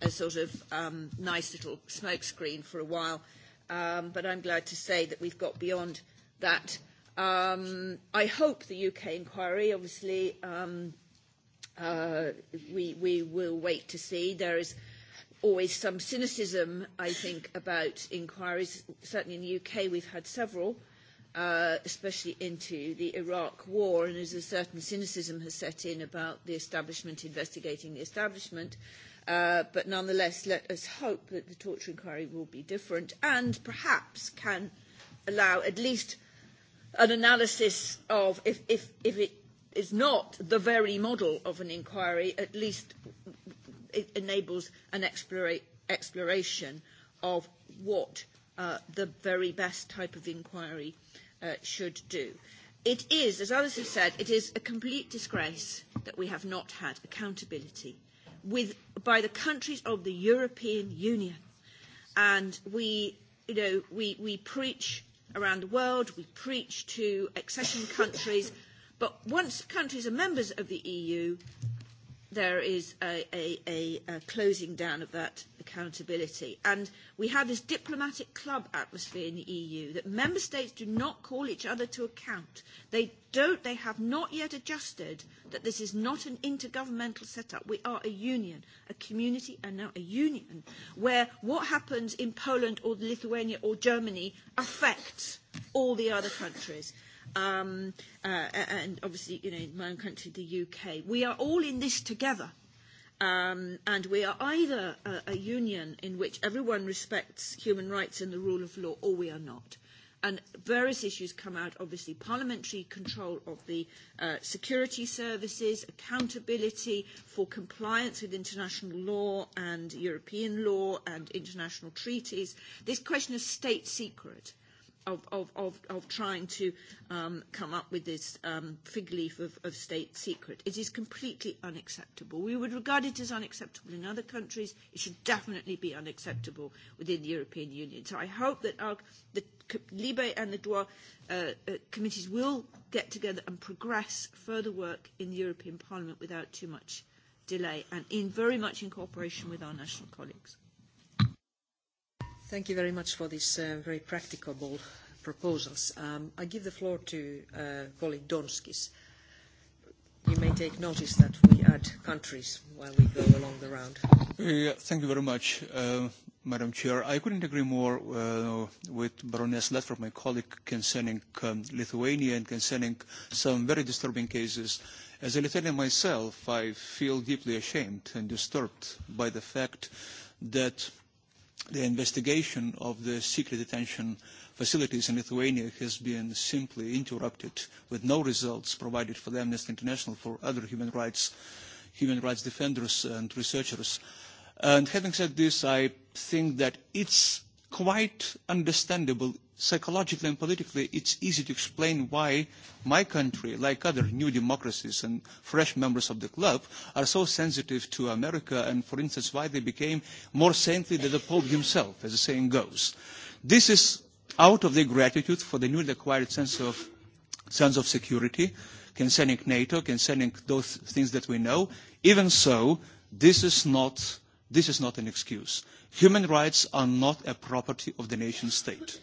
a sort of um, nice little smokescreen for a while. Um, but I'm glad to say that we've got beyond that. Um, I hope the UK inquiry, obviously, um, uh, we, we will wait to see. There is always some cynicism, I think, about inquiries. Certainly in the UK, we've had several, uh, especially into the Iraq war, and as a certain cynicism has set in about the establishment investigating the establishment. Uh, but nonetheless, let us hope that the torture inquiry will be different and perhaps can allow at least an analysis of if, if, if it is not the very model of an inquiry, at least it enables an explora- exploration of what uh, the very best type of inquiry uh, should do. It is, as others have said, it is a complete disgrace that we have not had accountability with, by the countries of the European Union. And we, you know, we, we preach around the world, we preach to accession countries, but once countries are members of the EU, there is a, a, a, a closing down of that accountability. And we have this diplomatic club atmosphere in the EU that member states do not call each other to account. They don't, they have not yet adjusted that this is not an intergovernmental setup. We are a union, a community and now a union, where what happens in Poland or Lithuania or Germany affects all the other countries um, uh, and obviously, you know, in my own country, the UK. We are all in this together. Um, and we are either a, a union in which everyone respects human rights and the rule of law, or we are not. And various issues come out, obviously, parliamentary control of the uh, security services, accountability for compliance with international law and European law and international treaties, this question of state secret. Uh, of, of, of, of trying to um, come up with this um, fig leaf of, of state secret. It is completely unacceptable. We would regard it as unacceptable in other countries. It should definitely be unacceptable within the European Union. So I hope that our, the Libe and the DWA uh, uh, committees will get together and progress further work in the European Parliament without too much delay and in very much in cooperation with our national colleagues. Thank you very much for these uh, very practicable proposals. Um, I give the floor to uh, colleague Donskis. You may take notice that we add countries while we go along the round. Yeah, thank you very much, uh, Madam Chair. I couldn't agree more uh, with Baroness Ledford, my colleague, concerning um, Lithuania and concerning some very disturbing cases. As a Lithuanian myself, I feel deeply ashamed and disturbed by the fact that uh, the investigation of the secret detention facilities in Lithuania has been simply interrupted with no results provided for the Amnesty International, for other human rights, human rights defenders and researchers. And having said this, I think that it's quite understandable psychologically and politically, it's easy to explain why my country, like other new democracies and fresh members of the club, are so sensitive to America and, for instance, why they became more saintly than the Pope himself, as the saying goes. This is out of their gratitude for the newly acquired sense of, sense of security, concerning NATO, concerning those things that we know. Even so, this is not, this is not an excuse. Human rights are not a property of the nation state.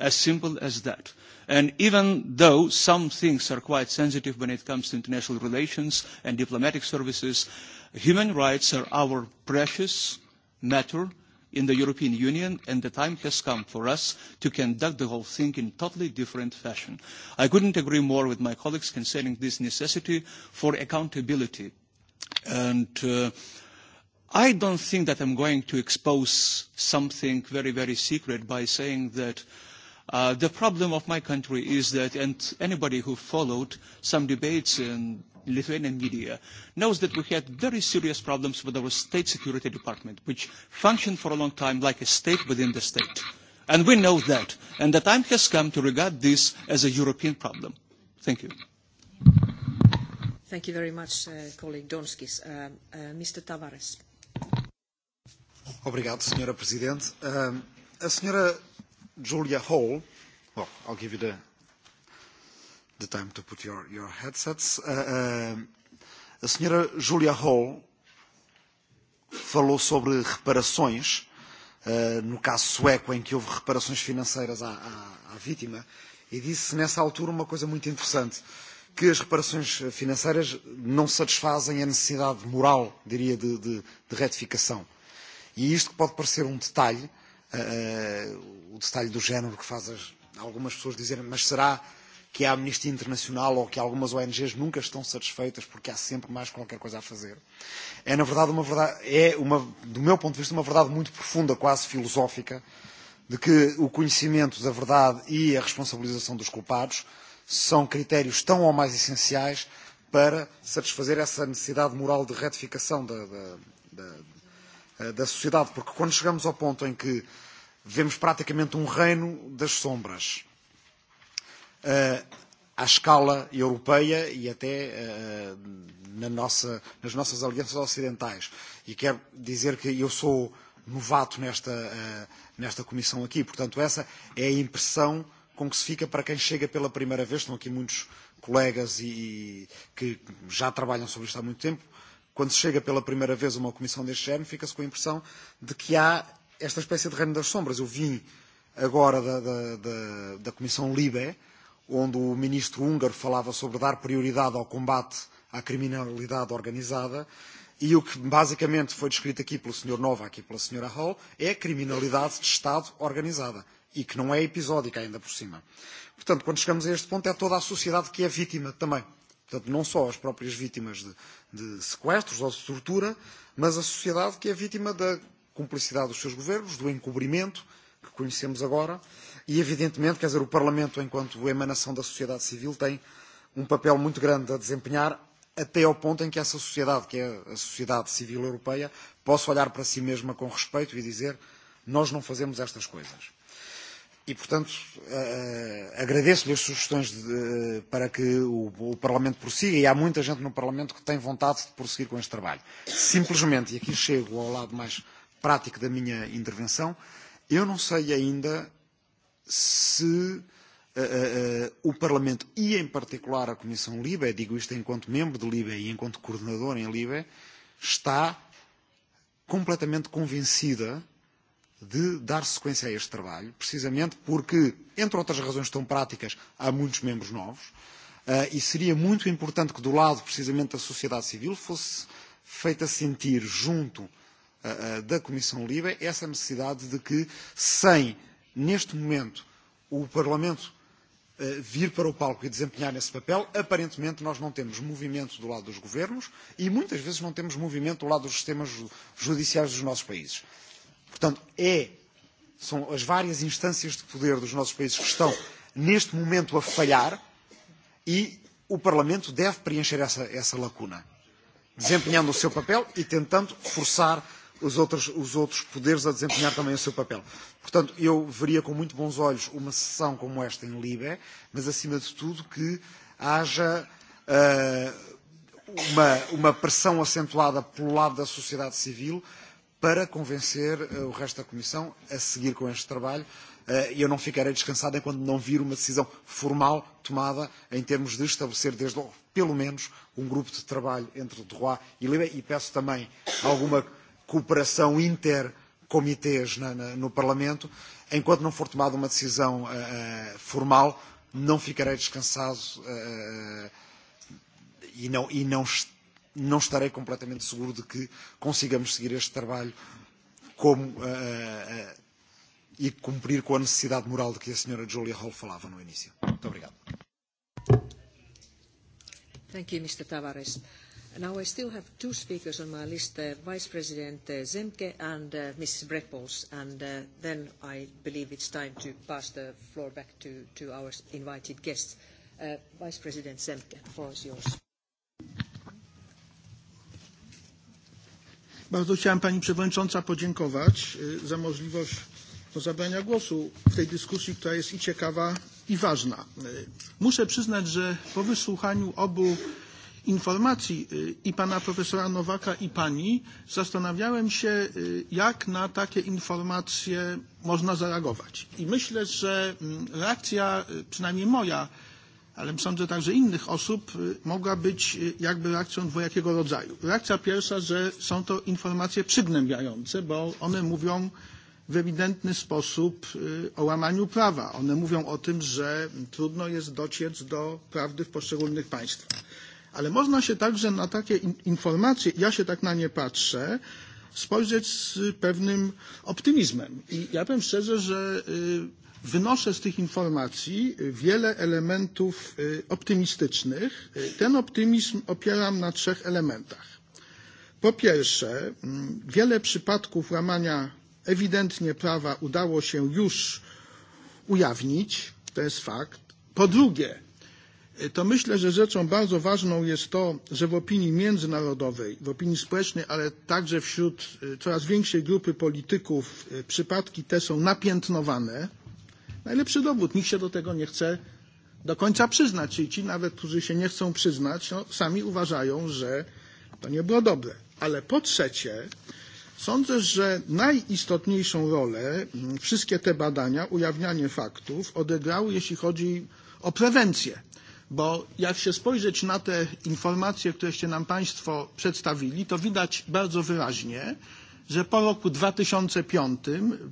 As simple as that. And even though some things are quite sensitive when it comes to international relations and diplomatic services, human rights are our precious matter in the European Union, and the time has come for us to conduct the whole thing in a totally different fashion. I couldn't agree more with my colleagues concerning this necessity for accountability. And uh, I don't think that I'm going to expose something very, very secret by saying that uh, Uh, the problem of my country is that, and anybody who followed some debates in Lithuanian media knows that we had very serious problems with our state security department, which functioned for a long time like a state within the state. And we know that. And the time has come to regard this as a European problem. Thank you. Thank you very much, uh, colleague Donskis. Uh, uh, Mr. Tavares. Obrigado, Senhora Presidente. Uh, a Senhora Julia Hall. Well, I'll give you the the time to put your your headsets. Uh, uh, a senhora Julia Hall falou sobre reparações uh, no caso sueco em que houve reparações financeiras à, à, à vítima e disse nessa altura uma coisa muito interessante que as reparações financeiras não satisfazem a necessidade moral, diria, de, de, de retificação. E isto que pode parecer um detalhe, uh, o detalhe do género que faz as, algumas pessoas dizerem mas será que há Amnistia Internacional ou que algumas ONGs nunca estão satisfeitas porque há sempre mais qualquer coisa a fazer. É, na verdade, uma verdade, é uma, do meu ponto de vista, uma verdade muito profunda, quase filosófica, de que o conhecimento da verdade e a responsabilização dos culpados são critérios tão ou mais essenciais para satisfazer essa necessidade moral de retificação da, da, da, Eh, da sociedade, porque quando chegamos ao ponto em que vemos praticamente um reino das sombras, eh, à escala europeia e até eh, na nossa, nas nossas alianças ocidentais. E quero dizer que eu sou novato nesta, nesta comissão aqui, portanto essa é a impressão com que se fica para quem chega pela primeira vez, estão aqui muitos colegas e, e que já trabalham sobre isto há muito tempo, uh, quando chega pela primeira vez uma comissão deste género, fica-se com a impressão de que há esta espécie de reino das sombras. Eu vim agora da, da, da, da Comissão Libe, onde o ministro húngaro falava sobre dar prioridade ao combate à criminalidade organizada, e o que basicamente foi descrito aqui pelo Sr. Nova, aqui e pela Sra. Hall, é a criminalidade de Estado organizada, e que não é episódica ainda por cima. Portanto, quando chegamos a este ponto, é toda a sociedade que é vítima também. Portanto, não só as próprias vítimas de, de sequestros ou de tortura, mas a sociedade que é vítima da cumplicidade dos seus governos, do encobrimento que conhecemos agora, e evidentemente, quer dizer, o Parlamento, enquanto emanação da sociedade civil, tem um papel muito grande a desempenhar até ao ponto em que essa sociedade, que é a sociedade civil europeia, possa olhar para si mesma com respeito e dizer nós não fazemos estas coisas. E, portanto, eh, eh, agradeço-lhe as sugestões de, eh, para que o, o Parlamento prossiga, e há muita gente no Parlamento que tem vontade de prosseguir com este trabalho. Simplesmente, e aqui chego ao lado mais prático da minha intervenção, eu não sei ainda se uh, uh, o Parlamento e, em particular, a Comissão LIBE, e digo isto enquanto membro de LIBE e enquanto coordenador em LIBE, está completamente convencida uh, de dar sequência a este trabalho, precisamente porque, entre outras razões tão práticas, há muitos membros novos, uh, e seria muito importante que do lado, precisamente, da sociedade civil fosse feita sentir junto uh, uh, da Comissão Libre essa necessidade de que, sem, neste momento, o Parlamento uh, vir para o palco e desempenhar esse papel, aparentemente nós não temos movimento do lado dos governos e muitas vezes não temos movimento do lado dos sistemas judiciais dos nossos países. Uh, Portanto, é, são as várias instâncias de poder dos nossos países que estão, neste momento, a falhar e o Parlamento deve preencher essa, essa lacuna, desempenhando o seu papel e tentando forçar os outros, os outros poderes a desempenhar também o seu papel. Portanto, eu veria com muito bons olhos uma sessão como esta em Líbia, mas acima de tudo que haja uh, uma, uma pressão acentuada pelo lado da sociedade civil uh, para convencer uh, o resto da Comissão a seguir com este trabalho. Uh, eu não ficarei descansado enquanto não vir uma decisão formal tomada em termos de estabelecer, desde logo, pelo menos, um grupo de trabalho entre Doha e Líbia. E peço também alguma cooperação intercomitês na, na, no Parlamento. Enquanto não for tomada uma decisão uh, uh, formal, não ficarei descansado uh, e não, e não estarei não estarei completamente seguro de que consigamos seguir este trabalho como, uh, uh, e cumprir com a necessidade moral de que a senhora Julia Hall falava no início. Muito obrigado. Thank you, Mr. Tavares. Now I still have two speakers on my list, uh, Vice President uh, Zemke and uh, Mrs. Brepols, and uh, then I believe it's time to pass the floor back to, to our invited guests. Uh, Vice President Zemke, the floor is yours. Bardzo chciałem Pani Przewodnicząca podziękować za możliwość zabrania głosu w tej dyskusji, która jest i ciekawa, i ważna. Muszę przyznać, że po wysłuchaniu obu informacji i pana profesora Nowaka i pani zastanawiałem się, jak na takie informacje można zareagować. I myślę, że mm, reakcja, przynajmniej moja, ale sądzę także innych osób, mogła być jakby reakcją dwojakiego rodzaju. Reakcja pierwsza, że są to informacje przygnębiające, bo one mówią w ewidentny sposób o łamaniu prawa. One mówią o tym, że trudno jest dociec do prawdy w poszczególnych państwach. Ale można się także na takie in informacje, ja się tak na nie patrzę, spojrzeć z pewnym optymizmem. I ja powiem szczerze, że y, Wynoszę z tych informacji wiele elementów optymistycznych. Ten optymizm opieram na trzech elementach. Po pierwsze, mm, wiele przypadków łamania ewidentnie prawa udało się już ujawnić, to jest fakt. Po drugie, to myślę, że rzeczą bardzo ważną jest to, że w opinii międzynarodowej, w opinii społecznej, ale także wśród coraz większej grupy polityków przypadki te są napiętnowane Najlepszy dowód, nikt się do tego nie chce do końca przyznać. Czyli ci nawet, którzy się nie chcą przyznać, no, sami uważają, że to nie było dobre. Ale po trzecie, sądzę, że najistotniejszą rolę mm, wszystkie te badania, ujawnianie faktów odegrały, jeśli chodzi o prewencję. Bo jak się spojrzeć na te informacje, któreście nam Państwo przedstawili, to widać bardzo wyraźnie, że po roku 2005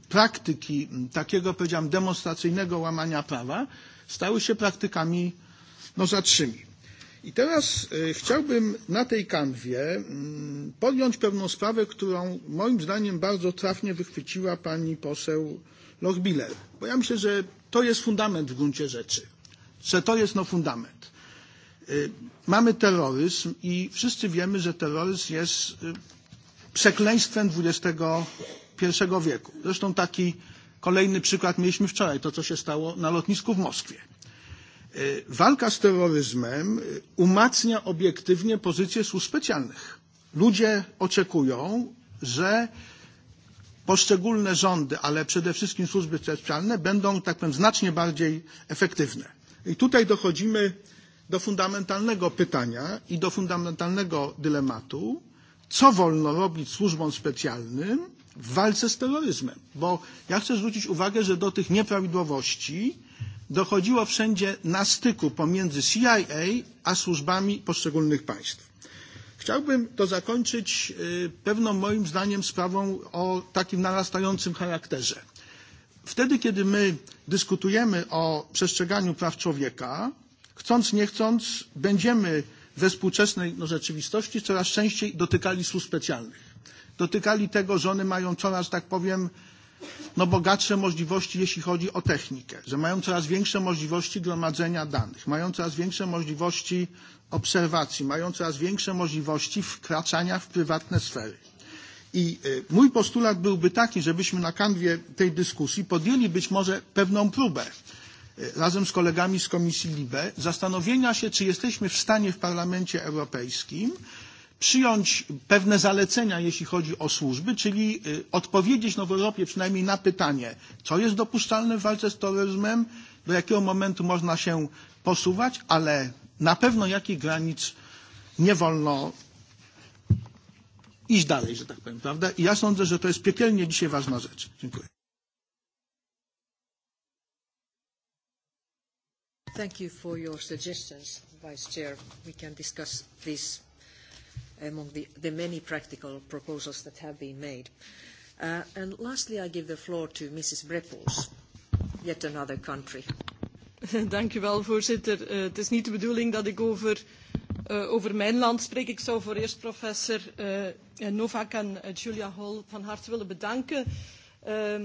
praktyki takiego, powiedziałem, demonstracyjnego łamania prawa stały się praktykami no, zatrzymi. I teraz chciałbym na tej kanwie podjąć pewną sprawę, którą moim zdaniem bardzo trafnie wychwyciła pani poseł Lochbiller. Bo ja myślę, że to jest fundament w gruncie rzeczy. Że to jest no fundament. Mamy terroryzm i wszyscy wiemy, że terroryzm jest przekleństwem XXI wieku. Zresztą taki kolejny przykład mieliśmy wczoraj, to co się stało na lotnisku w Moskwie. Walka z terroryzmem umacnia obiektywnie pozycję służb specjalnych. Ludzie oczekują, że poszczególne rządy, ale przede wszystkim służby specjalne będą, tak powiem, znacznie bardziej efektywne. I tutaj dochodzimy do fundamentalnego pytania i do fundamentalnego dylematu, co wolno robić służbom specjalnym w walce z terroryzmem. Bo ja chcę zwrócić uwagę, że do tych nieprawidłowości dochodziło wszędzie na styku pomiędzy CIA a służbami poszczególnych państw. Chciałbym to zakończyć pewną moim zdaniem sprawą o takim narastającym charakterze. Wtedy, kiedy my dyskutujemy o przestrzeganiu praw człowieka, chcąc nie chcąc, będziemy we współczesnej no, rzeczywistości coraz częściej dotykali służb specjalnych. Dotykali tego, że one mają coraz, tak powiem, no, bogatsze możliwości, jeśli chodzi o technikę, że mają coraz większe możliwości gromadzenia danych, mają coraz większe możliwości obserwacji, mają coraz większe możliwości wkraczania w prywatne sfery. I mój postulat byłby taki, żebyśmy na kanwie tej dyskusji podjęli być może pewną próbę E, razem z kolegami z Komisji LIBE zastanowienia się, czy jesteśmy w stanie w Parlamencie Europejskim przyjąć pewne zalecenia, jeśli chodzi o służby, czyli e, odpowiedzieć no w Europie przynajmniej na pytanie, co jest dopuszczalne w walce z terroryzmem, do jakiego momentu można się posuwać, ale na pewno jakich granic nie wolno iść dalej, że tak powiem, prawda? I ja sądzę, że to jest piekielnie dzisiaj ważna rzecz. Dziękuję. Thank you for your suggestions, Vice Chair. We can discuss this among the, the many practical proposals that have been made. Uh, and lastly, I give the floor to Mrs. Brepoels, yet another country. Dank u wel, voorzitter. Uh, het is niet de bedoeling dat ik over, uh, over mijn land spreek. Ik zou voor eerst professor uh, Novak en uh, Julia Hall van harte willen bedanken. Uh,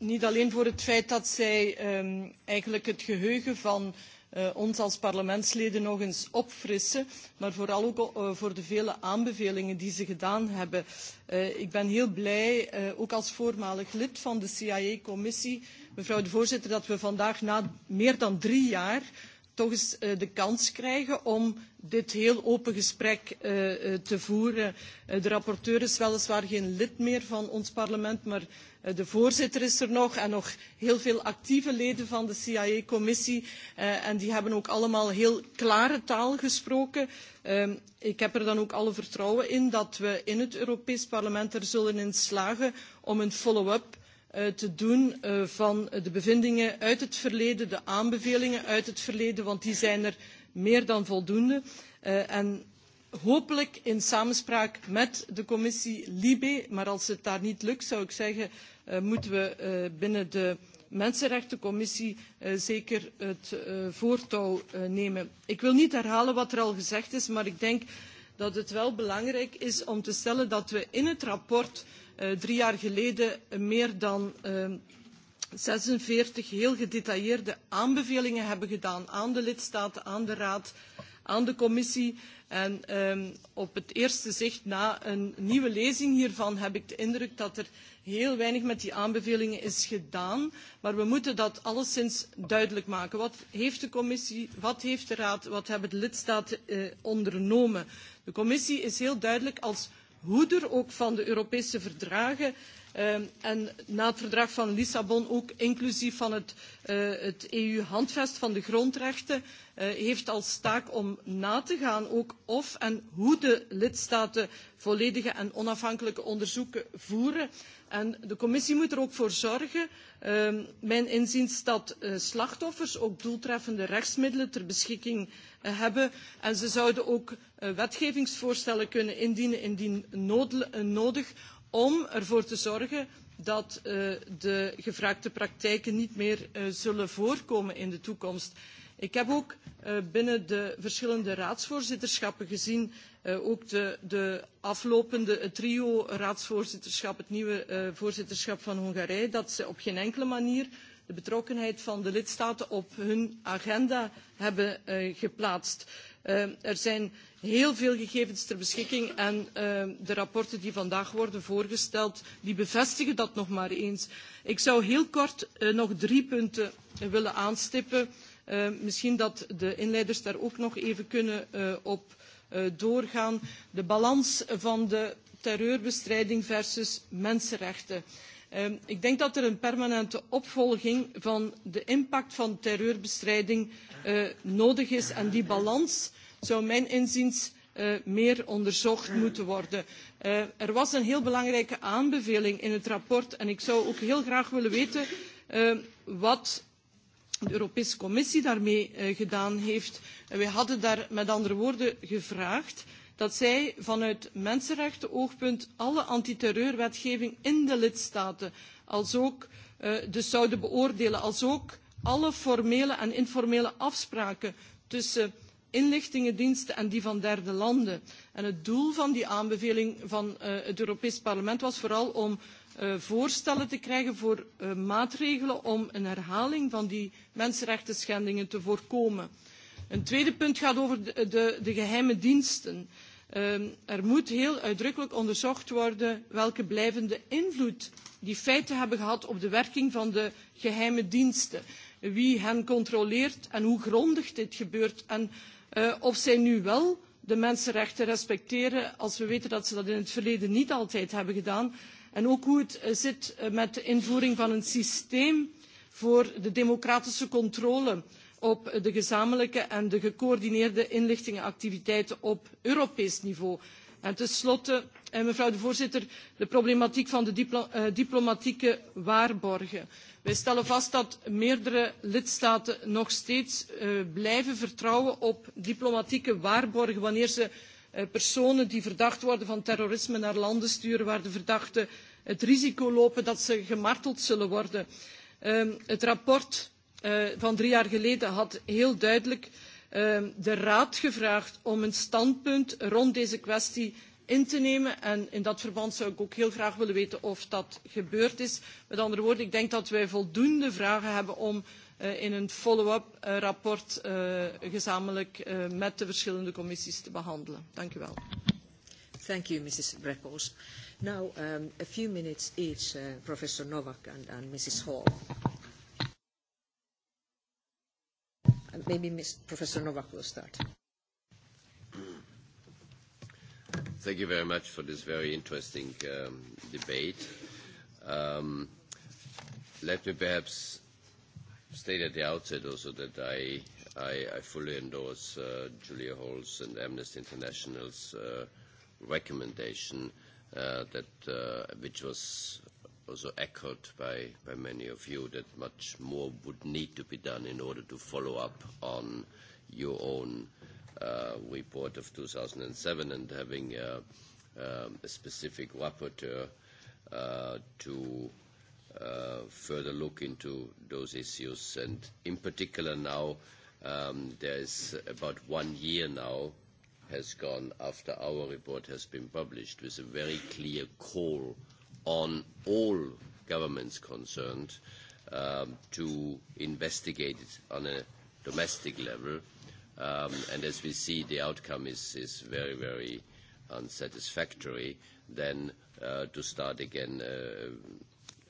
Niet alleen voor het feit dat zij um, eigenlijk het geheugen van uh, ons als parlementsleden nog eens opfrissen, maar vooral ook uh, voor de vele aanbevelingen die ze gedaan hebben. Uh, ik ben heel blij, uh, ook als voormalig lid van de CIA-commissie, mevrouw de voorzitter, dat we vandaag na meer dan drie jaar toch eens uh, de kans krijgen om dit heel open gesprek uh, te voeren. Uh, de rapporteur is weliswaar geen lid meer van ons parlement, maar uh, de voorzitter is er nog en nog heel veel actieve leden van de CIA-commissie. Uh, en die hebben ook allemaal heel klare taal gesproken. Uh, ik heb er dan ook alle vertrouwen in dat we in het Europees parlement er zullen in slagen om een follow-up Eh, te doen eh, van de bevindingen uit het verleden, de aanbevelingen uit het verleden, want die zijn er meer dan voldoende. Eh, en hopelijk in samenspraak met de commissie Libe, maar als het daar niet lukt zou ik zeggen, moeten we binnen de Mensenrechtencommissie zeker het voortouw nemen. Ik wil niet herhalen wat er al gezegd is, maar ik denk dat het wel belangrijk is om te stellen dat we in het rapport uh, drie jaar geleden meer dan uh, ehm, 46 heel gedetailleerde aanbevelingen hebben gedaan aan de lidstaten, aan de Raad, aan de commissie. En um, op het eerste zicht na een nieuwe lezing hiervan heb ik de indruk dat er heel weinig met die aanbevelingen is gedaan. Maar we moeten dat alleszins duidelijk maken. Wat heeft de commissie, wat heeft de Raad, wat hebben de lidstaten uh, ondernomen? De commissie is heel duidelijk als hoeder ook van de Europese verdragen Uh, en na het verdrag van Lissabon, ook inclusief van het, uh, het EU-handvest van de grondrechten, uh, heeft als taak om na te gaan ook of en hoe de lidstaten volledige en onafhankelijke onderzoeken voeren. En de commissie moet er ook voor zorgen, uh, mijn inziens, dat uh, slachtoffers ook doeltreffende rechtsmiddelen ter beschikking uh, hebben. En ze zouden ook uh, wetgevingsvoorstellen kunnen indienen indien nood, uh, nodig om ervoor te zorgen dat uh, de gevraagde praktijken niet meer uh, zullen voorkomen in de toekomst. Ik heb ook uh, binnen de verschillende raadsvoorzitterschappen gezien, uh, ook de, de aflopende trio raadsvoorzitterschap, het nieuwe uh, voorzitterschap van Hongarije, dat ze op geen enkele manier de betrokkenheid van de lidstaten op hun agenda hebben uh, geplaatst. Uh, er zijn uh, heel veel gegevens ter beschikking en uh, de rapporten die vandaag worden voorgesteld, die bevestigen dat nog maar eens. Ik zou heel kort uh, nog drie punten uh, willen aanstippen. Uh, misschien dat de inleiders daar ook nog even kunnen uh, op uh, doorgaan. De balans van de terreurbestrijding versus mensenrechten. Uh, ik denk dat er een permanente opvolging van de impact van terreurbestrijding uh, nodig is en die balans zou mijn inziens uh, meer onderzocht moeten worden. Uh, er was een heel belangrijke aanbeveling in het rapport en ik zou ook heel graag willen weten uh, wat de Europese Commissie daarmee uh, gedaan heeft. En wij hadden daar met andere woorden gevraagd dat zij vanuit mensenrechtenoogpunt alle antiterreurwetgeving in de lidstaten als ook, uh, dus zouden beoordelen, als ook alle formele en informele afspraken tussen uh, inlichtingendiensten en die van derde landen. En het doel van die aanbeveling van uh, het Europees Parlement was vooral om uh, voorstellen te krijgen voor uh, maatregelen om een herhaling van die mensenrechten schendingen te voorkomen. Een tweede punt gaat over de, de, de geheime diensten. Uh, er moet heel uitdrukkelijk onderzocht worden welke blijvende invloed die feiten hebben gehad op de werking van de geheime diensten. Wie hen controleert en hoe grondig dit gebeurt. En uh, uh, of zij nu wel de mensenrechten respecteren als we weten dat ze dat in het verleden niet altijd hebben gedaan. En ook hoe het uh, zit uh, met de invoering van een systeem voor de democratische controle op de gezamenlijke en de gecoördineerde inlichtingenactiviteiten op Europees niveau. En tenslotte, eh, mevrouw de voorzitter, de problematiek van de diplo eh, diplomatieke waarborgen. Wij stellen vast dat meerdere lidstaten nog steeds eh, blijven vertrouwen op diplomatieke waarborgen wanneer ze eh, personen die verdacht worden van terrorisme naar landen sturen waar de verdachten het risico lopen dat ze gemarteld zullen worden. Eh, het rapport eh, van drie jaar geleden had heel duidelijk eh, Ehm, de Raad gevraagd om een standpunt rond deze kwestie in te nemen. En in dat verband zou ik ook heel graag willen weten of dat gebeurd is. Met andere woorden, ik denk dat wij voldoende vragen hebben om uh, in een follow-up uh, rapport uh, gezamenlijk uh, met de verschillende commissies te behandelen. Dank u wel. Thank you, Mrs. Breppels. Now, um, a few minutes each, uh, Professor Novak and, and Mrs. Hall. Maybe Ms. Professor Novak will start. Thank you very much for this very interesting um, debate. Um, let me perhaps state at the outset also that I, I, I fully endorse uh, Julia Hall's and Amnesty International's uh, recommendation uh, that, uh, which was also echoed by, by many of you that much more would need to be done in order to follow up on your own uh, report of 2007 and having a, uh, um, a specific rapporteur uh, to uh, further look into those issues. And in particular now, um, there's about one year now has gone after our report has been published with a very clear call uh, on all governments concerned um, to investigate it on a domestic level. Um, and as we see, the outcome is, is very, very unsatisfactory. Then uh, to start again uh,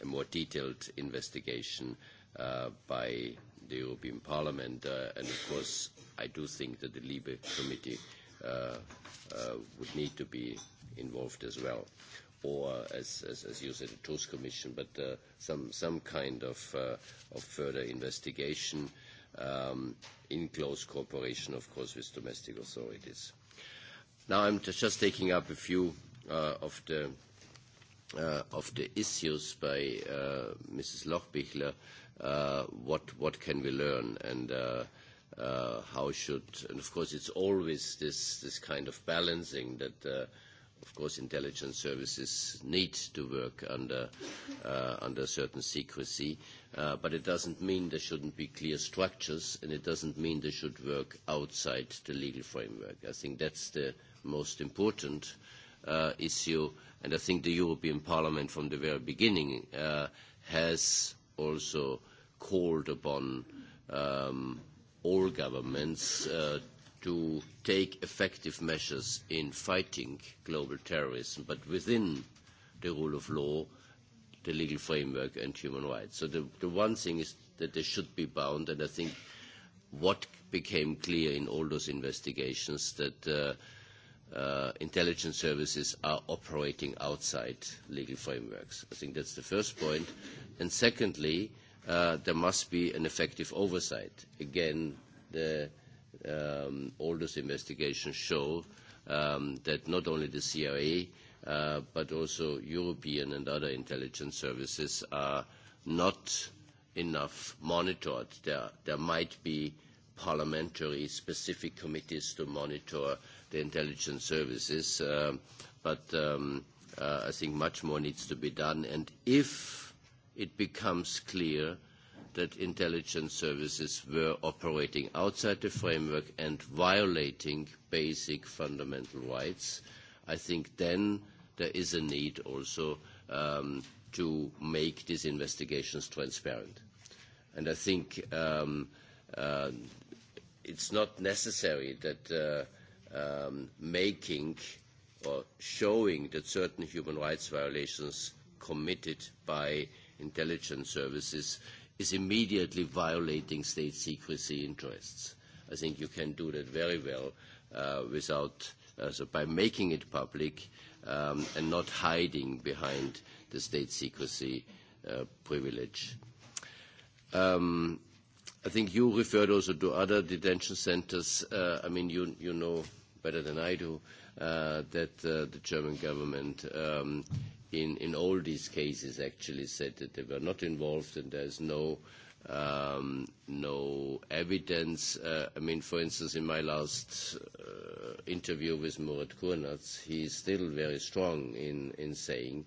a more detailed investigation uh, by the European Parliament. Uh, and of course, I do think that the Libe Committee uh, uh, would need to be involved as well or as, as, as you said, a TOS commission, but uh, some, some kind of, uh, of further investigation um, in close cooperation, of course, with domestic authorities. Now I'm just taking up a few uh, of, the, uh, of the issues by uh, Mrs. Lochbichler. Uh, what, what can we learn? And uh, uh, how should, and of course it's always this, this kind of balancing that uh, of course, intelligence services need to work under, uh, under certain secrecy, uh, but it doesn't mean there shouldn't be clear structures, and it doesn't mean they should work outside the legal framework. I think that's the most important uh, issue, and I think the European Parliament from the very beginning uh, has also called upon um, all governments uh, to take effective measures in fighting global terrorism, but within the rule of law, the legal framework, and human rights. So the, the one thing is that they should be bound, and I think what became clear in all those investigations that uh, uh, intelligence services are operating outside legal frameworks. I think that's the first point. And secondly, uh, there must be an effective oversight. Again, the um, all those investigations show um, that not only the CIA, uh, but also European and other intelligence services are not enough monitored. There, there might be parliamentary specific committees to monitor the intelligence services, uh, but um, uh, I think much more needs to be done. And if it becomes clear that intelligence services were operating outside the framework and violating basic fundamental rights, I think then there is a need also um, to make these investigations transparent. And I think um, uh, it's not necessary that uh, um, making or showing that certain human rights violations committed by intelligence services uh, is immediately violating state secrecy interests. I think you can do that very well uh, without, uh, so by making it public um, and not hiding behind the state secrecy uh, privilege. Um, I think you referred also to other detention centers. Uh, I mean, you, you know better than I do uh, uh, that uh, the German government um, in, in all these cases actually said that they were not involved and there's no, um, no evidence. Uh, I mean, for instance, in my last uh, interview with Murat Kurnaz, he's still very strong in, in saying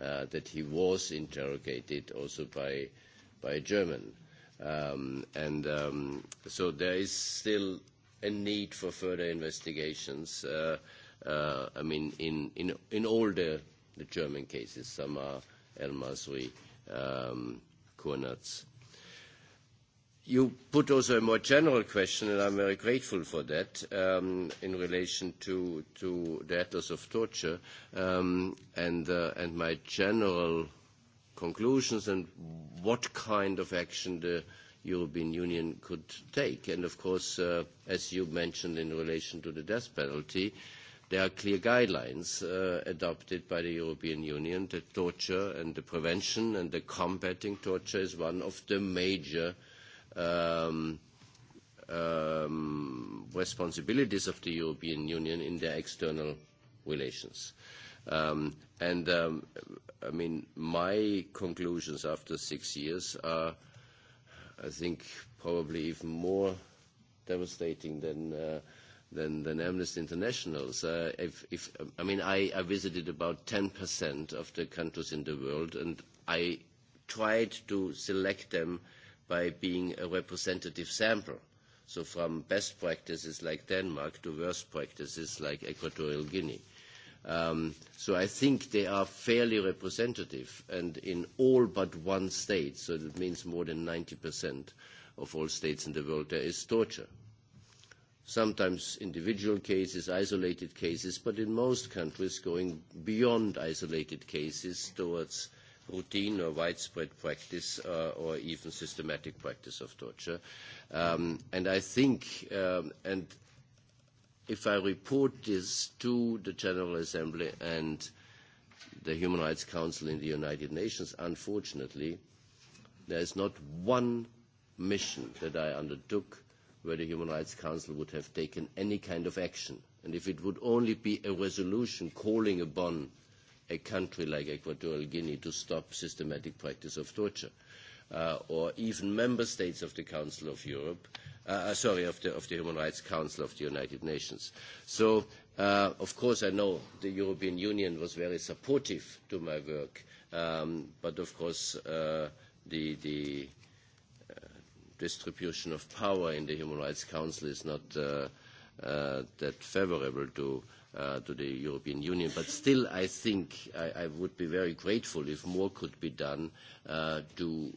uh, that he was interrogated also by, by a German. Um, and um, so there is still a need for further investigations. Uh, uh, I mean, in, in, in all the, the German cases, Samar, El Masri, um, Konatz. You put also a more general question, and I'm very grateful for that, um, in relation to, to the Atlas of Torture, um, and, uh, and my general conclusions and what kind of action the European Union could take. And of course, uh, as you mentioned in relation to the death penalty, uh, There are clear guidelines uh, adopted by the European Union that torture and the prevention and the combating torture is one of the major um, um, responsibilities of the European Union in their external relations. Um, and um, I mean, my conclusions after six years are, I think, probably even more devastating than uh, than, than Amnesty International. So if, if, I mean, I, I visited about 10% of the countries in the world, and I tried to select them by being a representative sample. So from best practices like Denmark to worst practices like Equatorial Guinea. Um, so I think they are fairly representative and in all but one state, so that means more than 90% of all states in the world, there is torture sometimes individual cases, isolated cases, but in most countries going beyond isolated cases towards routine or widespread practice uh, or even systematic practice of torture. Um, and I think, um, and if I report this to the General Assembly and the Human Rights Council in the United Nations, unfortunately, there is not one mission that I undertook where the Human Rights Council would have taken any kind of action. And if it would only be a resolution calling upon a country like Equatorial Guinea to stop systematic practice of torture, uh, or even member states of the Council of Europe, uh, uh sorry, of the, of the Human Rights Council of the United Nations. So, uh, of course, I know the European Union was very supportive to my work, um, but of course, uh, the, the, uh, distribution of power in the Human Rights Council is not uh, uh, that favorable to, uh, to the European Union. But still, I think I, I would be very grateful if more could be done uh, to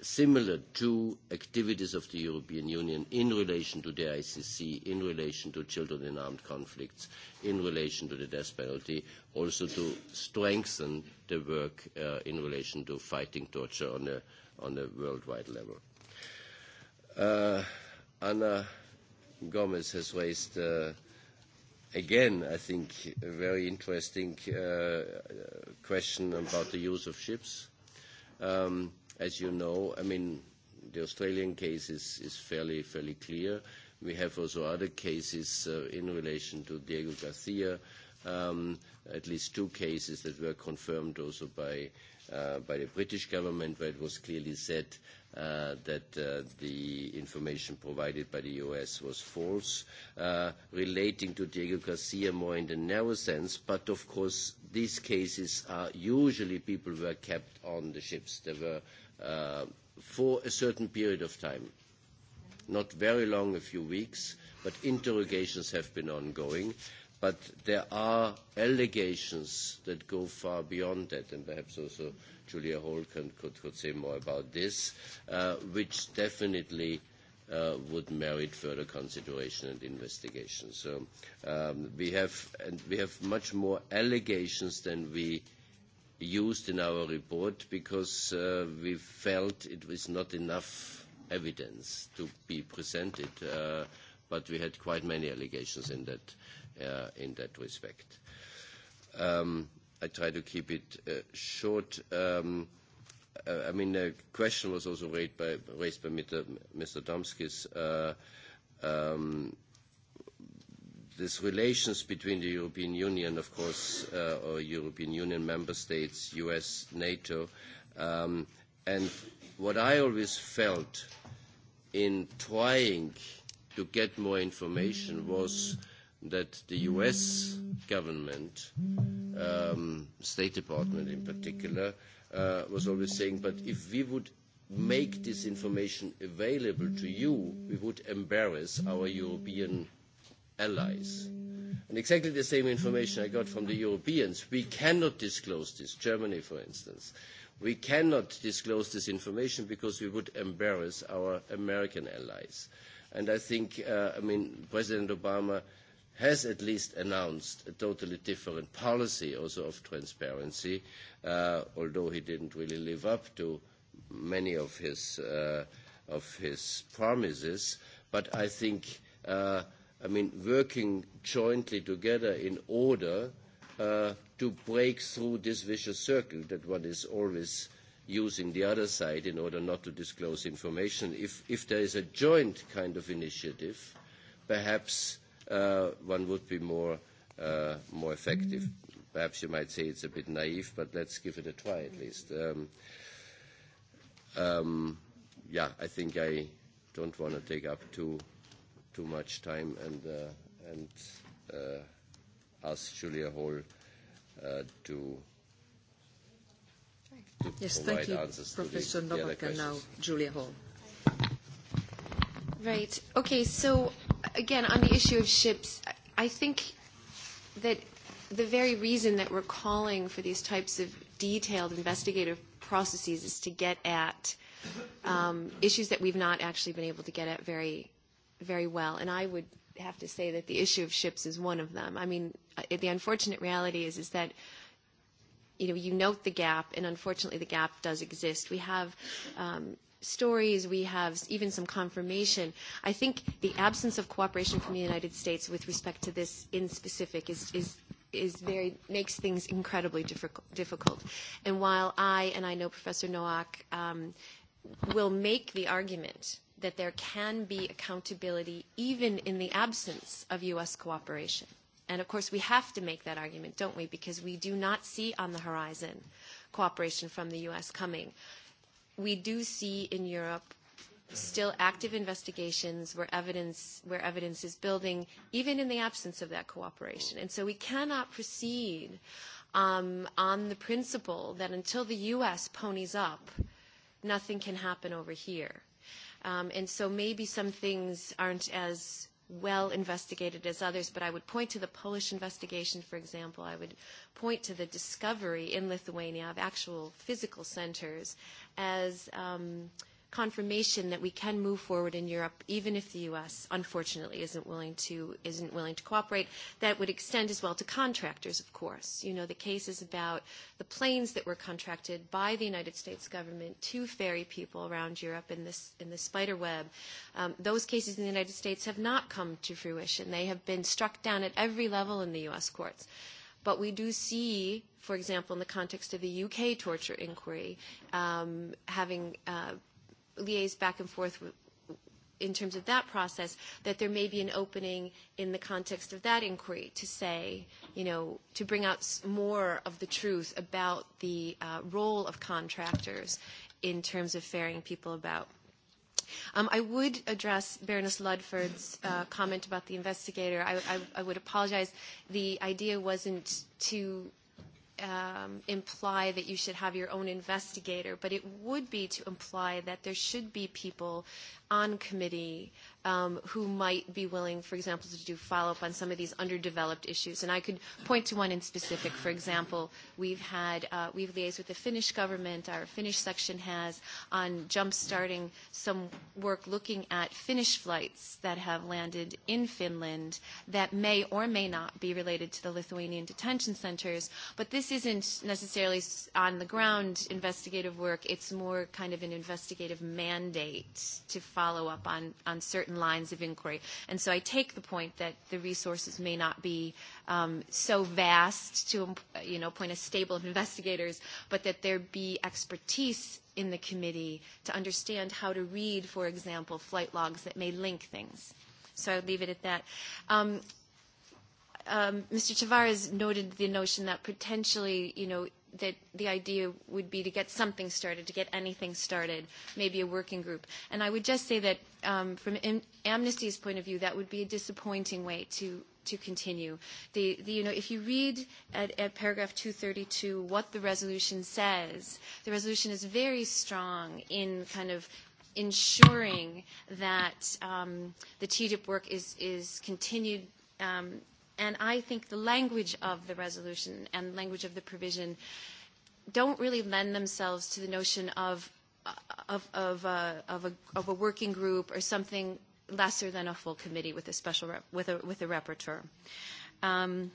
similar to activities of the European Union in relation to the ICC, in relation to children in armed conflicts, in relation to the death penalty, also to strengthen the work uh, in relation to fighting torture on a, on a worldwide level. Uh, Anna Gomez has raised, uh, again, I think, a very interesting uh, question about the use of ships. Um, as you know, I mean, the Australian case is, is fairly, fairly clear. We have also other cases uh, in relation to Diego Garcia, um, at least two cases that were confirmed also by, uh, by the British government, where it was clearly said uh, uh, that uh, the information provided by the US e was false, uh, relating to Diego Garcia more in the narrow sense, but of course these cases are usually people were kept on the ships. They were uh, for a certain period of time, not very long, a few weeks, but interrogations have been ongoing. Uh, But there are allegations that go far beyond that, and perhaps also Julia Holken could, could say more about this, uh, which definitely uh, would merit further consideration and investigation. So um, we, have, and we have much more allegations than we used in our report because uh, we felt it was not enough evidence to be presented, uh, but we had quite many allegations in that uh, in that respect. Um, I try to keep it uh, short. Um, uh, I mean, the question was also raised by, raised by Mr. Domskis. Uh, um, this relations between the European Union, of course, uh, or European Union member states, US, NATO, um, and what I always felt in trying to get more information was mm-hmm that the US government, um, State Department in particular, uh, was always saying, but if we would make this information available to you, we would embarrass our European allies. And exactly the same information I got from the Europeans. We cannot disclose this, Germany, for instance. We cannot disclose this information because we would embarrass our American allies. And I think, uh, I mean, President Obama uh, has at least announced a totally different policy also of transparency, uh, although he didn't really live up to many of his, uh, of his promises. But I think, uh, I mean, working jointly together in order uh, to break through this vicious circle that one is always using the other side in order not to disclose information. If, if there is a joint kind of initiative, perhaps uh, one would be more, uh, more effective. Perhaps you might say it's a bit naive, but let's give it a try at least. Um, um, yeah, I think I don't want to take up too, too much time and, uh, and uh, ask Julia Hall uh, to Yes, thank you, Professor Novak, and now Julia Hall. Right. Okay, so again, on the issue of ships, I think that the very reason that we're calling for these types of detailed investigative processes is to get at um, issues that we've not actually been able to get at very, very well. And I would have to say that the issue of ships is one of them. I mean, uh, the unfortunate reality is is that you know you note the gap, and unfortunately the gap does exist. We have um, stories, we have even some confirmation. I think the absence of cooperation from the United States with respect to this in specific is, is is very makes things incredibly difficult. And while I and I know Professor Noack um, will make the argument that there can be accountability even in the absence of U.S. cooperation, and of course we have to make that argument, don't we? Because we do not see on the horizon cooperation from the U.S. coming we do see in Europe still active investigations where evidence, where evidence is building, even in the absence of that cooperation. And so we cannot proceed um, on the principle that until the U.S. ponies up, nothing can happen over here. Um, and so maybe some things aren't as well investigated as others, but I would point to the Polish investigation, for example. I would point to the discovery in Lithuania of actual physical centers as um, uh, confirmation that we can move forward in Europe, even if the U.S. unfortunately isn't willing to isn't willing to cooperate. That would extend as well to contractors, of course. You know, the case is about the planes that were contracted by the United States government to ferry people around Europe in this in the spider web. Um, those cases in the United States have not come to fruition. They have been struck down at every level in the U.S. courts. But we do see, for example, in the context of the UK torture inquiry, um, having uh, liaise back and forth with, in terms of that process, that there may be an opening in the context of that inquiry to say, you know, to bring out more of the truth about the uh, role of contractors in terms of ferrying people about. Um, I would address Baroness Ludford's uh, comment about the investigator. I, I, I would apologize. The idea wasn't to um, imply that you should have your own investigator, but it would be to imply that there should be people on committee um, who might be willing, for example, to do follow-up on some of these underdeveloped issues. And I could point to one in specific. For example, we've had uh, we've liaised with the Finnish government. Our Finnish section has on jump-starting some work looking at Finnish flights that have landed in Finland that may or may not be related to the Lithuanian detention centers. But this isn't necessarily on-the-ground investigative work. It's more kind of an investigative mandate to follow up on on certain certain lines of inquiry. And so I take the point that the resources may not be um, so vast to, um, you know, point a stable of investigators, but that there be expertise in the committee to understand how to read, for example, flight logs that may link things. So I would leave it at that. Um, um, Mr. Tavares noted the notion that potentially, you know, that the idea would be to get something started, to get anything started, maybe a working group. And I would just say that um, from in, Amnesty's point of view, that would be a disappointing way to to continue. The, the, you know, if you read at, at paragraph 232 what the resolution says, the resolution is very strong in kind of ensuring that um, the TDIP work is, is continued um, And I think the language of the resolution and language of the provision don't really lend themselves to the notion of uh, of of, uh, of, a, of a working group or something lesser than a full committee with a special rep, with a with a rapporteur. Um,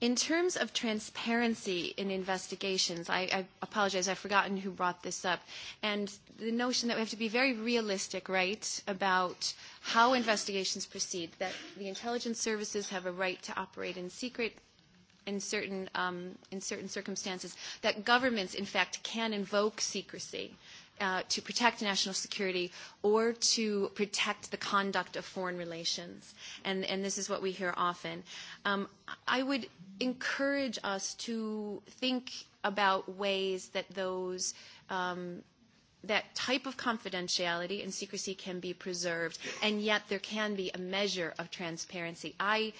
In terms of transparency in investigations, I, I apologize, I've forgotten who brought this up, and the notion that we have to be very realistic, right, about how investigations proceed, that the intelligence services have a right to operate in secret in certain, um, in certain circumstances, that governments, in fact, can invoke secrecy. Uh, uh, to protect national security or to protect the conduct of foreign relations. And, and this is what we hear often. Um, I would encourage us to think about ways that those um, that type of confidentiality and secrecy can be preserved, and yet there can be a measure of transparency. I,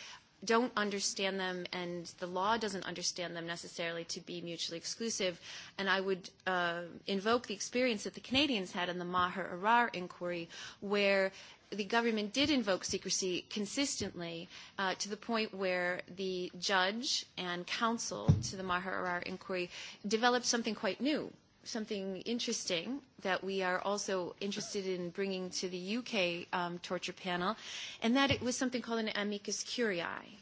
don't understand them and the law doesn't understand them necessarily to be mutually exclusive. And I would uh, invoke the experience that the Canadians had in the Maher Arar inquiry, where the government did invoke secrecy consistently uh, to the point where the judge and counsel to the Maher Arar inquiry developed something quite new something interesting that we are also interested in bringing to the UK um, torture panel, and that it was something called an amicus curiae,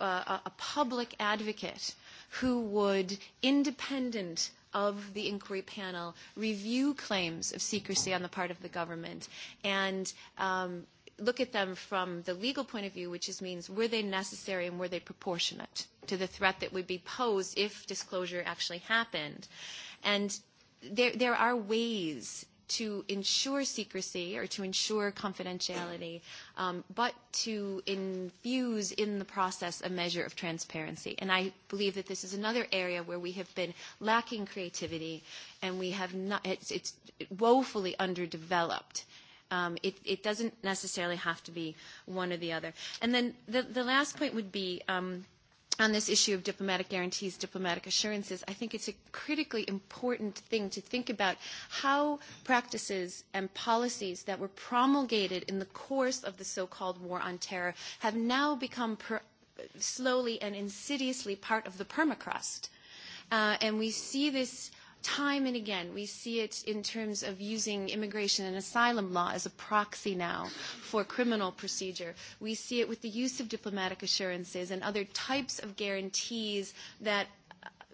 uh, a, a public advocate who would, independent of the inquiry panel, review claims of secrecy on the part of the government and um, look at them from the legal point of view, which is means were they necessary and were they proportionate to the threat that would be posed if disclosure actually happened. And there, there are ways to ensure secrecy or to ensure confidentiality, um, but to infuse in the process a measure of transparency. And I believe that this is another area where we have been lacking creativity and we have not, it's, it's woefully underdeveloped. Um, it, it doesn't necessarily have to be one or the other. And then the, the last point would be um, – on this issue of diplomatic guarantees, diplomatic assurances, I think it's a critically important thing to think about how practices and policies that were promulgated in the course of the so-called war on terror have now become per, slowly and insidiously part of the permacrust. Uh, and we see this time and again, we see it in terms of using immigration and asylum law as a proxy now for criminal procedure. We see it with the use of diplomatic assurances and other types of guarantees that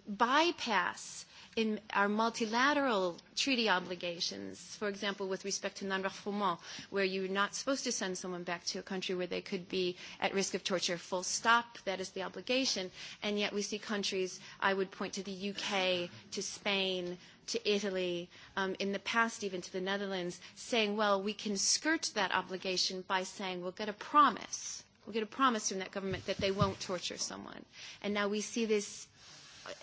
bypass in our multilateral treaty obligations, for example, with respect to non-refoulement, where you're not supposed to send someone back to a country where they could be at risk of torture, full stop, that is the obligation. And yet we see countries, I would point to the UK, to Spain, to Italy, um, in the past even to the Netherlands, saying, well, we can skirt that obligation by saying we'll get a promise. We'll get a promise from that government that they won't torture someone. And now we see this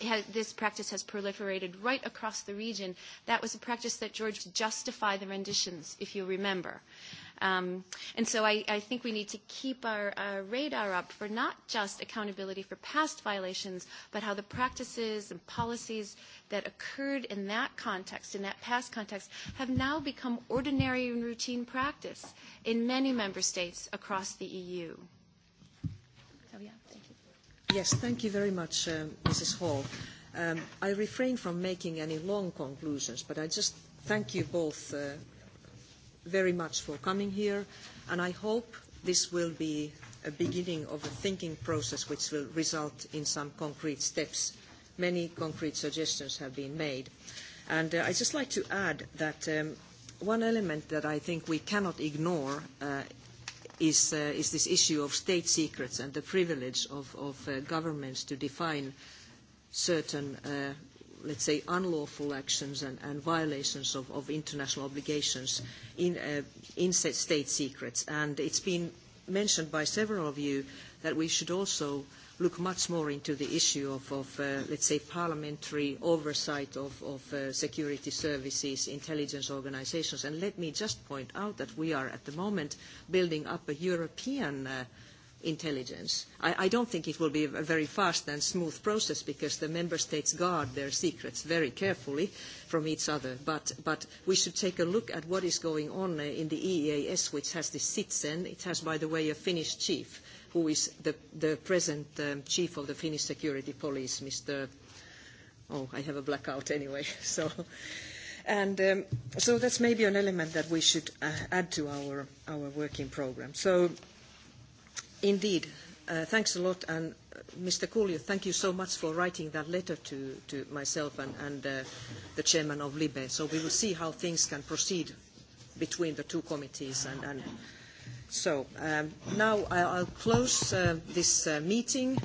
has, this practice has proliferated right across the region. That was a practice that George justified the renditions, if you remember. Um, and so I, I think we need to keep our uh, radar up for not just accountability for past violations, but how the practices and policies that occurred in that context, in that past context, have now become ordinary and routine practice in many member states across the EU. So oh, yeah, thank you. Yes, thank you very much, uh, Mrs. Hall. Um, I refrain from making any long conclusions, but I just thank you both uh, very much for coming here, and I hope this will be a beginning of a thinking process which will result in some concrete steps. Many concrete suggestions have been made. And uh, I'd just like to add that um, one element that I think we cannot ignore uh, is, uh, is this issue of state secrets and the privilege of, of uh, governments to define certain, uh, let's say, unlawful actions and, and violations of, of international obligations in, uh, in state secrets. And it's been mentioned by several of you that we should also uh, look much more into the issue of, of uh, let's say, parliamentary oversight of, of uh, security services, intelligence organizations. And let me just point out that we are at the moment building up a European uh, intelligence. I, I don't think it will be a very fast and smooth process because the member states guard their secrets very carefully from each other. But, but we should take a look at what is going on uh, in the EEAS, which has the CITSEN. It has, by the way, a Finnish chief who is the, the present um, chief of the Finnish security police, Mr. Oh, I have a blackout anyway. So, and um, so that's maybe an element that we should uh, add to our, our working program. So, indeed, uh, thanks a lot. And uh, Mr. Coolio, thank you so much for writing that letter to, to myself and, and uh, the chairman of LIBE. So we will see how things can proceed between the two committees and, and So um, now I'll close uh, this uh, meeting.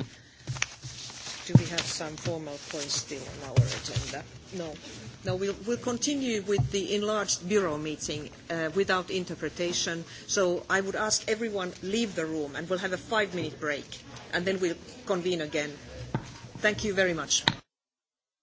Do we have some formal points still on our agenda? No. No, we'll, we'll continue with the enlarged bureau meeting uh, without interpretation. So I would ask everyone leave the room and we'll have a five-minute break and then we'll convene again. Thank you very much.